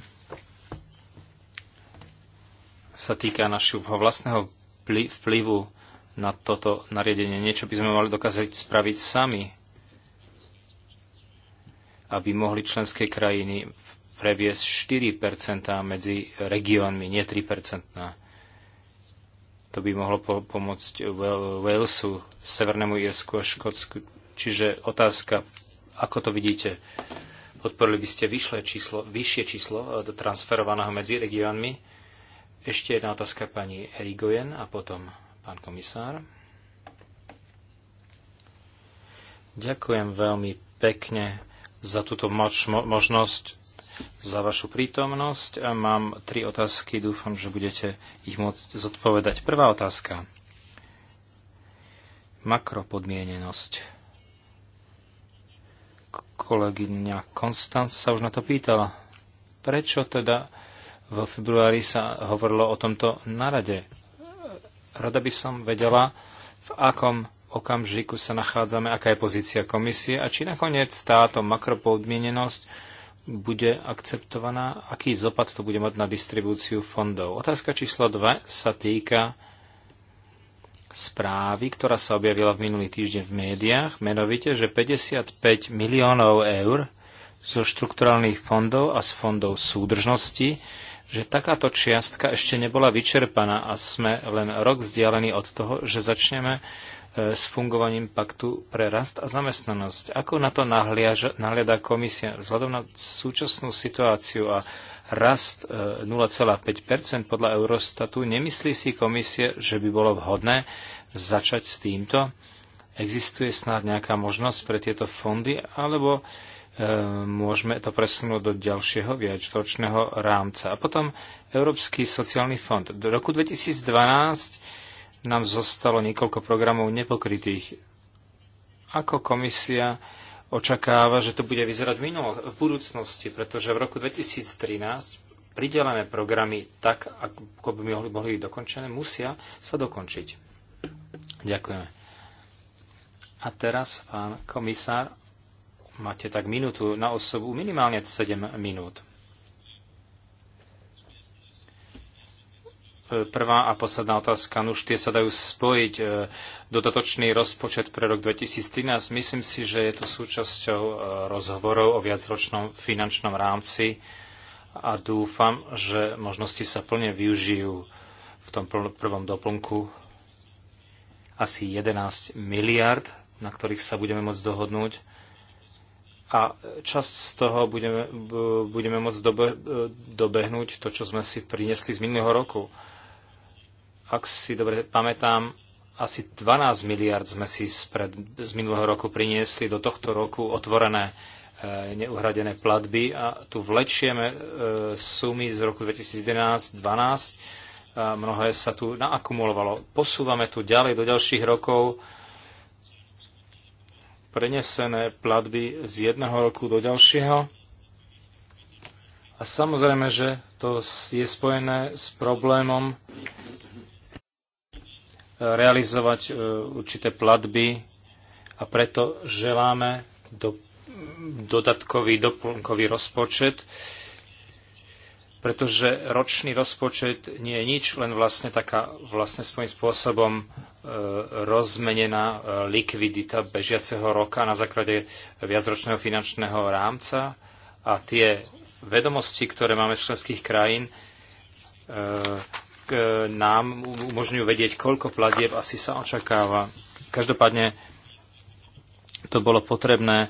sa týka našho vlastného vplyvu na toto nariadenie. Niečo by sme mali dokázať spraviť sami, aby mohli členské krajiny previesť 4 medzi regiónmi, nie 3 To by mohlo po- pomôcť Walesu, Severnému Irsku a Škótsku. Čiže otázka, ako to vidíte? Podporili by ste vyššie číslo, vyššie číslo e, transferovaného medzi regiónmi? Ešte jedna otázka pani Erigojen a potom pán komisár. Ďakujem veľmi pekne za túto moč, možnosť za vašu prítomnosť a mám tri otázky. Dúfam, že budete ich môcť zodpovedať. Prvá otázka. Makropodmienenosť. Kolegyňa Konstanc sa už na to pýtala. Prečo teda vo februári sa hovorilo o tomto narade? Rada by som vedela, v akom okamžiku sa nachádzame, aká je pozícia komisie a či nakoniec táto makropodmienenosť bude akceptovaná, aký zopad to bude mať na distribúciu fondov. Otázka číslo 2 sa týka správy, ktorá sa objavila v minulý týždeň v médiách, menovite, že 55 miliónov eur zo štrukturálnych fondov a z fondov súdržnosti, že takáto čiastka ešte nebola vyčerpaná a sme len rok vzdialení od toho, že začneme E, s fungovaním paktu pre rast a zamestnanosť. Ako na to nahliada komisia vzhľadom na súčasnú situáciu a rast 0,5 e, podľa Eurostatu? Nemyslí si komisie, že by bolo vhodné začať s týmto? Existuje snáď nejaká možnosť pre tieto fondy, alebo e, môžeme to presunúť do ďalšieho viacročného rámca. A potom Európsky sociálny fond. Do roku 2012 nám zostalo niekoľko programov nepokrytých. Ako komisia očakáva, že to bude vyzerať v, minulo- v budúcnosti, pretože v roku 2013 pridelené programy tak, ako by mohli, mohli byť dokončené, musia sa dokončiť. Ďakujeme. A teraz, pán komisár, máte tak minútu na osobu, minimálne 7 minút. prvá a posledná otázka. No už tie sa dajú spojiť. E, dodatočný rozpočet pre rok 2013. Myslím si, že je to súčasťou e, rozhovorov o viacročnom finančnom rámci a dúfam, že možnosti sa plne využijú v tom prvom doplnku asi 11 miliard, na ktorých sa budeme môcť dohodnúť a časť z toho budeme, budeme môcť dobe, e, dobehnúť to, čo sme si priniesli z minulého roku ak si dobre pamätám, asi 12 miliard sme si spred, z minulého roku priniesli do tohto roku otvorené e, neuhradené platby a tu vlečieme e, sumy z roku 2011-2012 a mnohé sa tu naakumulovalo. Posúvame tu ďalej do ďalších rokov prenesené platby z jedného roku do ďalšieho. A samozrejme, že to je spojené s problémom realizovať e, určité platby a preto želáme do, dodatkový doplnkový rozpočet, pretože ročný rozpočet nie je nič, len vlastne taká vlastne svojím spôsobom e, rozmenená e, likvidita bežiaceho roka na základe viacročného finančného rámca a tie vedomosti, ktoré máme z členských krajín, e, E, nám umožňujú vedieť, koľko platieb asi sa očakáva. Každopádne to bolo potrebné e,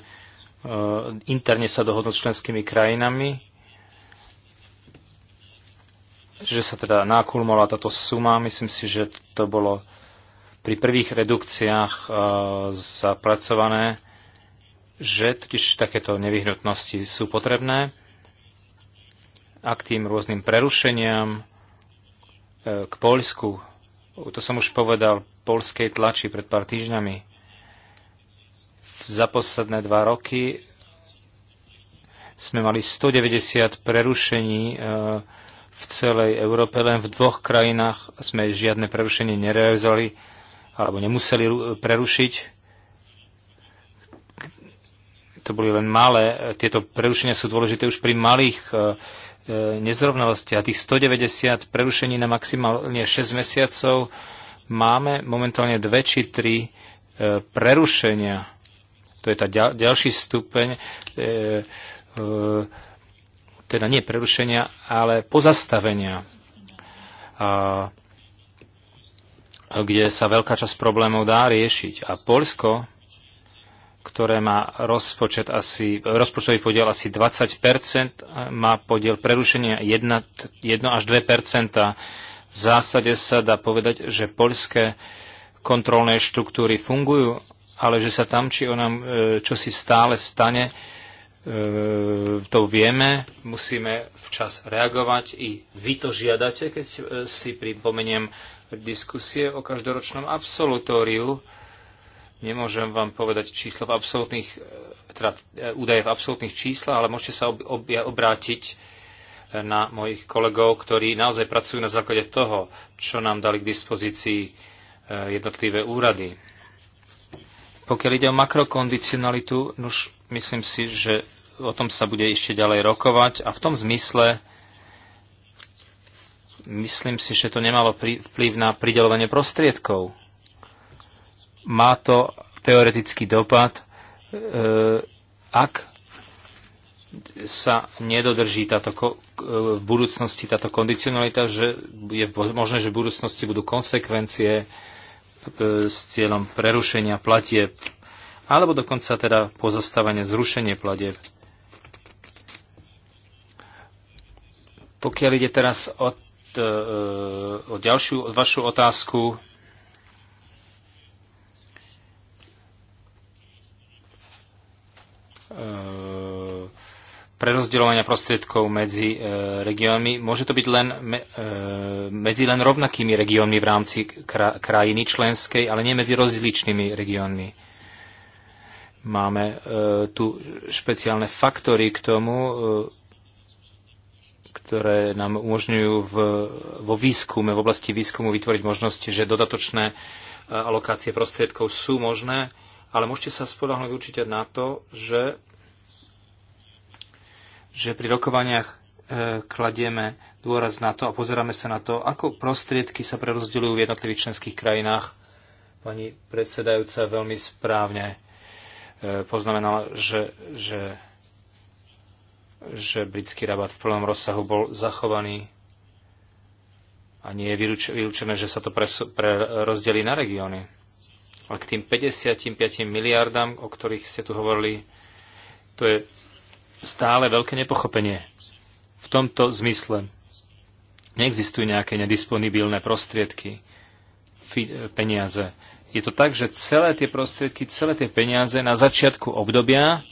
interne sa dohodnúť s členskými krajinami, že sa teda nakumulovala táto suma. Myslím si, že to bolo pri prvých redukciách e, zapracované, že totiž takéto nevyhnutnosti sú potrebné a k tým rôznym prerušeniam k Polsku. To som už povedal polskej tlači pred pár týždňami. Za posledné dva roky sme mali 190 prerušení e, v celej Európe, len v dvoch krajinách sme žiadne prerušenie nerealizovali alebo nemuseli prerušiť to boli len malé. Tieto prerušenia sú dôležité už pri malých e, E, nezrovnalosti a tých 190 prerušení na maximálne 6 mesiacov máme momentálne dve či 3 e, prerušenia. To je tá ďalší stupeň, e, teda nie prerušenia, ale pozastavenia. A, kde sa veľká časť problémov dá riešiť. A Polsko ktoré má rozpočet asi, rozpočtový podiel asi 20 má podiel prerušenia 1, 1 až 2 V zásade sa dá povedať, že poľské kontrolné štruktúry fungujú, ale že sa tam či onam e, čo si stále stane, e, to vieme, musíme včas reagovať i vy to žiadate, keď e, si pripomeniem diskusie o každoročnom absolutóriu Nemôžem vám povedať číslo v absolútnych, e, teda e, údaje v absolútnych číslach, ale môžete sa ob, ob, obrátiť e, na mojich kolegov, ktorí naozaj pracujú na základe toho, čo nám dali k dispozícii jednotlivé úrady. Pokiaľ ide o makrokondicionalitu, už myslím si, že o tom sa bude ešte ďalej rokovať a v tom zmysle myslím si, že to nemalo vplyv na pridelovanie prostriedkov má to teoretický dopad, e, ak sa nedodrží táto e, v budúcnosti táto kondicionalita, že je možné, že v budúcnosti budú konsekvencie e, s cieľom prerušenia platieb alebo dokonca teda pozastávanie, zrušenie platieb. Pokiaľ ide teraz o, o ďalšiu o vašu otázku, E, prerozdeľovania prostriedkov medzi e, regiónmi. Môže to byť len me, e, medzi len rovnakými regiónmi v rámci kra, krajiny členskej, ale nie medzi rozličnými regiónmi. Máme e, tu špeciálne faktory k tomu, e, ktoré nám umožňujú v, vo výskume, v oblasti výskumu vytvoriť možnosti, že dodatočné e, alokácie prostriedkov sú možné, ale môžete sa spodáhnuť určite na to, že že pri rokovaniach e, kladieme dôraz na to a pozeráme sa na to, ako prostriedky sa prerozdeľujú v jednotlivých členských krajinách. Pani predsedajúca veľmi správne e, poznamenala, že, že, že britský rabat v plnom rozsahu bol zachovaný a nie je vylúčené, že sa to prerozdelí na regióny. Ale k tým 55 miliardám, o ktorých ste tu hovorili, to je stále veľké nepochopenie v tomto zmysle. Neexistujú nejaké nedisponibilné prostriedky, peniaze. Je to tak, že celé tie prostriedky, celé tie peniaze na začiatku obdobia,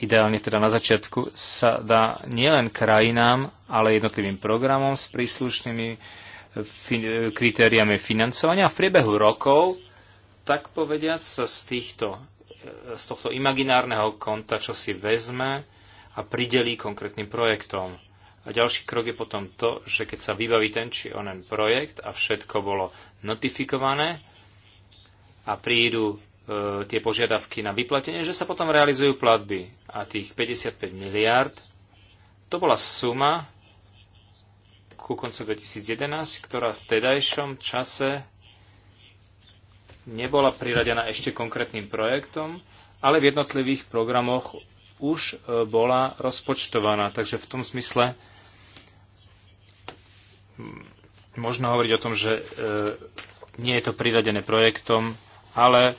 ideálne teda na začiatku, sa dá nielen krajinám, ale jednotlivým programom s príslušnými eh, fin- kritériami financovania. A v priebehu rokov, tak povediať, sa z týchto z tohto imaginárneho konta, čo si vezme a pridelí konkrétnym projektom. A ďalší krok je potom to, že keď sa vybaví ten či onen projekt a všetko bolo notifikované a prídu e, tie požiadavky na vyplatenie, že sa potom realizujú platby. A tých 55 miliárd, to bola suma ku koncu 2011, ktorá v tedajšom čase nebola priradená ešte konkrétnym projektom, ale v jednotlivých programoch už e, bola rozpočtovaná. Takže v tom smysle hm, možno hovoriť o tom, že e, nie je to priradené projektom, ale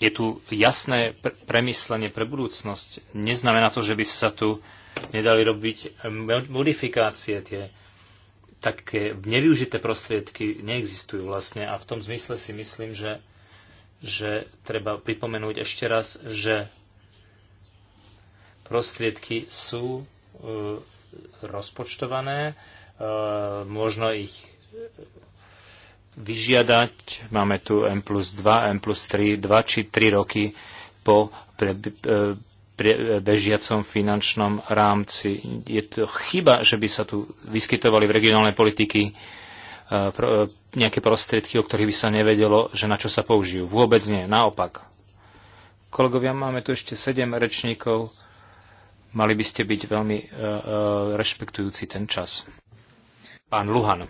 je tu jasné premyslenie pre budúcnosť. Neznamená to, že by sa tu nedali robiť modifikácie. Tie také nevyužité prostriedky neexistujú vlastne a v tom zmysle si myslím, že, že treba pripomenúť ešte raz, že prostriedky sú e, rozpočtované, e, možno ich vyžiadať. Máme tu M plus 2, M plus 3, 2 či 3 roky po pre, e, bežiacom finančnom rámci. Je to chyba, že by sa tu vyskytovali v regionálnej politiky e, e, nejaké prostriedky, o ktorých by sa nevedelo, že na čo sa použijú. Vôbec nie, naopak. Kolegovia, máme tu ešte sedem rečníkov. Mali by ste byť veľmi uh, uh, rešpektujúci ten čas. Pán Luhan.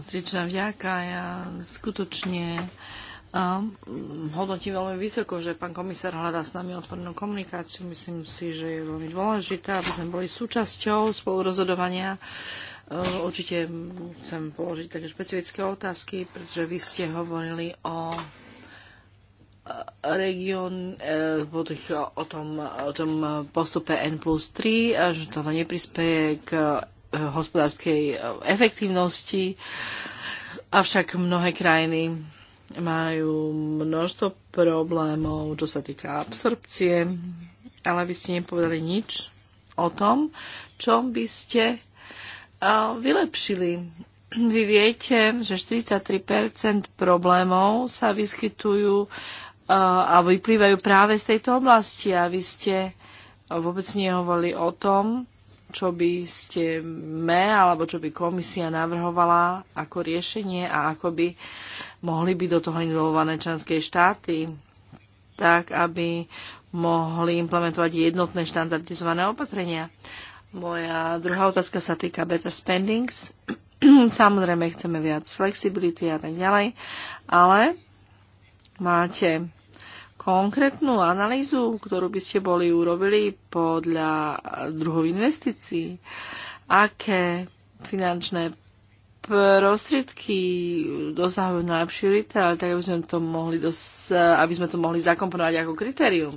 Srdečná vďaka. Ja skutočne uh, a hodnotím veľmi vysoko, že pán komisár hľadá s nami otvorenú komunikáciu. Myslím si, že je veľmi dôležité, aby sme boli súčasťou spolurozhodovania. E, určite chcem položiť také špecifické otázky, pretože vy ste hovorili o e, region, e, o tom, o tom postupe N plus 3, že toto neprispieje k hospodárskej efektívnosti. Avšak mnohé krajiny majú množstvo problémov, čo sa týka absorpcie, ale vy ste nepovedali nič o tom, čo by ste vylepšili. Vy viete, že 43% problémov sa vyskytujú a vyplývajú práve z tejto oblasti a vy ste vôbec nehovorili o tom, čo by ste me alebo čo by komisia navrhovala ako riešenie a ako by mohli byť do toho involvované členské štáty, tak aby mohli implementovať jednotné štandardizované opatrenia. Moja druhá otázka sa týka beta spendings. Samozrejme, chceme viac flexibility a tak ďalej, ale máte konkrétnu analýzu, ktorú by ste boli urobili podľa druhov investícií? Aké finančné prostriedky dosahujú najlepší retail, tak aby sme to mohli, dos- aby sme to mohli zakomponovať ako kritérium?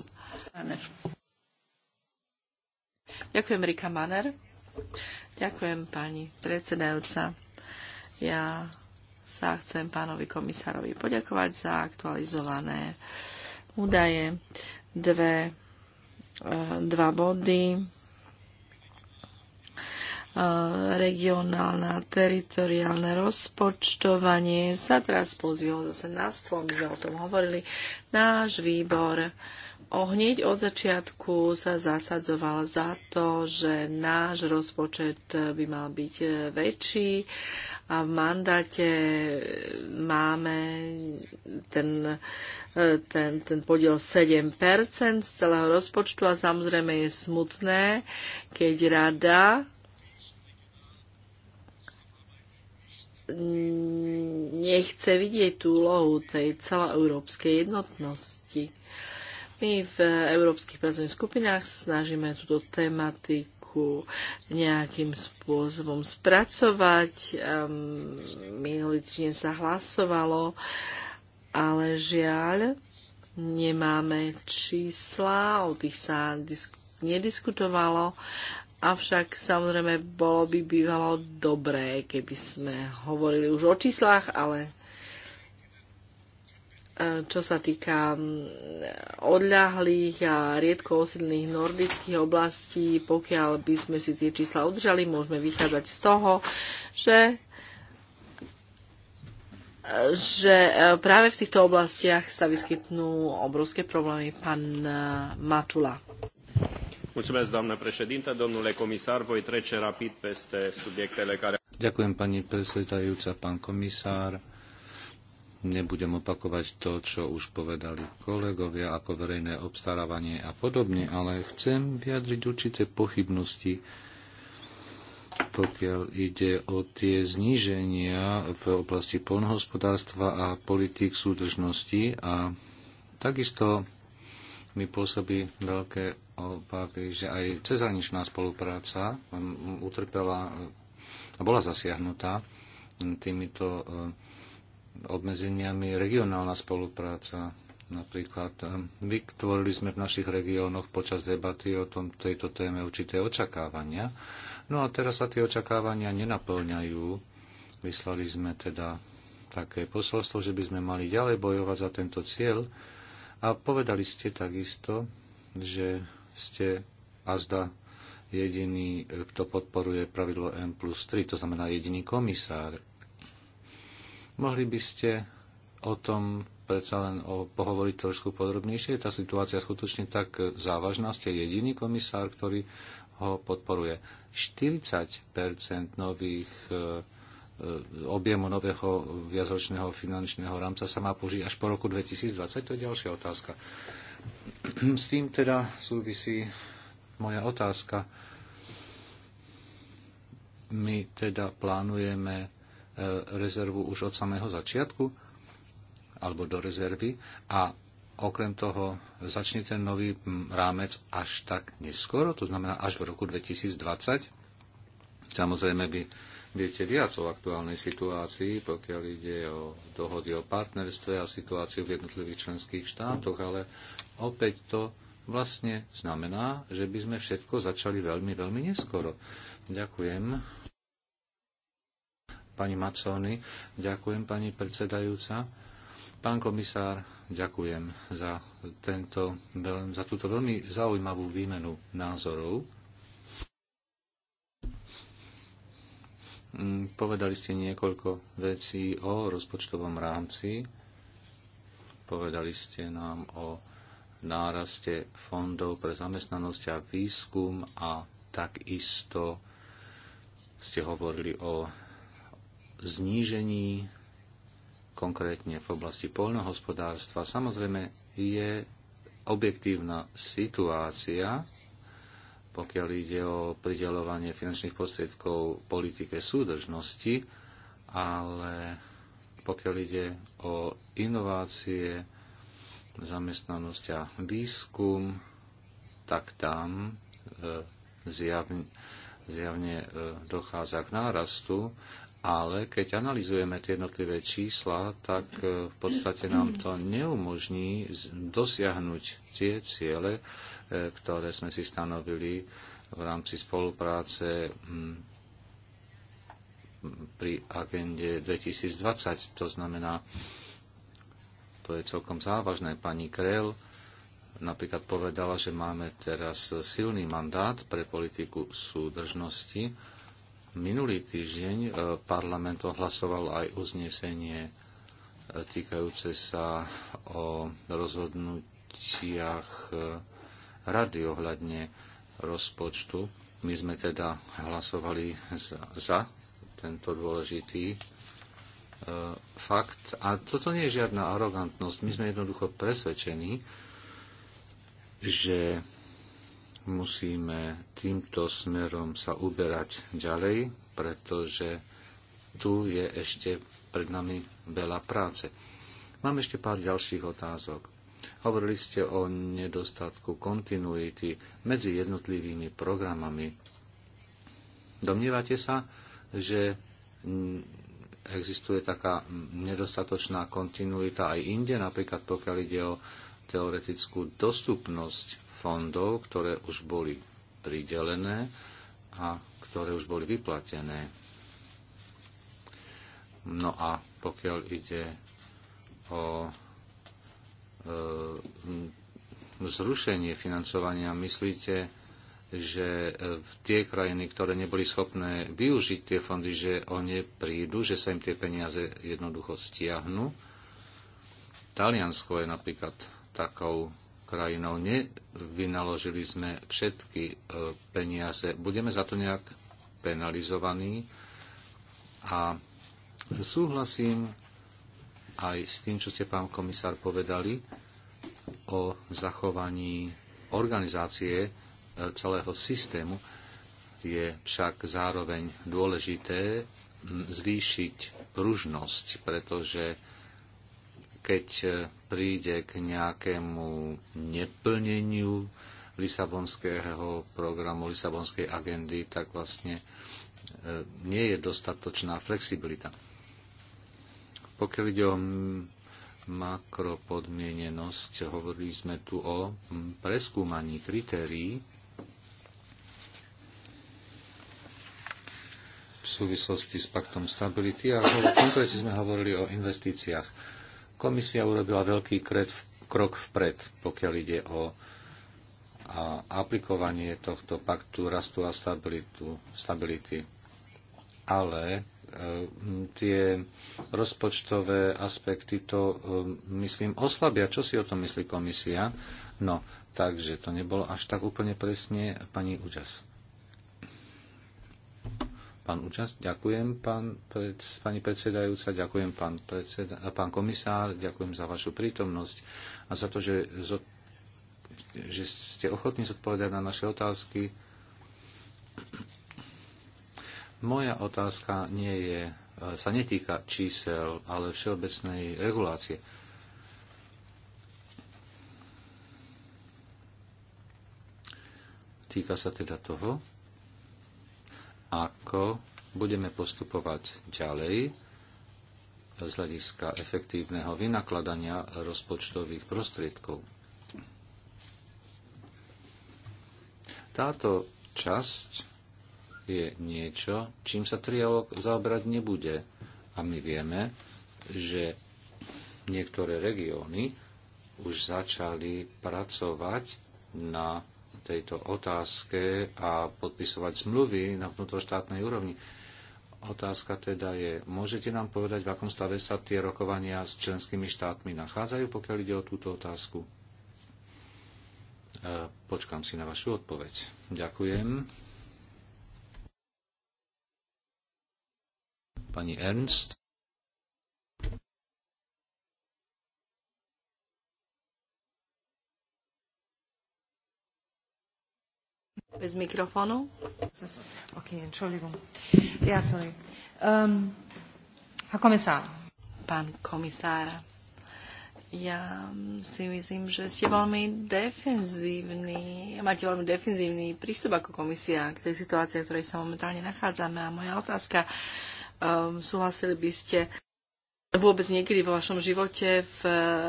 Manner. Ďakujem, Rika Maner. Ďakujem, pani predsedajúca. Ja sa chcem pánovi komisárovi poďakovať za aktualizované uh, údaje, dve, eh, dva body, eh, regionálne a teritoriálne rozpočtovanie sa teraz pozvihol zase na stôl, my sme o tom hovorili. Náš výbor hneď od začiatku sa zasadzoval za to, že náš rozpočet by mal byť eh, väčší a v mandáte máme ten, e, ten, ten podiel 7 z celého rozpočtu a samozrejme je smutné, keď rada nechce vidieť tú úlohu tej celoeurópskej jednotnosti. My v európskych pracovných skupinách sa snažíme túto tematiku trošku nejakým spôsobom spracovať. Ehm, minulý týždeň sa hlasovalo, ale žiaľ, nemáme čísla, o tých sa nediskutovalo, avšak samozrejme bolo by bývalo dobré, keby sme hovorili už o číslach, ale čo sa týka mm, odľahlých a riedko osídlených nordických oblastí, pokiaľ by sme si tie čísla udržali, môžeme vychádzať z toho, že že e, práve v týchto oblastiach sa vyskytnú obrovské problémy. Pán e, Matula. Mulțumesc, doamnă președintă, domnule comisar, voi trece rapid peste subiectele care... Ďakujem, pani predsedajúca, pán komisár Nebudem opakovať to, čo už povedali kolegovia, ako verejné obstarávanie a podobne, ale chcem vyjadriť určité pochybnosti, pokiaľ ide o tie zníženia v oblasti polnohospodárstva a politik súdržnosti. A takisto mi pôsobí veľké obavy, že aj cezhraničná spolupráca um, um, utrpela a uh, bola zasiahnutá um, týmito uh, obmedzeniami regionálna spolupráca. Napríklad eh, vytvorili sme v našich regiónoch počas debaty o tom, tejto téme určité očakávania. No a teraz sa tie očakávania nenaplňajú. Vyslali sme teda také posolstvo, že by sme mali ďalej bojovať za tento cieľ. A povedali ste takisto, že ste azda jediný, eh, kto podporuje pravidlo M plus 3, to znamená jediný komisár Mohli by ste o tom predsa len o, pohovoriť trošku podrobnejšie. Je Tá situácia skutočne tak závažná. Ste jediný komisár, ktorý ho podporuje. 40 nových e, e, objemu nového viacročného finančného rámca sa má použiť až po roku 2020? To je ďalšia otázka. S tým teda súvisí moja otázka. My teda plánujeme E, rezervu už od samého začiatku alebo do rezervy a okrem toho začne ten nový rámec až tak neskoro, to znamená až v roku 2020. Samozrejme by viete viac o aktuálnej situácii, pokiaľ ide o dohody o partnerstve a situáciu v jednotlivých členských štátoch, ale opäť to vlastne znamená, že by sme všetko začali veľmi, veľmi neskoro. Ďakujem pani Macóny. Ďakujem, pani predsedajúca. Pán komisár, ďakujem za, tento, za túto veľmi zaujímavú výmenu názorov. Mm, povedali ste niekoľko vecí o rozpočtovom rámci. Povedali ste nám o náraste fondov pre zamestnanosť a výskum a takisto ste hovorili o znížení, konkrétne v oblasti poľnohospodárstva. Samozrejme, je objektívna situácia, pokiaľ ide o pridelovanie finančných prostriedkov politike súdržnosti, ale pokiaľ ide o inovácie, zamestnanosť a výskum, tak tam e, zjavne, zjavne e, dochádza k nárastu ale keď analizujeme tie jednotlivé čísla, tak e, v podstate nám to neumožní dosiahnuť tie ciele, e, ktoré sme si stanovili v rámci spolupráce mm, pri agende 2020. To znamená, to je celkom závažné. Pani Krell napríklad povedala, že máme teraz silný mandát pre politiku súdržnosti, minulý týždeň e, parlament ohlasoval aj uznesenie e, týkajúce sa o rozhodnutiach e, rady ohľadne rozpočtu. My sme teda hlasovali za, za tento dôležitý fakt. A toto nie je žiadna arogantnosť. My sme jednoducho presvedčení, že musíme týmto smerom sa uberať ďalej, pretože tu je ešte pred nami veľa práce. Mám ešte pár ďalších otázok. Hovorili ste o nedostatku kontinuity medzi jednotlivými programami. Domnievate sa, že existuje taká nedostatočná kontinuita aj inde, napríklad pokiaľ ide o teoretickú dostupnosť fondov, ktoré už boli pridelené a ktoré už boli vyplatené. No a pokiaľ ide o e, zrušenie financovania, myslíte, že e, tie krajiny, ktoré neboli schopné využiť tie fondy, že o ne prídu, že sa im tie peniaze jednoducho stiahnu. Taliansko je napríklad takou krajinou. Nevynaložili sme všetky e, peniaze. Budeme za to nejak penalizovaní. A súhlasím aj s tým, čo ste, pán komisár, povedali o zachovaní organizácie e, celého systému. Je však zároveň dôležité zvýšiť pružnosť, pretože keď e, príde k nejakému neplneniu Lisabonského programu, Lisabonskej agendy, tak vlastne e, nie je dostatočná flexibilita. Pokiaľ ide o makropodmienenosť, hovorili sme tu o preskúmaní kritérií v súvislosti s paktom stability a konkrétne sme hovorili o investíciách Komisia urobila veľký krok vpred, pokiaľ ide o a aplikovanie tohto paktu rastu a stabilitu, stability. Ale e, tie rozpočtové aspekty to, e, myslím, oslabia. Čo si o tom myslí komisia? No, takže to nebolo až tak úplne presne, pani Úžas. Pán účast, ďakujem, pán pred, pani predsedajúca, ďakujem, pán, predseda, pán komisár, ďakujem za vašu prítomnosť a za to, že, že ste ochotní zodpovedať na naše otázky. Moja otázka nie je, e, sa netýka čísel, ale všeobecnej regulácie. Týka sa teda toho, ako budeme postupovať ďalej z hľadiska efektívneho vynakladania rozpočtových prostriedkov. Táto časť je niečo, čím sa trialog zaobrať nebude. A my vieme, že niektoré regióny už začali pracovať na tejto otázke a podpisovať zmluvy na vnútroštátnej úrovni. Otázka teda je, môžete nám povedať, v akom stave sa tie rokovania s členskými štátmi nachádzajú, pokiaľ ide o túto otázku? E, počkám si na vašu odpoveď. Ďakujem. Pani Ernst. Bez mikrofónu. Ok, Entschuldigung. Ja, sorry. Um, Pán komisár, ja si myslím, že ste veľmi defenzívni, máte veľmi defenzívny prístup ako komisia k tej situácii, v ktorej sa momentálne nachádzame. A moja otázka, um, súhlasili by ste vôbec niekedy vo vašom živote v,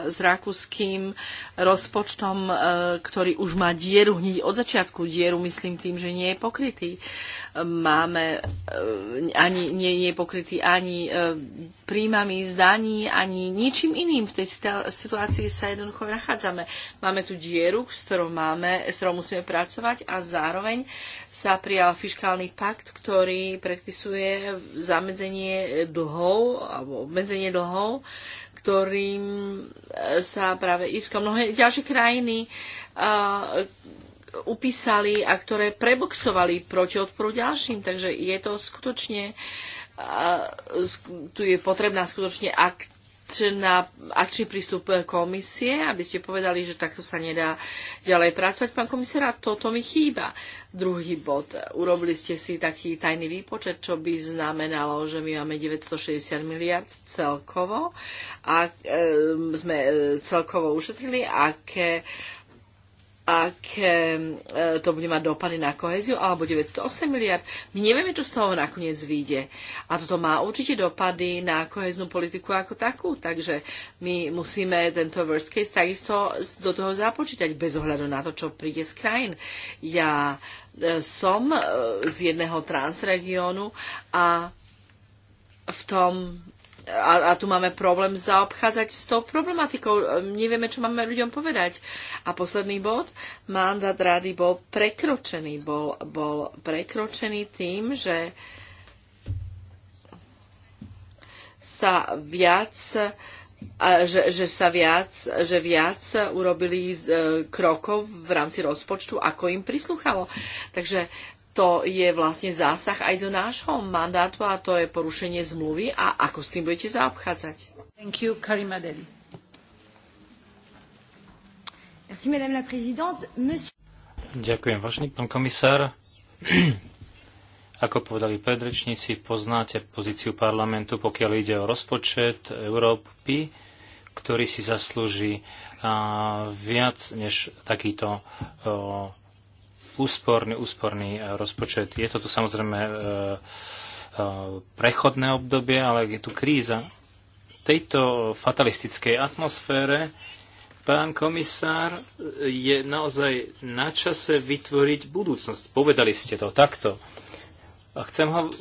s rakúským rozpočtom, e, ktorý už má dieru hneď od začiatku. Dieru myslím tým, že nie je pokrytý. Máme e, ani, nie, nie je pokrytý ani e, príjmami zdaní, ani ničím iným. V tej situácii sa jednoducho nachádzame. Máme tu dieru, s ktorou, máme, s ktorou musíme pracovať a zároveň sa prijal fiskálny pakt, ktorý predpisuje zamedzenie dlhov alebo obmedzenie dlhov, ktorým e, sa práve Írsko mnohé ďalšie krajiny uh, upísali a ktoré preboxovali proti odporu ďalším. Takže je to skutočne, uh, tu je potrebná skutočne akt na akčný prístup komisie, aby ste povedali, že takto sa nedá ďalej pracovať. Pán komisár, toto mi chýba. Druhý bod. Urobili ste si taký tajný výpočet, čo by znamenalo, že my máme 960 miliard celkovo a e, sme celkovo ušetrili, aké e, e, to bude mať dopady na koheziu, alebo 908 miliard. My nevieme, čo z toho nakoniec vyjde. A toto má určite dopady na koheznú politiku ako takú, takže my musíme tento worst case takisto do toho započítať, bez ohľadu na to, čo príde z krajín. Ja e, som e, z jedného transregiónu a v tom a, a tu máme problém zaobchádzať s tou problematikou. Nevieme, čo máme ľuďom povedať. A posledný bod, mandát rady bol prekročený. Bol, bol prekročený tým, že sa viac že, že sa viac, že viac urobili z, e, krokov v rámci rozpočtu, ako im prislúchalo. Takže to je vlastne zásah aj do nášho mandátu a to je porušenie zmluvy a ako s tým budete zaobchádzať. Thank you, Karim Adeli. Merci, madame la présidente. Monsieur... Ďakujem, vážený pán komisár. Ako povedali predrečníci, poznáte pozíciu parlamentu, pokiaľ ide o rozpočet Európy, ktorý si zaslúži viac než takýto úsporný, úsporný e, rozpočet. Je toto samozrejme e, e, prechodné obdobie, ale je tu kríza. V tejto fatalistickej atmosfére pán komisár, je naozaj na čase vytvoriť budúcnosť. Povedali ste to takto. A chcem ho, e,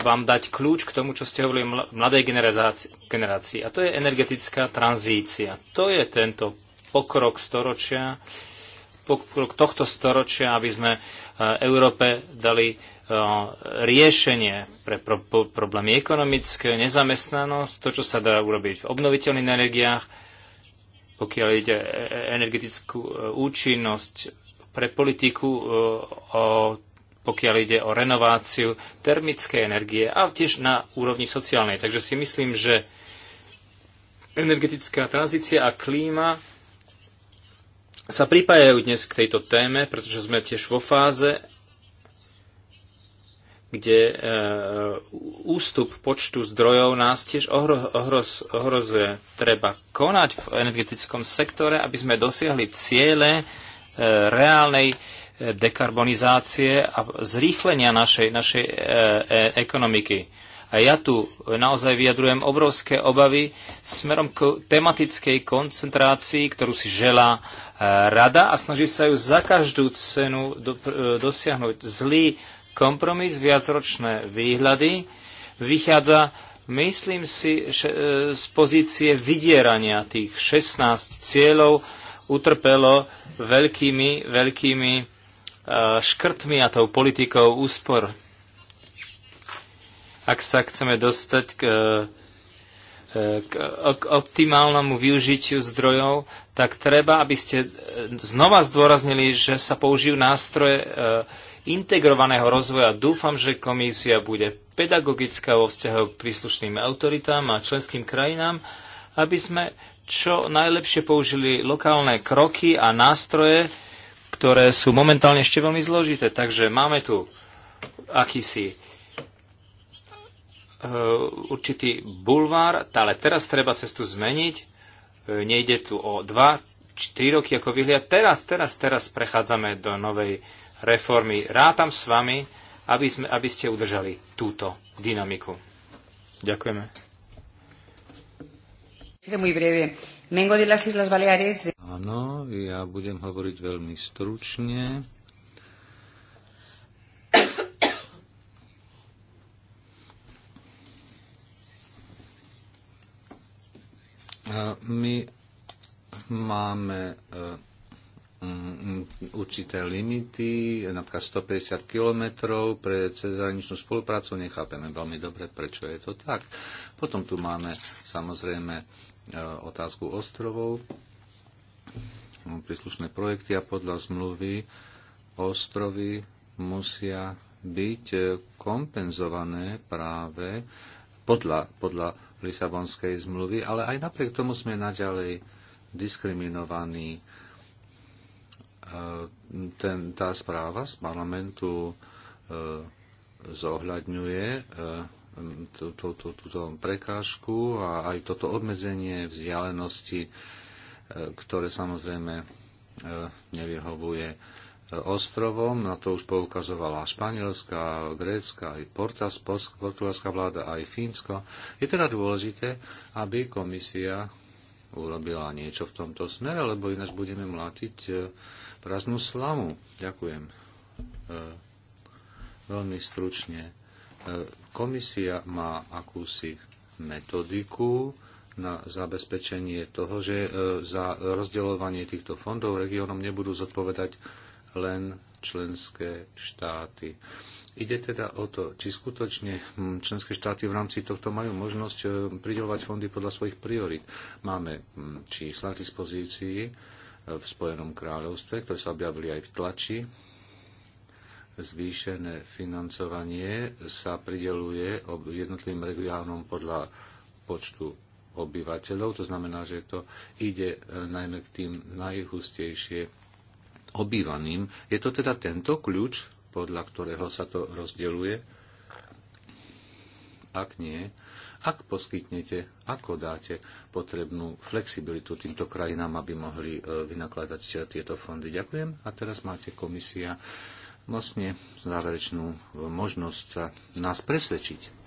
vám dať kľúč k tomu, čo ste hovorili mladej generácii, generácii. A to je energetická tranzícia. To je tento pokrok storočia, pokrok tohto storočia, aby sme e, Európe dali e, riešenie pre pro, pro, problémy ekonomické, nezamestnanosť, to, čo sa dá urobiť v obnoviteľných energiách, pokiaľ ide e, energetickú účinnosť pre politiku, o, pokiaľ ide o renováciu termickej energie a tiež na úrovni sociálnej. Takže si myslím, že energetická tranzícia a klíma sa pripájajú dnes k tejto téme, pretože sme tiež vo fáze, kde e, ústup počtu zdrojov nás tiež ohro, ohroz, ohrozuje. Treba konať v energetickom sektore, aby sme dosiahli ciele e, reálnej e, dekarbonizácie a zrýchlenia našej, našej ekonomiky. A ja tu naozaj vyjadrujem obrovské obavy smerom k tematickej koncentrácii, ktorú si želá rada a snaží sa ju za každú cenu do, e, dosiahnuť. Zlý kompromis, viacročné výhľady, vychádza, myslím si, e, z pozície vydierania tých 16 cieľov utrpelo veľkými, veľkými e, škrtmi a tou politikou úspor. Ak sa chceme dostať k k optimálnemu využitiu zdrojov, tak treba, aby ste e, znova zdôraznili, že sa použijú nástroje e, integrovaného rozvoja. Dúfam, že komisia bude pedagogická vo vzťahu k príslušným autoritám a členským krajinám, aby sme čo najlepšie použili lokálne kroky a nástroje, ktoré sú momentálne ešte veľmi zložité. Takže máme tu akýsi Eh, určitý bulvár, ale teraz treba cestu zmeniť. Eh, nejde tu o dva, tri roky ako vyhliad. Teraz, teraz, teraz prechádzame do novej reformy. Rátam s vami, aby, sme, aby ste udržali túto dynamiku. Ďakujeme. Áno, ja budem hovoriť veľmi stručne. My máme e, mm, určité limity, napríklad 150 kilometrov pre cezhraničnú spoluprácu, nechápeme veľmi dobre, prečo je to tak. Potom tu máme samozrejme e, otázku ostrovov, no, príslušné projekty a podľa zmluvy ostrovy musia byť e, kompenzované práve podľa, podľa Lisabonskej zmluvy, ale aj napriek tomu sme naďalej diskriminovaní. E, ten, tá správa z parlamentu e, zohľadňuje e, túto prekážku a aj toto obmedzenie vzdialenosti, ktoré samozrejme nevyhovuje ostrovom, na to už poukazovala španielská, grécka, aj portugalská vláda, aj Fínsko. Je teda dôležité, aby komisia urobila niečo v tomto smere, lebo ináč budeme mlátiť e, prázdnu slamu. Ďakujem. E, veľmi stručne. E, komisia má akúsi metodiku na zabezpečenie toho, že za rozdeľovanie týchto fondov regiónom nebudú zodpovedať len členské štáty. Ide teda o to, či skutočne hm, členské štáty v rámci tohto majú možnosť e, pridelovať fondy podľa svojich priorit. Máme hm, čísla k dispozícii e, v Spojenom kráľovstve, ktoré sa objavili aj v tlači. Zvýšené financovanie sa prideluje jednotlivým regiónom podľa počtu obyvateľov, to znamená, že to ide e, najmä k tým najhustejšie obývaným. Je to teda tento kľúč, podľa ktorého sa to rozdeluje? Ak nie, ak poskytnete, ako dáte potrebnú flexibilitu týmto krajinám, aby mohli e, vynakladať tieto fondy. Ďakujem. A teraz máte komisia vlastne záverečnú možnosť sa nás presvedčiť.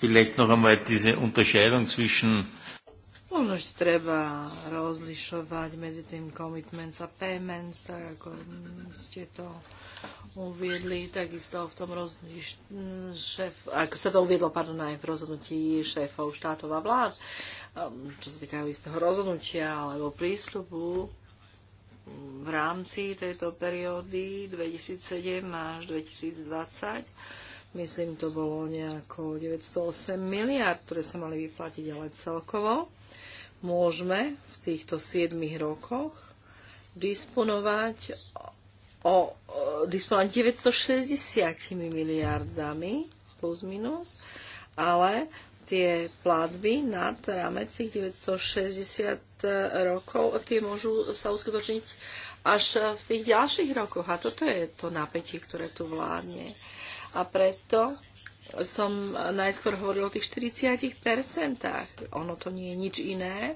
Vielleicht noch einmal diese Unterscheidung zwischen Možno ešte treba rozlišovať medzi tým commitments a payments, tak ako ste to uviedli, takisto v tom rozliš... šéf, ako sa to uviedlo, pardon, aj v rozhodnutí šéfov štátov a vlád, um, čo sa týka istého rozhodnutia alebo prístupu um, v rámci tejto periódy 2007 až 2020. Myslím, to bolo nejako 908 miliard, ktoré sa mali vyplatiť, ale celkovo môžeme v týchto 7 rokoch disponovať o, o disponovať 960 miliardami plus minus, ale tie platby nad rámec tých 960 e, rokov, tie môžu sa uskutočniť až v tých ďalších rokoch. A toto je to napätie, ktoré tu vládne. A preto som najskôr hovoril o tých 40%. Ono to nie je nič iné,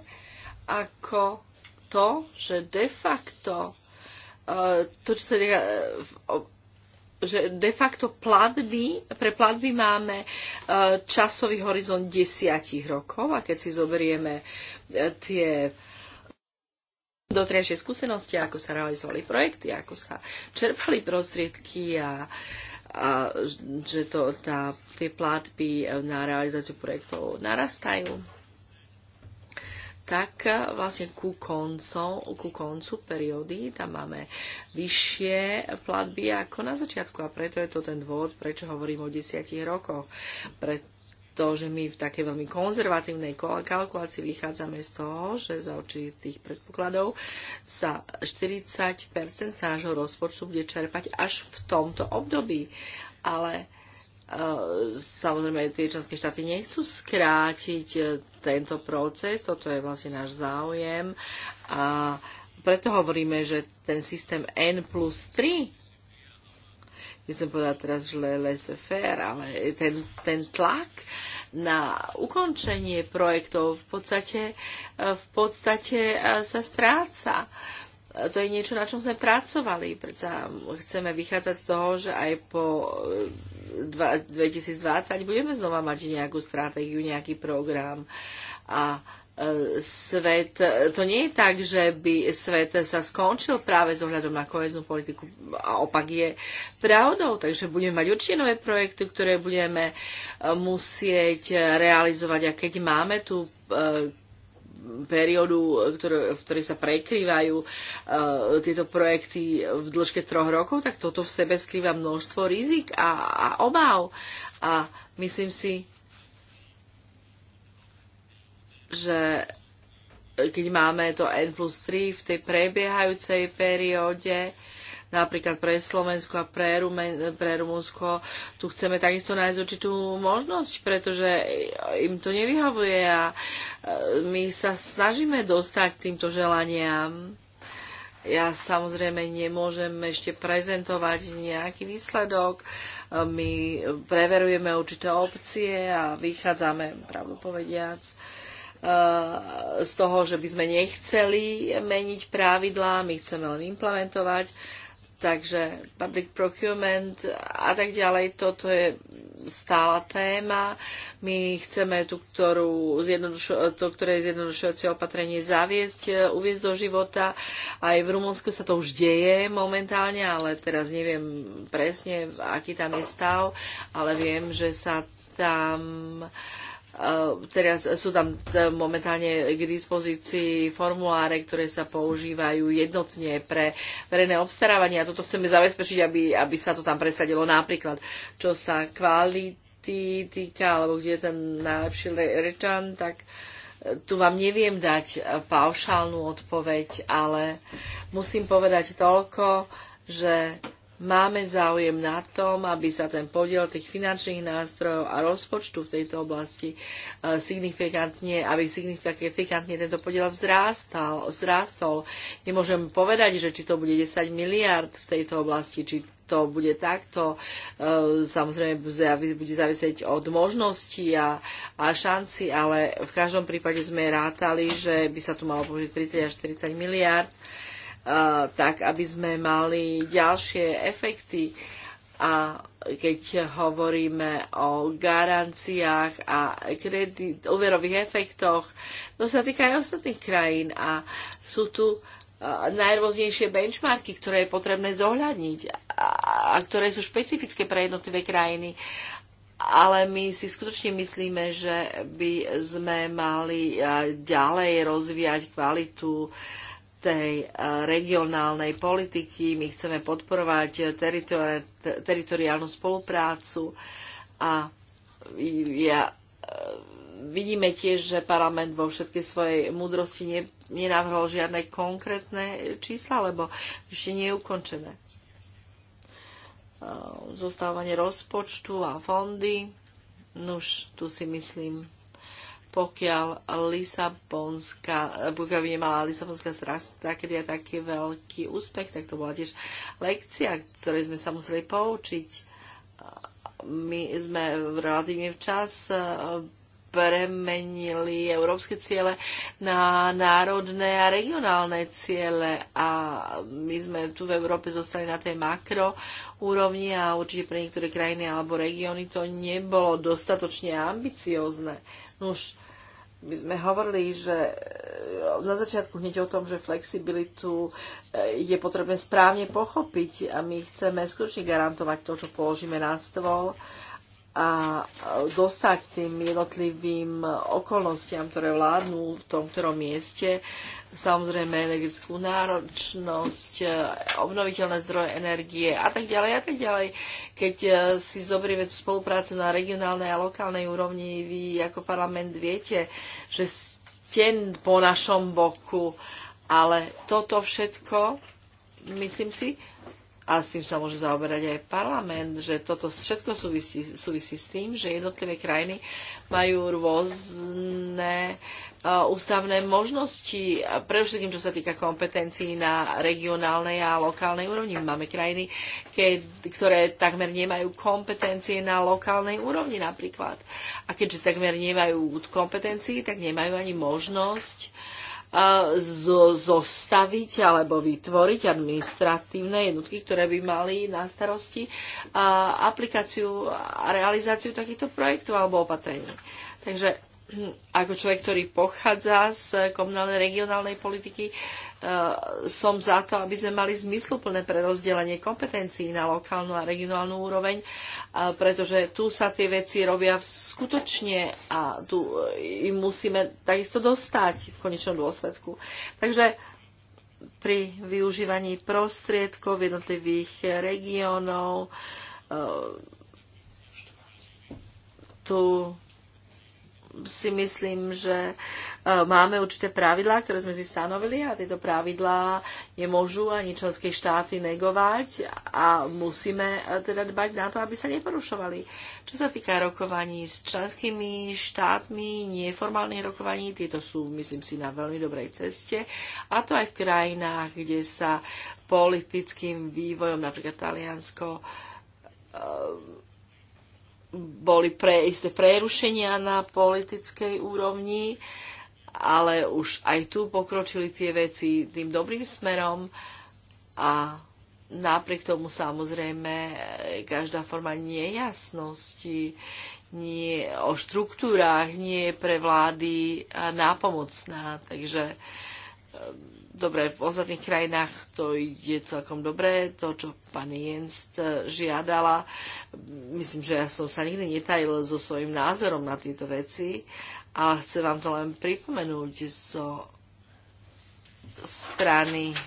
ako to, že de facto eh, to, čo sa deká, eh, že de facto platby, pre platby máme eh, časový horizont desiatich rokov a keď si zoberieme tie doterajšie skúsenosti, ako sa realizovali projekty, ako sa čerpali prostriedky a uh, a že to, tá, tie platby na realizáciu projektov narastajú, tak e, vlastne ku koncu, ku koncu periódy tam máme vyššie platby ako na začiatku a preto je to ten dôvod, prečo hovorím o desiatich rokoch. Pre, to, že my v takej veľmi konzervatívnej kalkulácii vychádzame z toho, že za určitých predpokladov sa 40 z nášho rozpočtu bude čerpať až v tomto období. Ale e, samozrejme tie členské štáty nechcú skrátiť e, tento proces, toto je vlastne náš záujem a preto hovoríme, že ten systém N plus 3 nechcem povedať teraz, že laissez-faire, ale ten, ten tlak na ukončenie projektov v podstate, v podstate e, sa stráca. To je niečo, na čom sme pracovali. Preto chceme vychádzať z toho, že aj po 2020 e, budeme znova mať nejakú stratégiu, nejaký program a svet, to nie je tak, že by svet sa skončil práve s ohľadom na koheznú politiku a opak je pravdou, takže budeme mať určite nové projekty, ktoré budeme e, musieť e, realizovať a keď máme tú e, periódu, v ktorej sa prekrývajú tieto projekty v dĺžke troch rokov, tak toto v sebe skrýva množstvo rizik a, a obáv. A myslím si, že keď máme to N plus 3 v tej prebiehajúcej perióde, napríklad pre Slovensko a pre, Rumen, pre Rumunsko, tu chceme takisto nájsť určitú možnosť, pretože im to nevyhovuje a e, my sa snažíme dostať k týmto želaniam. Ja samozrejme nemôžem ešte prezentovať nejaký výsledok. E, my preverujeme určité opcie a vychádzame, pravdu povediac, uh, z toho, že by sme nechceli meniť pravidlá, my chceme len implementovať. Takže public procurement a tak ďalej, toto je stála téma. My chceme tú, ktorú to, ktoré zjednodušovacie opatrenie zaviesť, e, uviezť do života. Aj v Rumunsku sa to už deje momentálne, ale teraz neviem presne, aký tam je stav, ale viem, že sa tam uh, Eh, teraz sú tam eh, momentálne k dispozícii formuláre, ktoré sa používajú jednotne pre verejné obstarávanie a toto chceme zabezpečiť, aby, aby sa to tam presadilo napríklad, čo sa kvality týka, alebo kde je ten najlepší return, tak eh, tu vám neviem dať paušálnu odpoveď, ale musím povedať toľko, že máme záujem na tom, aby sa ten podiel tých finančných nástrojov a rozpočtu v tejto oblasti e, signifikantne, aby signifikantne tento podiel vzrástal, vzrástol. Nemôžem povedať, že či to bude 10 miliard v tejto oblasti, či to bude takto. E, samozrejme bude závisieť od možností a, a šanci, ale v každom prípade sme rátali, že by sa tu malo použiť 30 až 40 miliard tak aby sme mali ďalšie efekty. A keď hovoríme o garanciách a kredit, úverových efektoch, to sa týka aj ostatných krajín a sú tu najrôznejšie benchmarky, ktoré je potrebné zohľadniť a, a ktoré sú špecifické pre jednotlivé krajiny. Ale my si skutočne myslíme, že by sme mali ďalej rozvíjať kvalitu uh, tej eh, regionálnej politiky. My chceme podporovať eh, teritoriálnu spoluprácu a ja eh, vidíme tiež, že parlament vo všetkej svojej múdrosti ne, nenavrhol žiadne konkrétne čísla, lebo ešte nie je ukončené. Zostávanie rozpočtu a fondy. Nuž, tu si myslím, pokiaľ Lisabonská, pokiaľ by nemala Lisabonská strata, kedy je taký veľký úspech, tak to bola tiež lekcia, ktorej sme sa museli poučiť. My sme relatívne včas eh, premenili európske ciele na národné a regionálne ciele a my sme tu v Európe zostali na tej makro úrovni a určite pre niektoré krajiny alebo regióny to nebolo dostatočne ambiciozne. už my sme hovorili, že e, na začiatku hneď o tom, že flexibilitu e, je potrebné správne pochopiť a my chceme skutočne garantovať to, čo položíme na stôl a dostať tým jednotlivým okolnostiam, ktoré vládnu v tom ktorom mieste. Samozrejme energetickú náročnosť, obnoviteľné zdroje energie a tak ďalej a tak ďalej. Keď eh, si zoberieme tú spoluprácu na regionálnej a lokálnej úrovni, vy ako parlament viete, že ste po našom boku, ale toto všetko, myslím si, a s tým sa môže zaoberať aj parlament, že toto všetko súvisí, súvisí s tým, že jednotlivé krajiny majú rôzne e, ústavné možnosti, predovšetkým čo sa týka kompetencií na regionálnej a lokálnej úrovni. Máme krajiny, keď, ktoré takmer nemajú kompetencie na lokálnej úrovni napríklad. A keďže takmer nemajú kompetencií, tak nemajú ani možnosť zostaviť alebo vytvoriť administratívne jednotky, ktoré by mali na starosti aplikáciu a realizáciu takýchto projektov alebo opatrení. Takže hm, ako človek, ktorý pochádza z komunálnej regionálnej politiky, E, som za to, aby sme mali zmysluplné rozdelenie kompetencií na lokálnu a regionálnu úroveň, e, pretože tu sa tie veci robia skutočne a tu im musíme takisto dostať v konečnom dôsledku. Takže pri využívaní prostriedkov jednotlivých regiónov e, tu si myslím, že e, máme určité pravidlá, ktoré sme si stanovili a tieto pravidlá nemôžu ani členské štáty negovať a musíme e, teda dbať na to, aby sa neporušovali. Čo sa týka rokovaní s členskými štátmi, neformálnych rokovaní, tieto sú, myslím si, na veľmi dobrej ceste a to aj v krajinách, kde sa politickým vývojom, napríklad Taliansko, e, boli pre isté prerušenia na politickej úrovni, ale už aj tu pokročili tie veci tým dobrým smerom a napriek tomu samozrejme e, každá forma nejasnosti nie, o štruktúrách nie je pre vlády e, nápomocná. Takže e, Dobre, v ostatných krajinách to ide celkom dobre, to, čo pani Jens žiadala. Myslím, že ja som sa nikdy netajil so svojím názorom na tieto veci, ale chcem vám to len pripomenúť zo strany eh,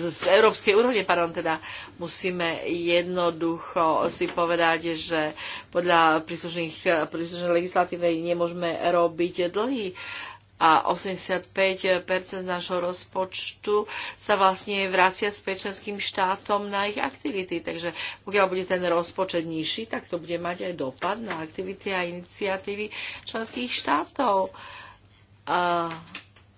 z európskej úrovne, pardon, teda musíme jednoducho si povedať, že podľa príslušných, príslušnej legislatívy nemôžeme robiť dlhý uh, a 85% z nášho rozpočtu sa vlastne vracia s pečenským štátom na ich aktivity. Takže pokiaľ bude ten rozpočet nižší, tak to bude mať aj dopad na aktivity a iniciatívy členských štátov. A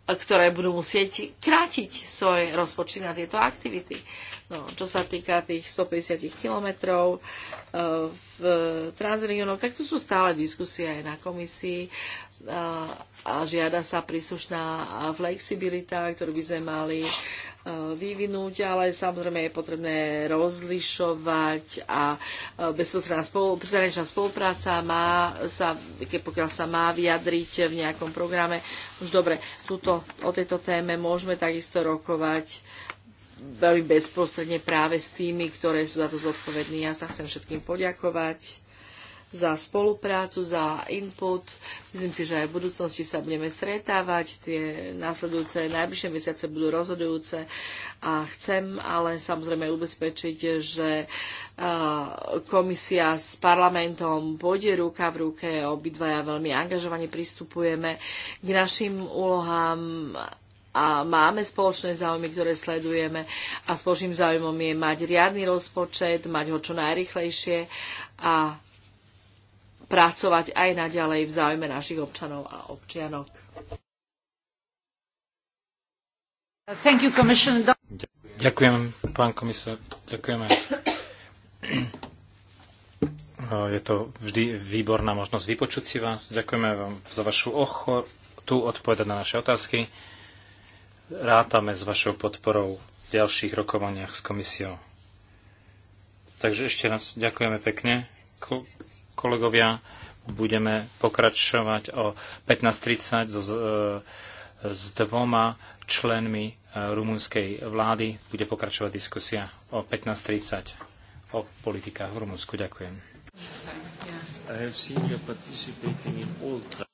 ktoré budú musieť krátiť svoje rozpočty na tieto aktivity. No, čo sa týka tých 150 kilometrov e, v Transregionoch, tak tu sú stále diskusie aj na komisii e, a žiada sa príslušná flexibilita, ktorú by sme mali e, vyvinúť, ale samozrejme je potrebné rozlišovať a bezprostredná spolu, spolupráca má sa, keď pokiaľ sa má vyjadriť v nejakom programe. Už dobre, tuto, o tejto téme môžeme takisto rokovať veľmi bezprostredne práve s tými, ktoré sú za to zodpovední. Ja sa chcem všetkým poďakovať za spoluprácu, za input. Myslím si, že aj v budúcnosti sa budeme stretávať. Tie následujúce, najbližšie mesiace budú rozhodujúce a chcem ale samozrejme ubezpečiť, že komisia s parlamentom pôjde ruka v ruke, obidvaja veľmi angažovane pristupujeme k našim úlohám a máme spoločné záujmy, ktoré sledujeme a spoločným záujmom je mať riadny rozpočet, mať ho čo najrychlejšie a pracovať aj naďalej v záujme našich občanov a občianok. You, Ďakujem, pán komisár. Ďakujeme. No, je to vždy výborná možnosť vypočuť si vás. Ďakujeme vám za vašu ochotu odpovedať na naše otázky rátame s vašou podporou v ďalších rokovaniach s komisiou. Takže ešte raz ďakujeme pekne, kolegovia. Budeme pokračovať o 15.30 so, e, s dvoma členmi e, rumunskej vlády. Bude pokračovať diskusia o 15.30 o politikách v Rumunsku. Ďakujem. I have seen you participating in all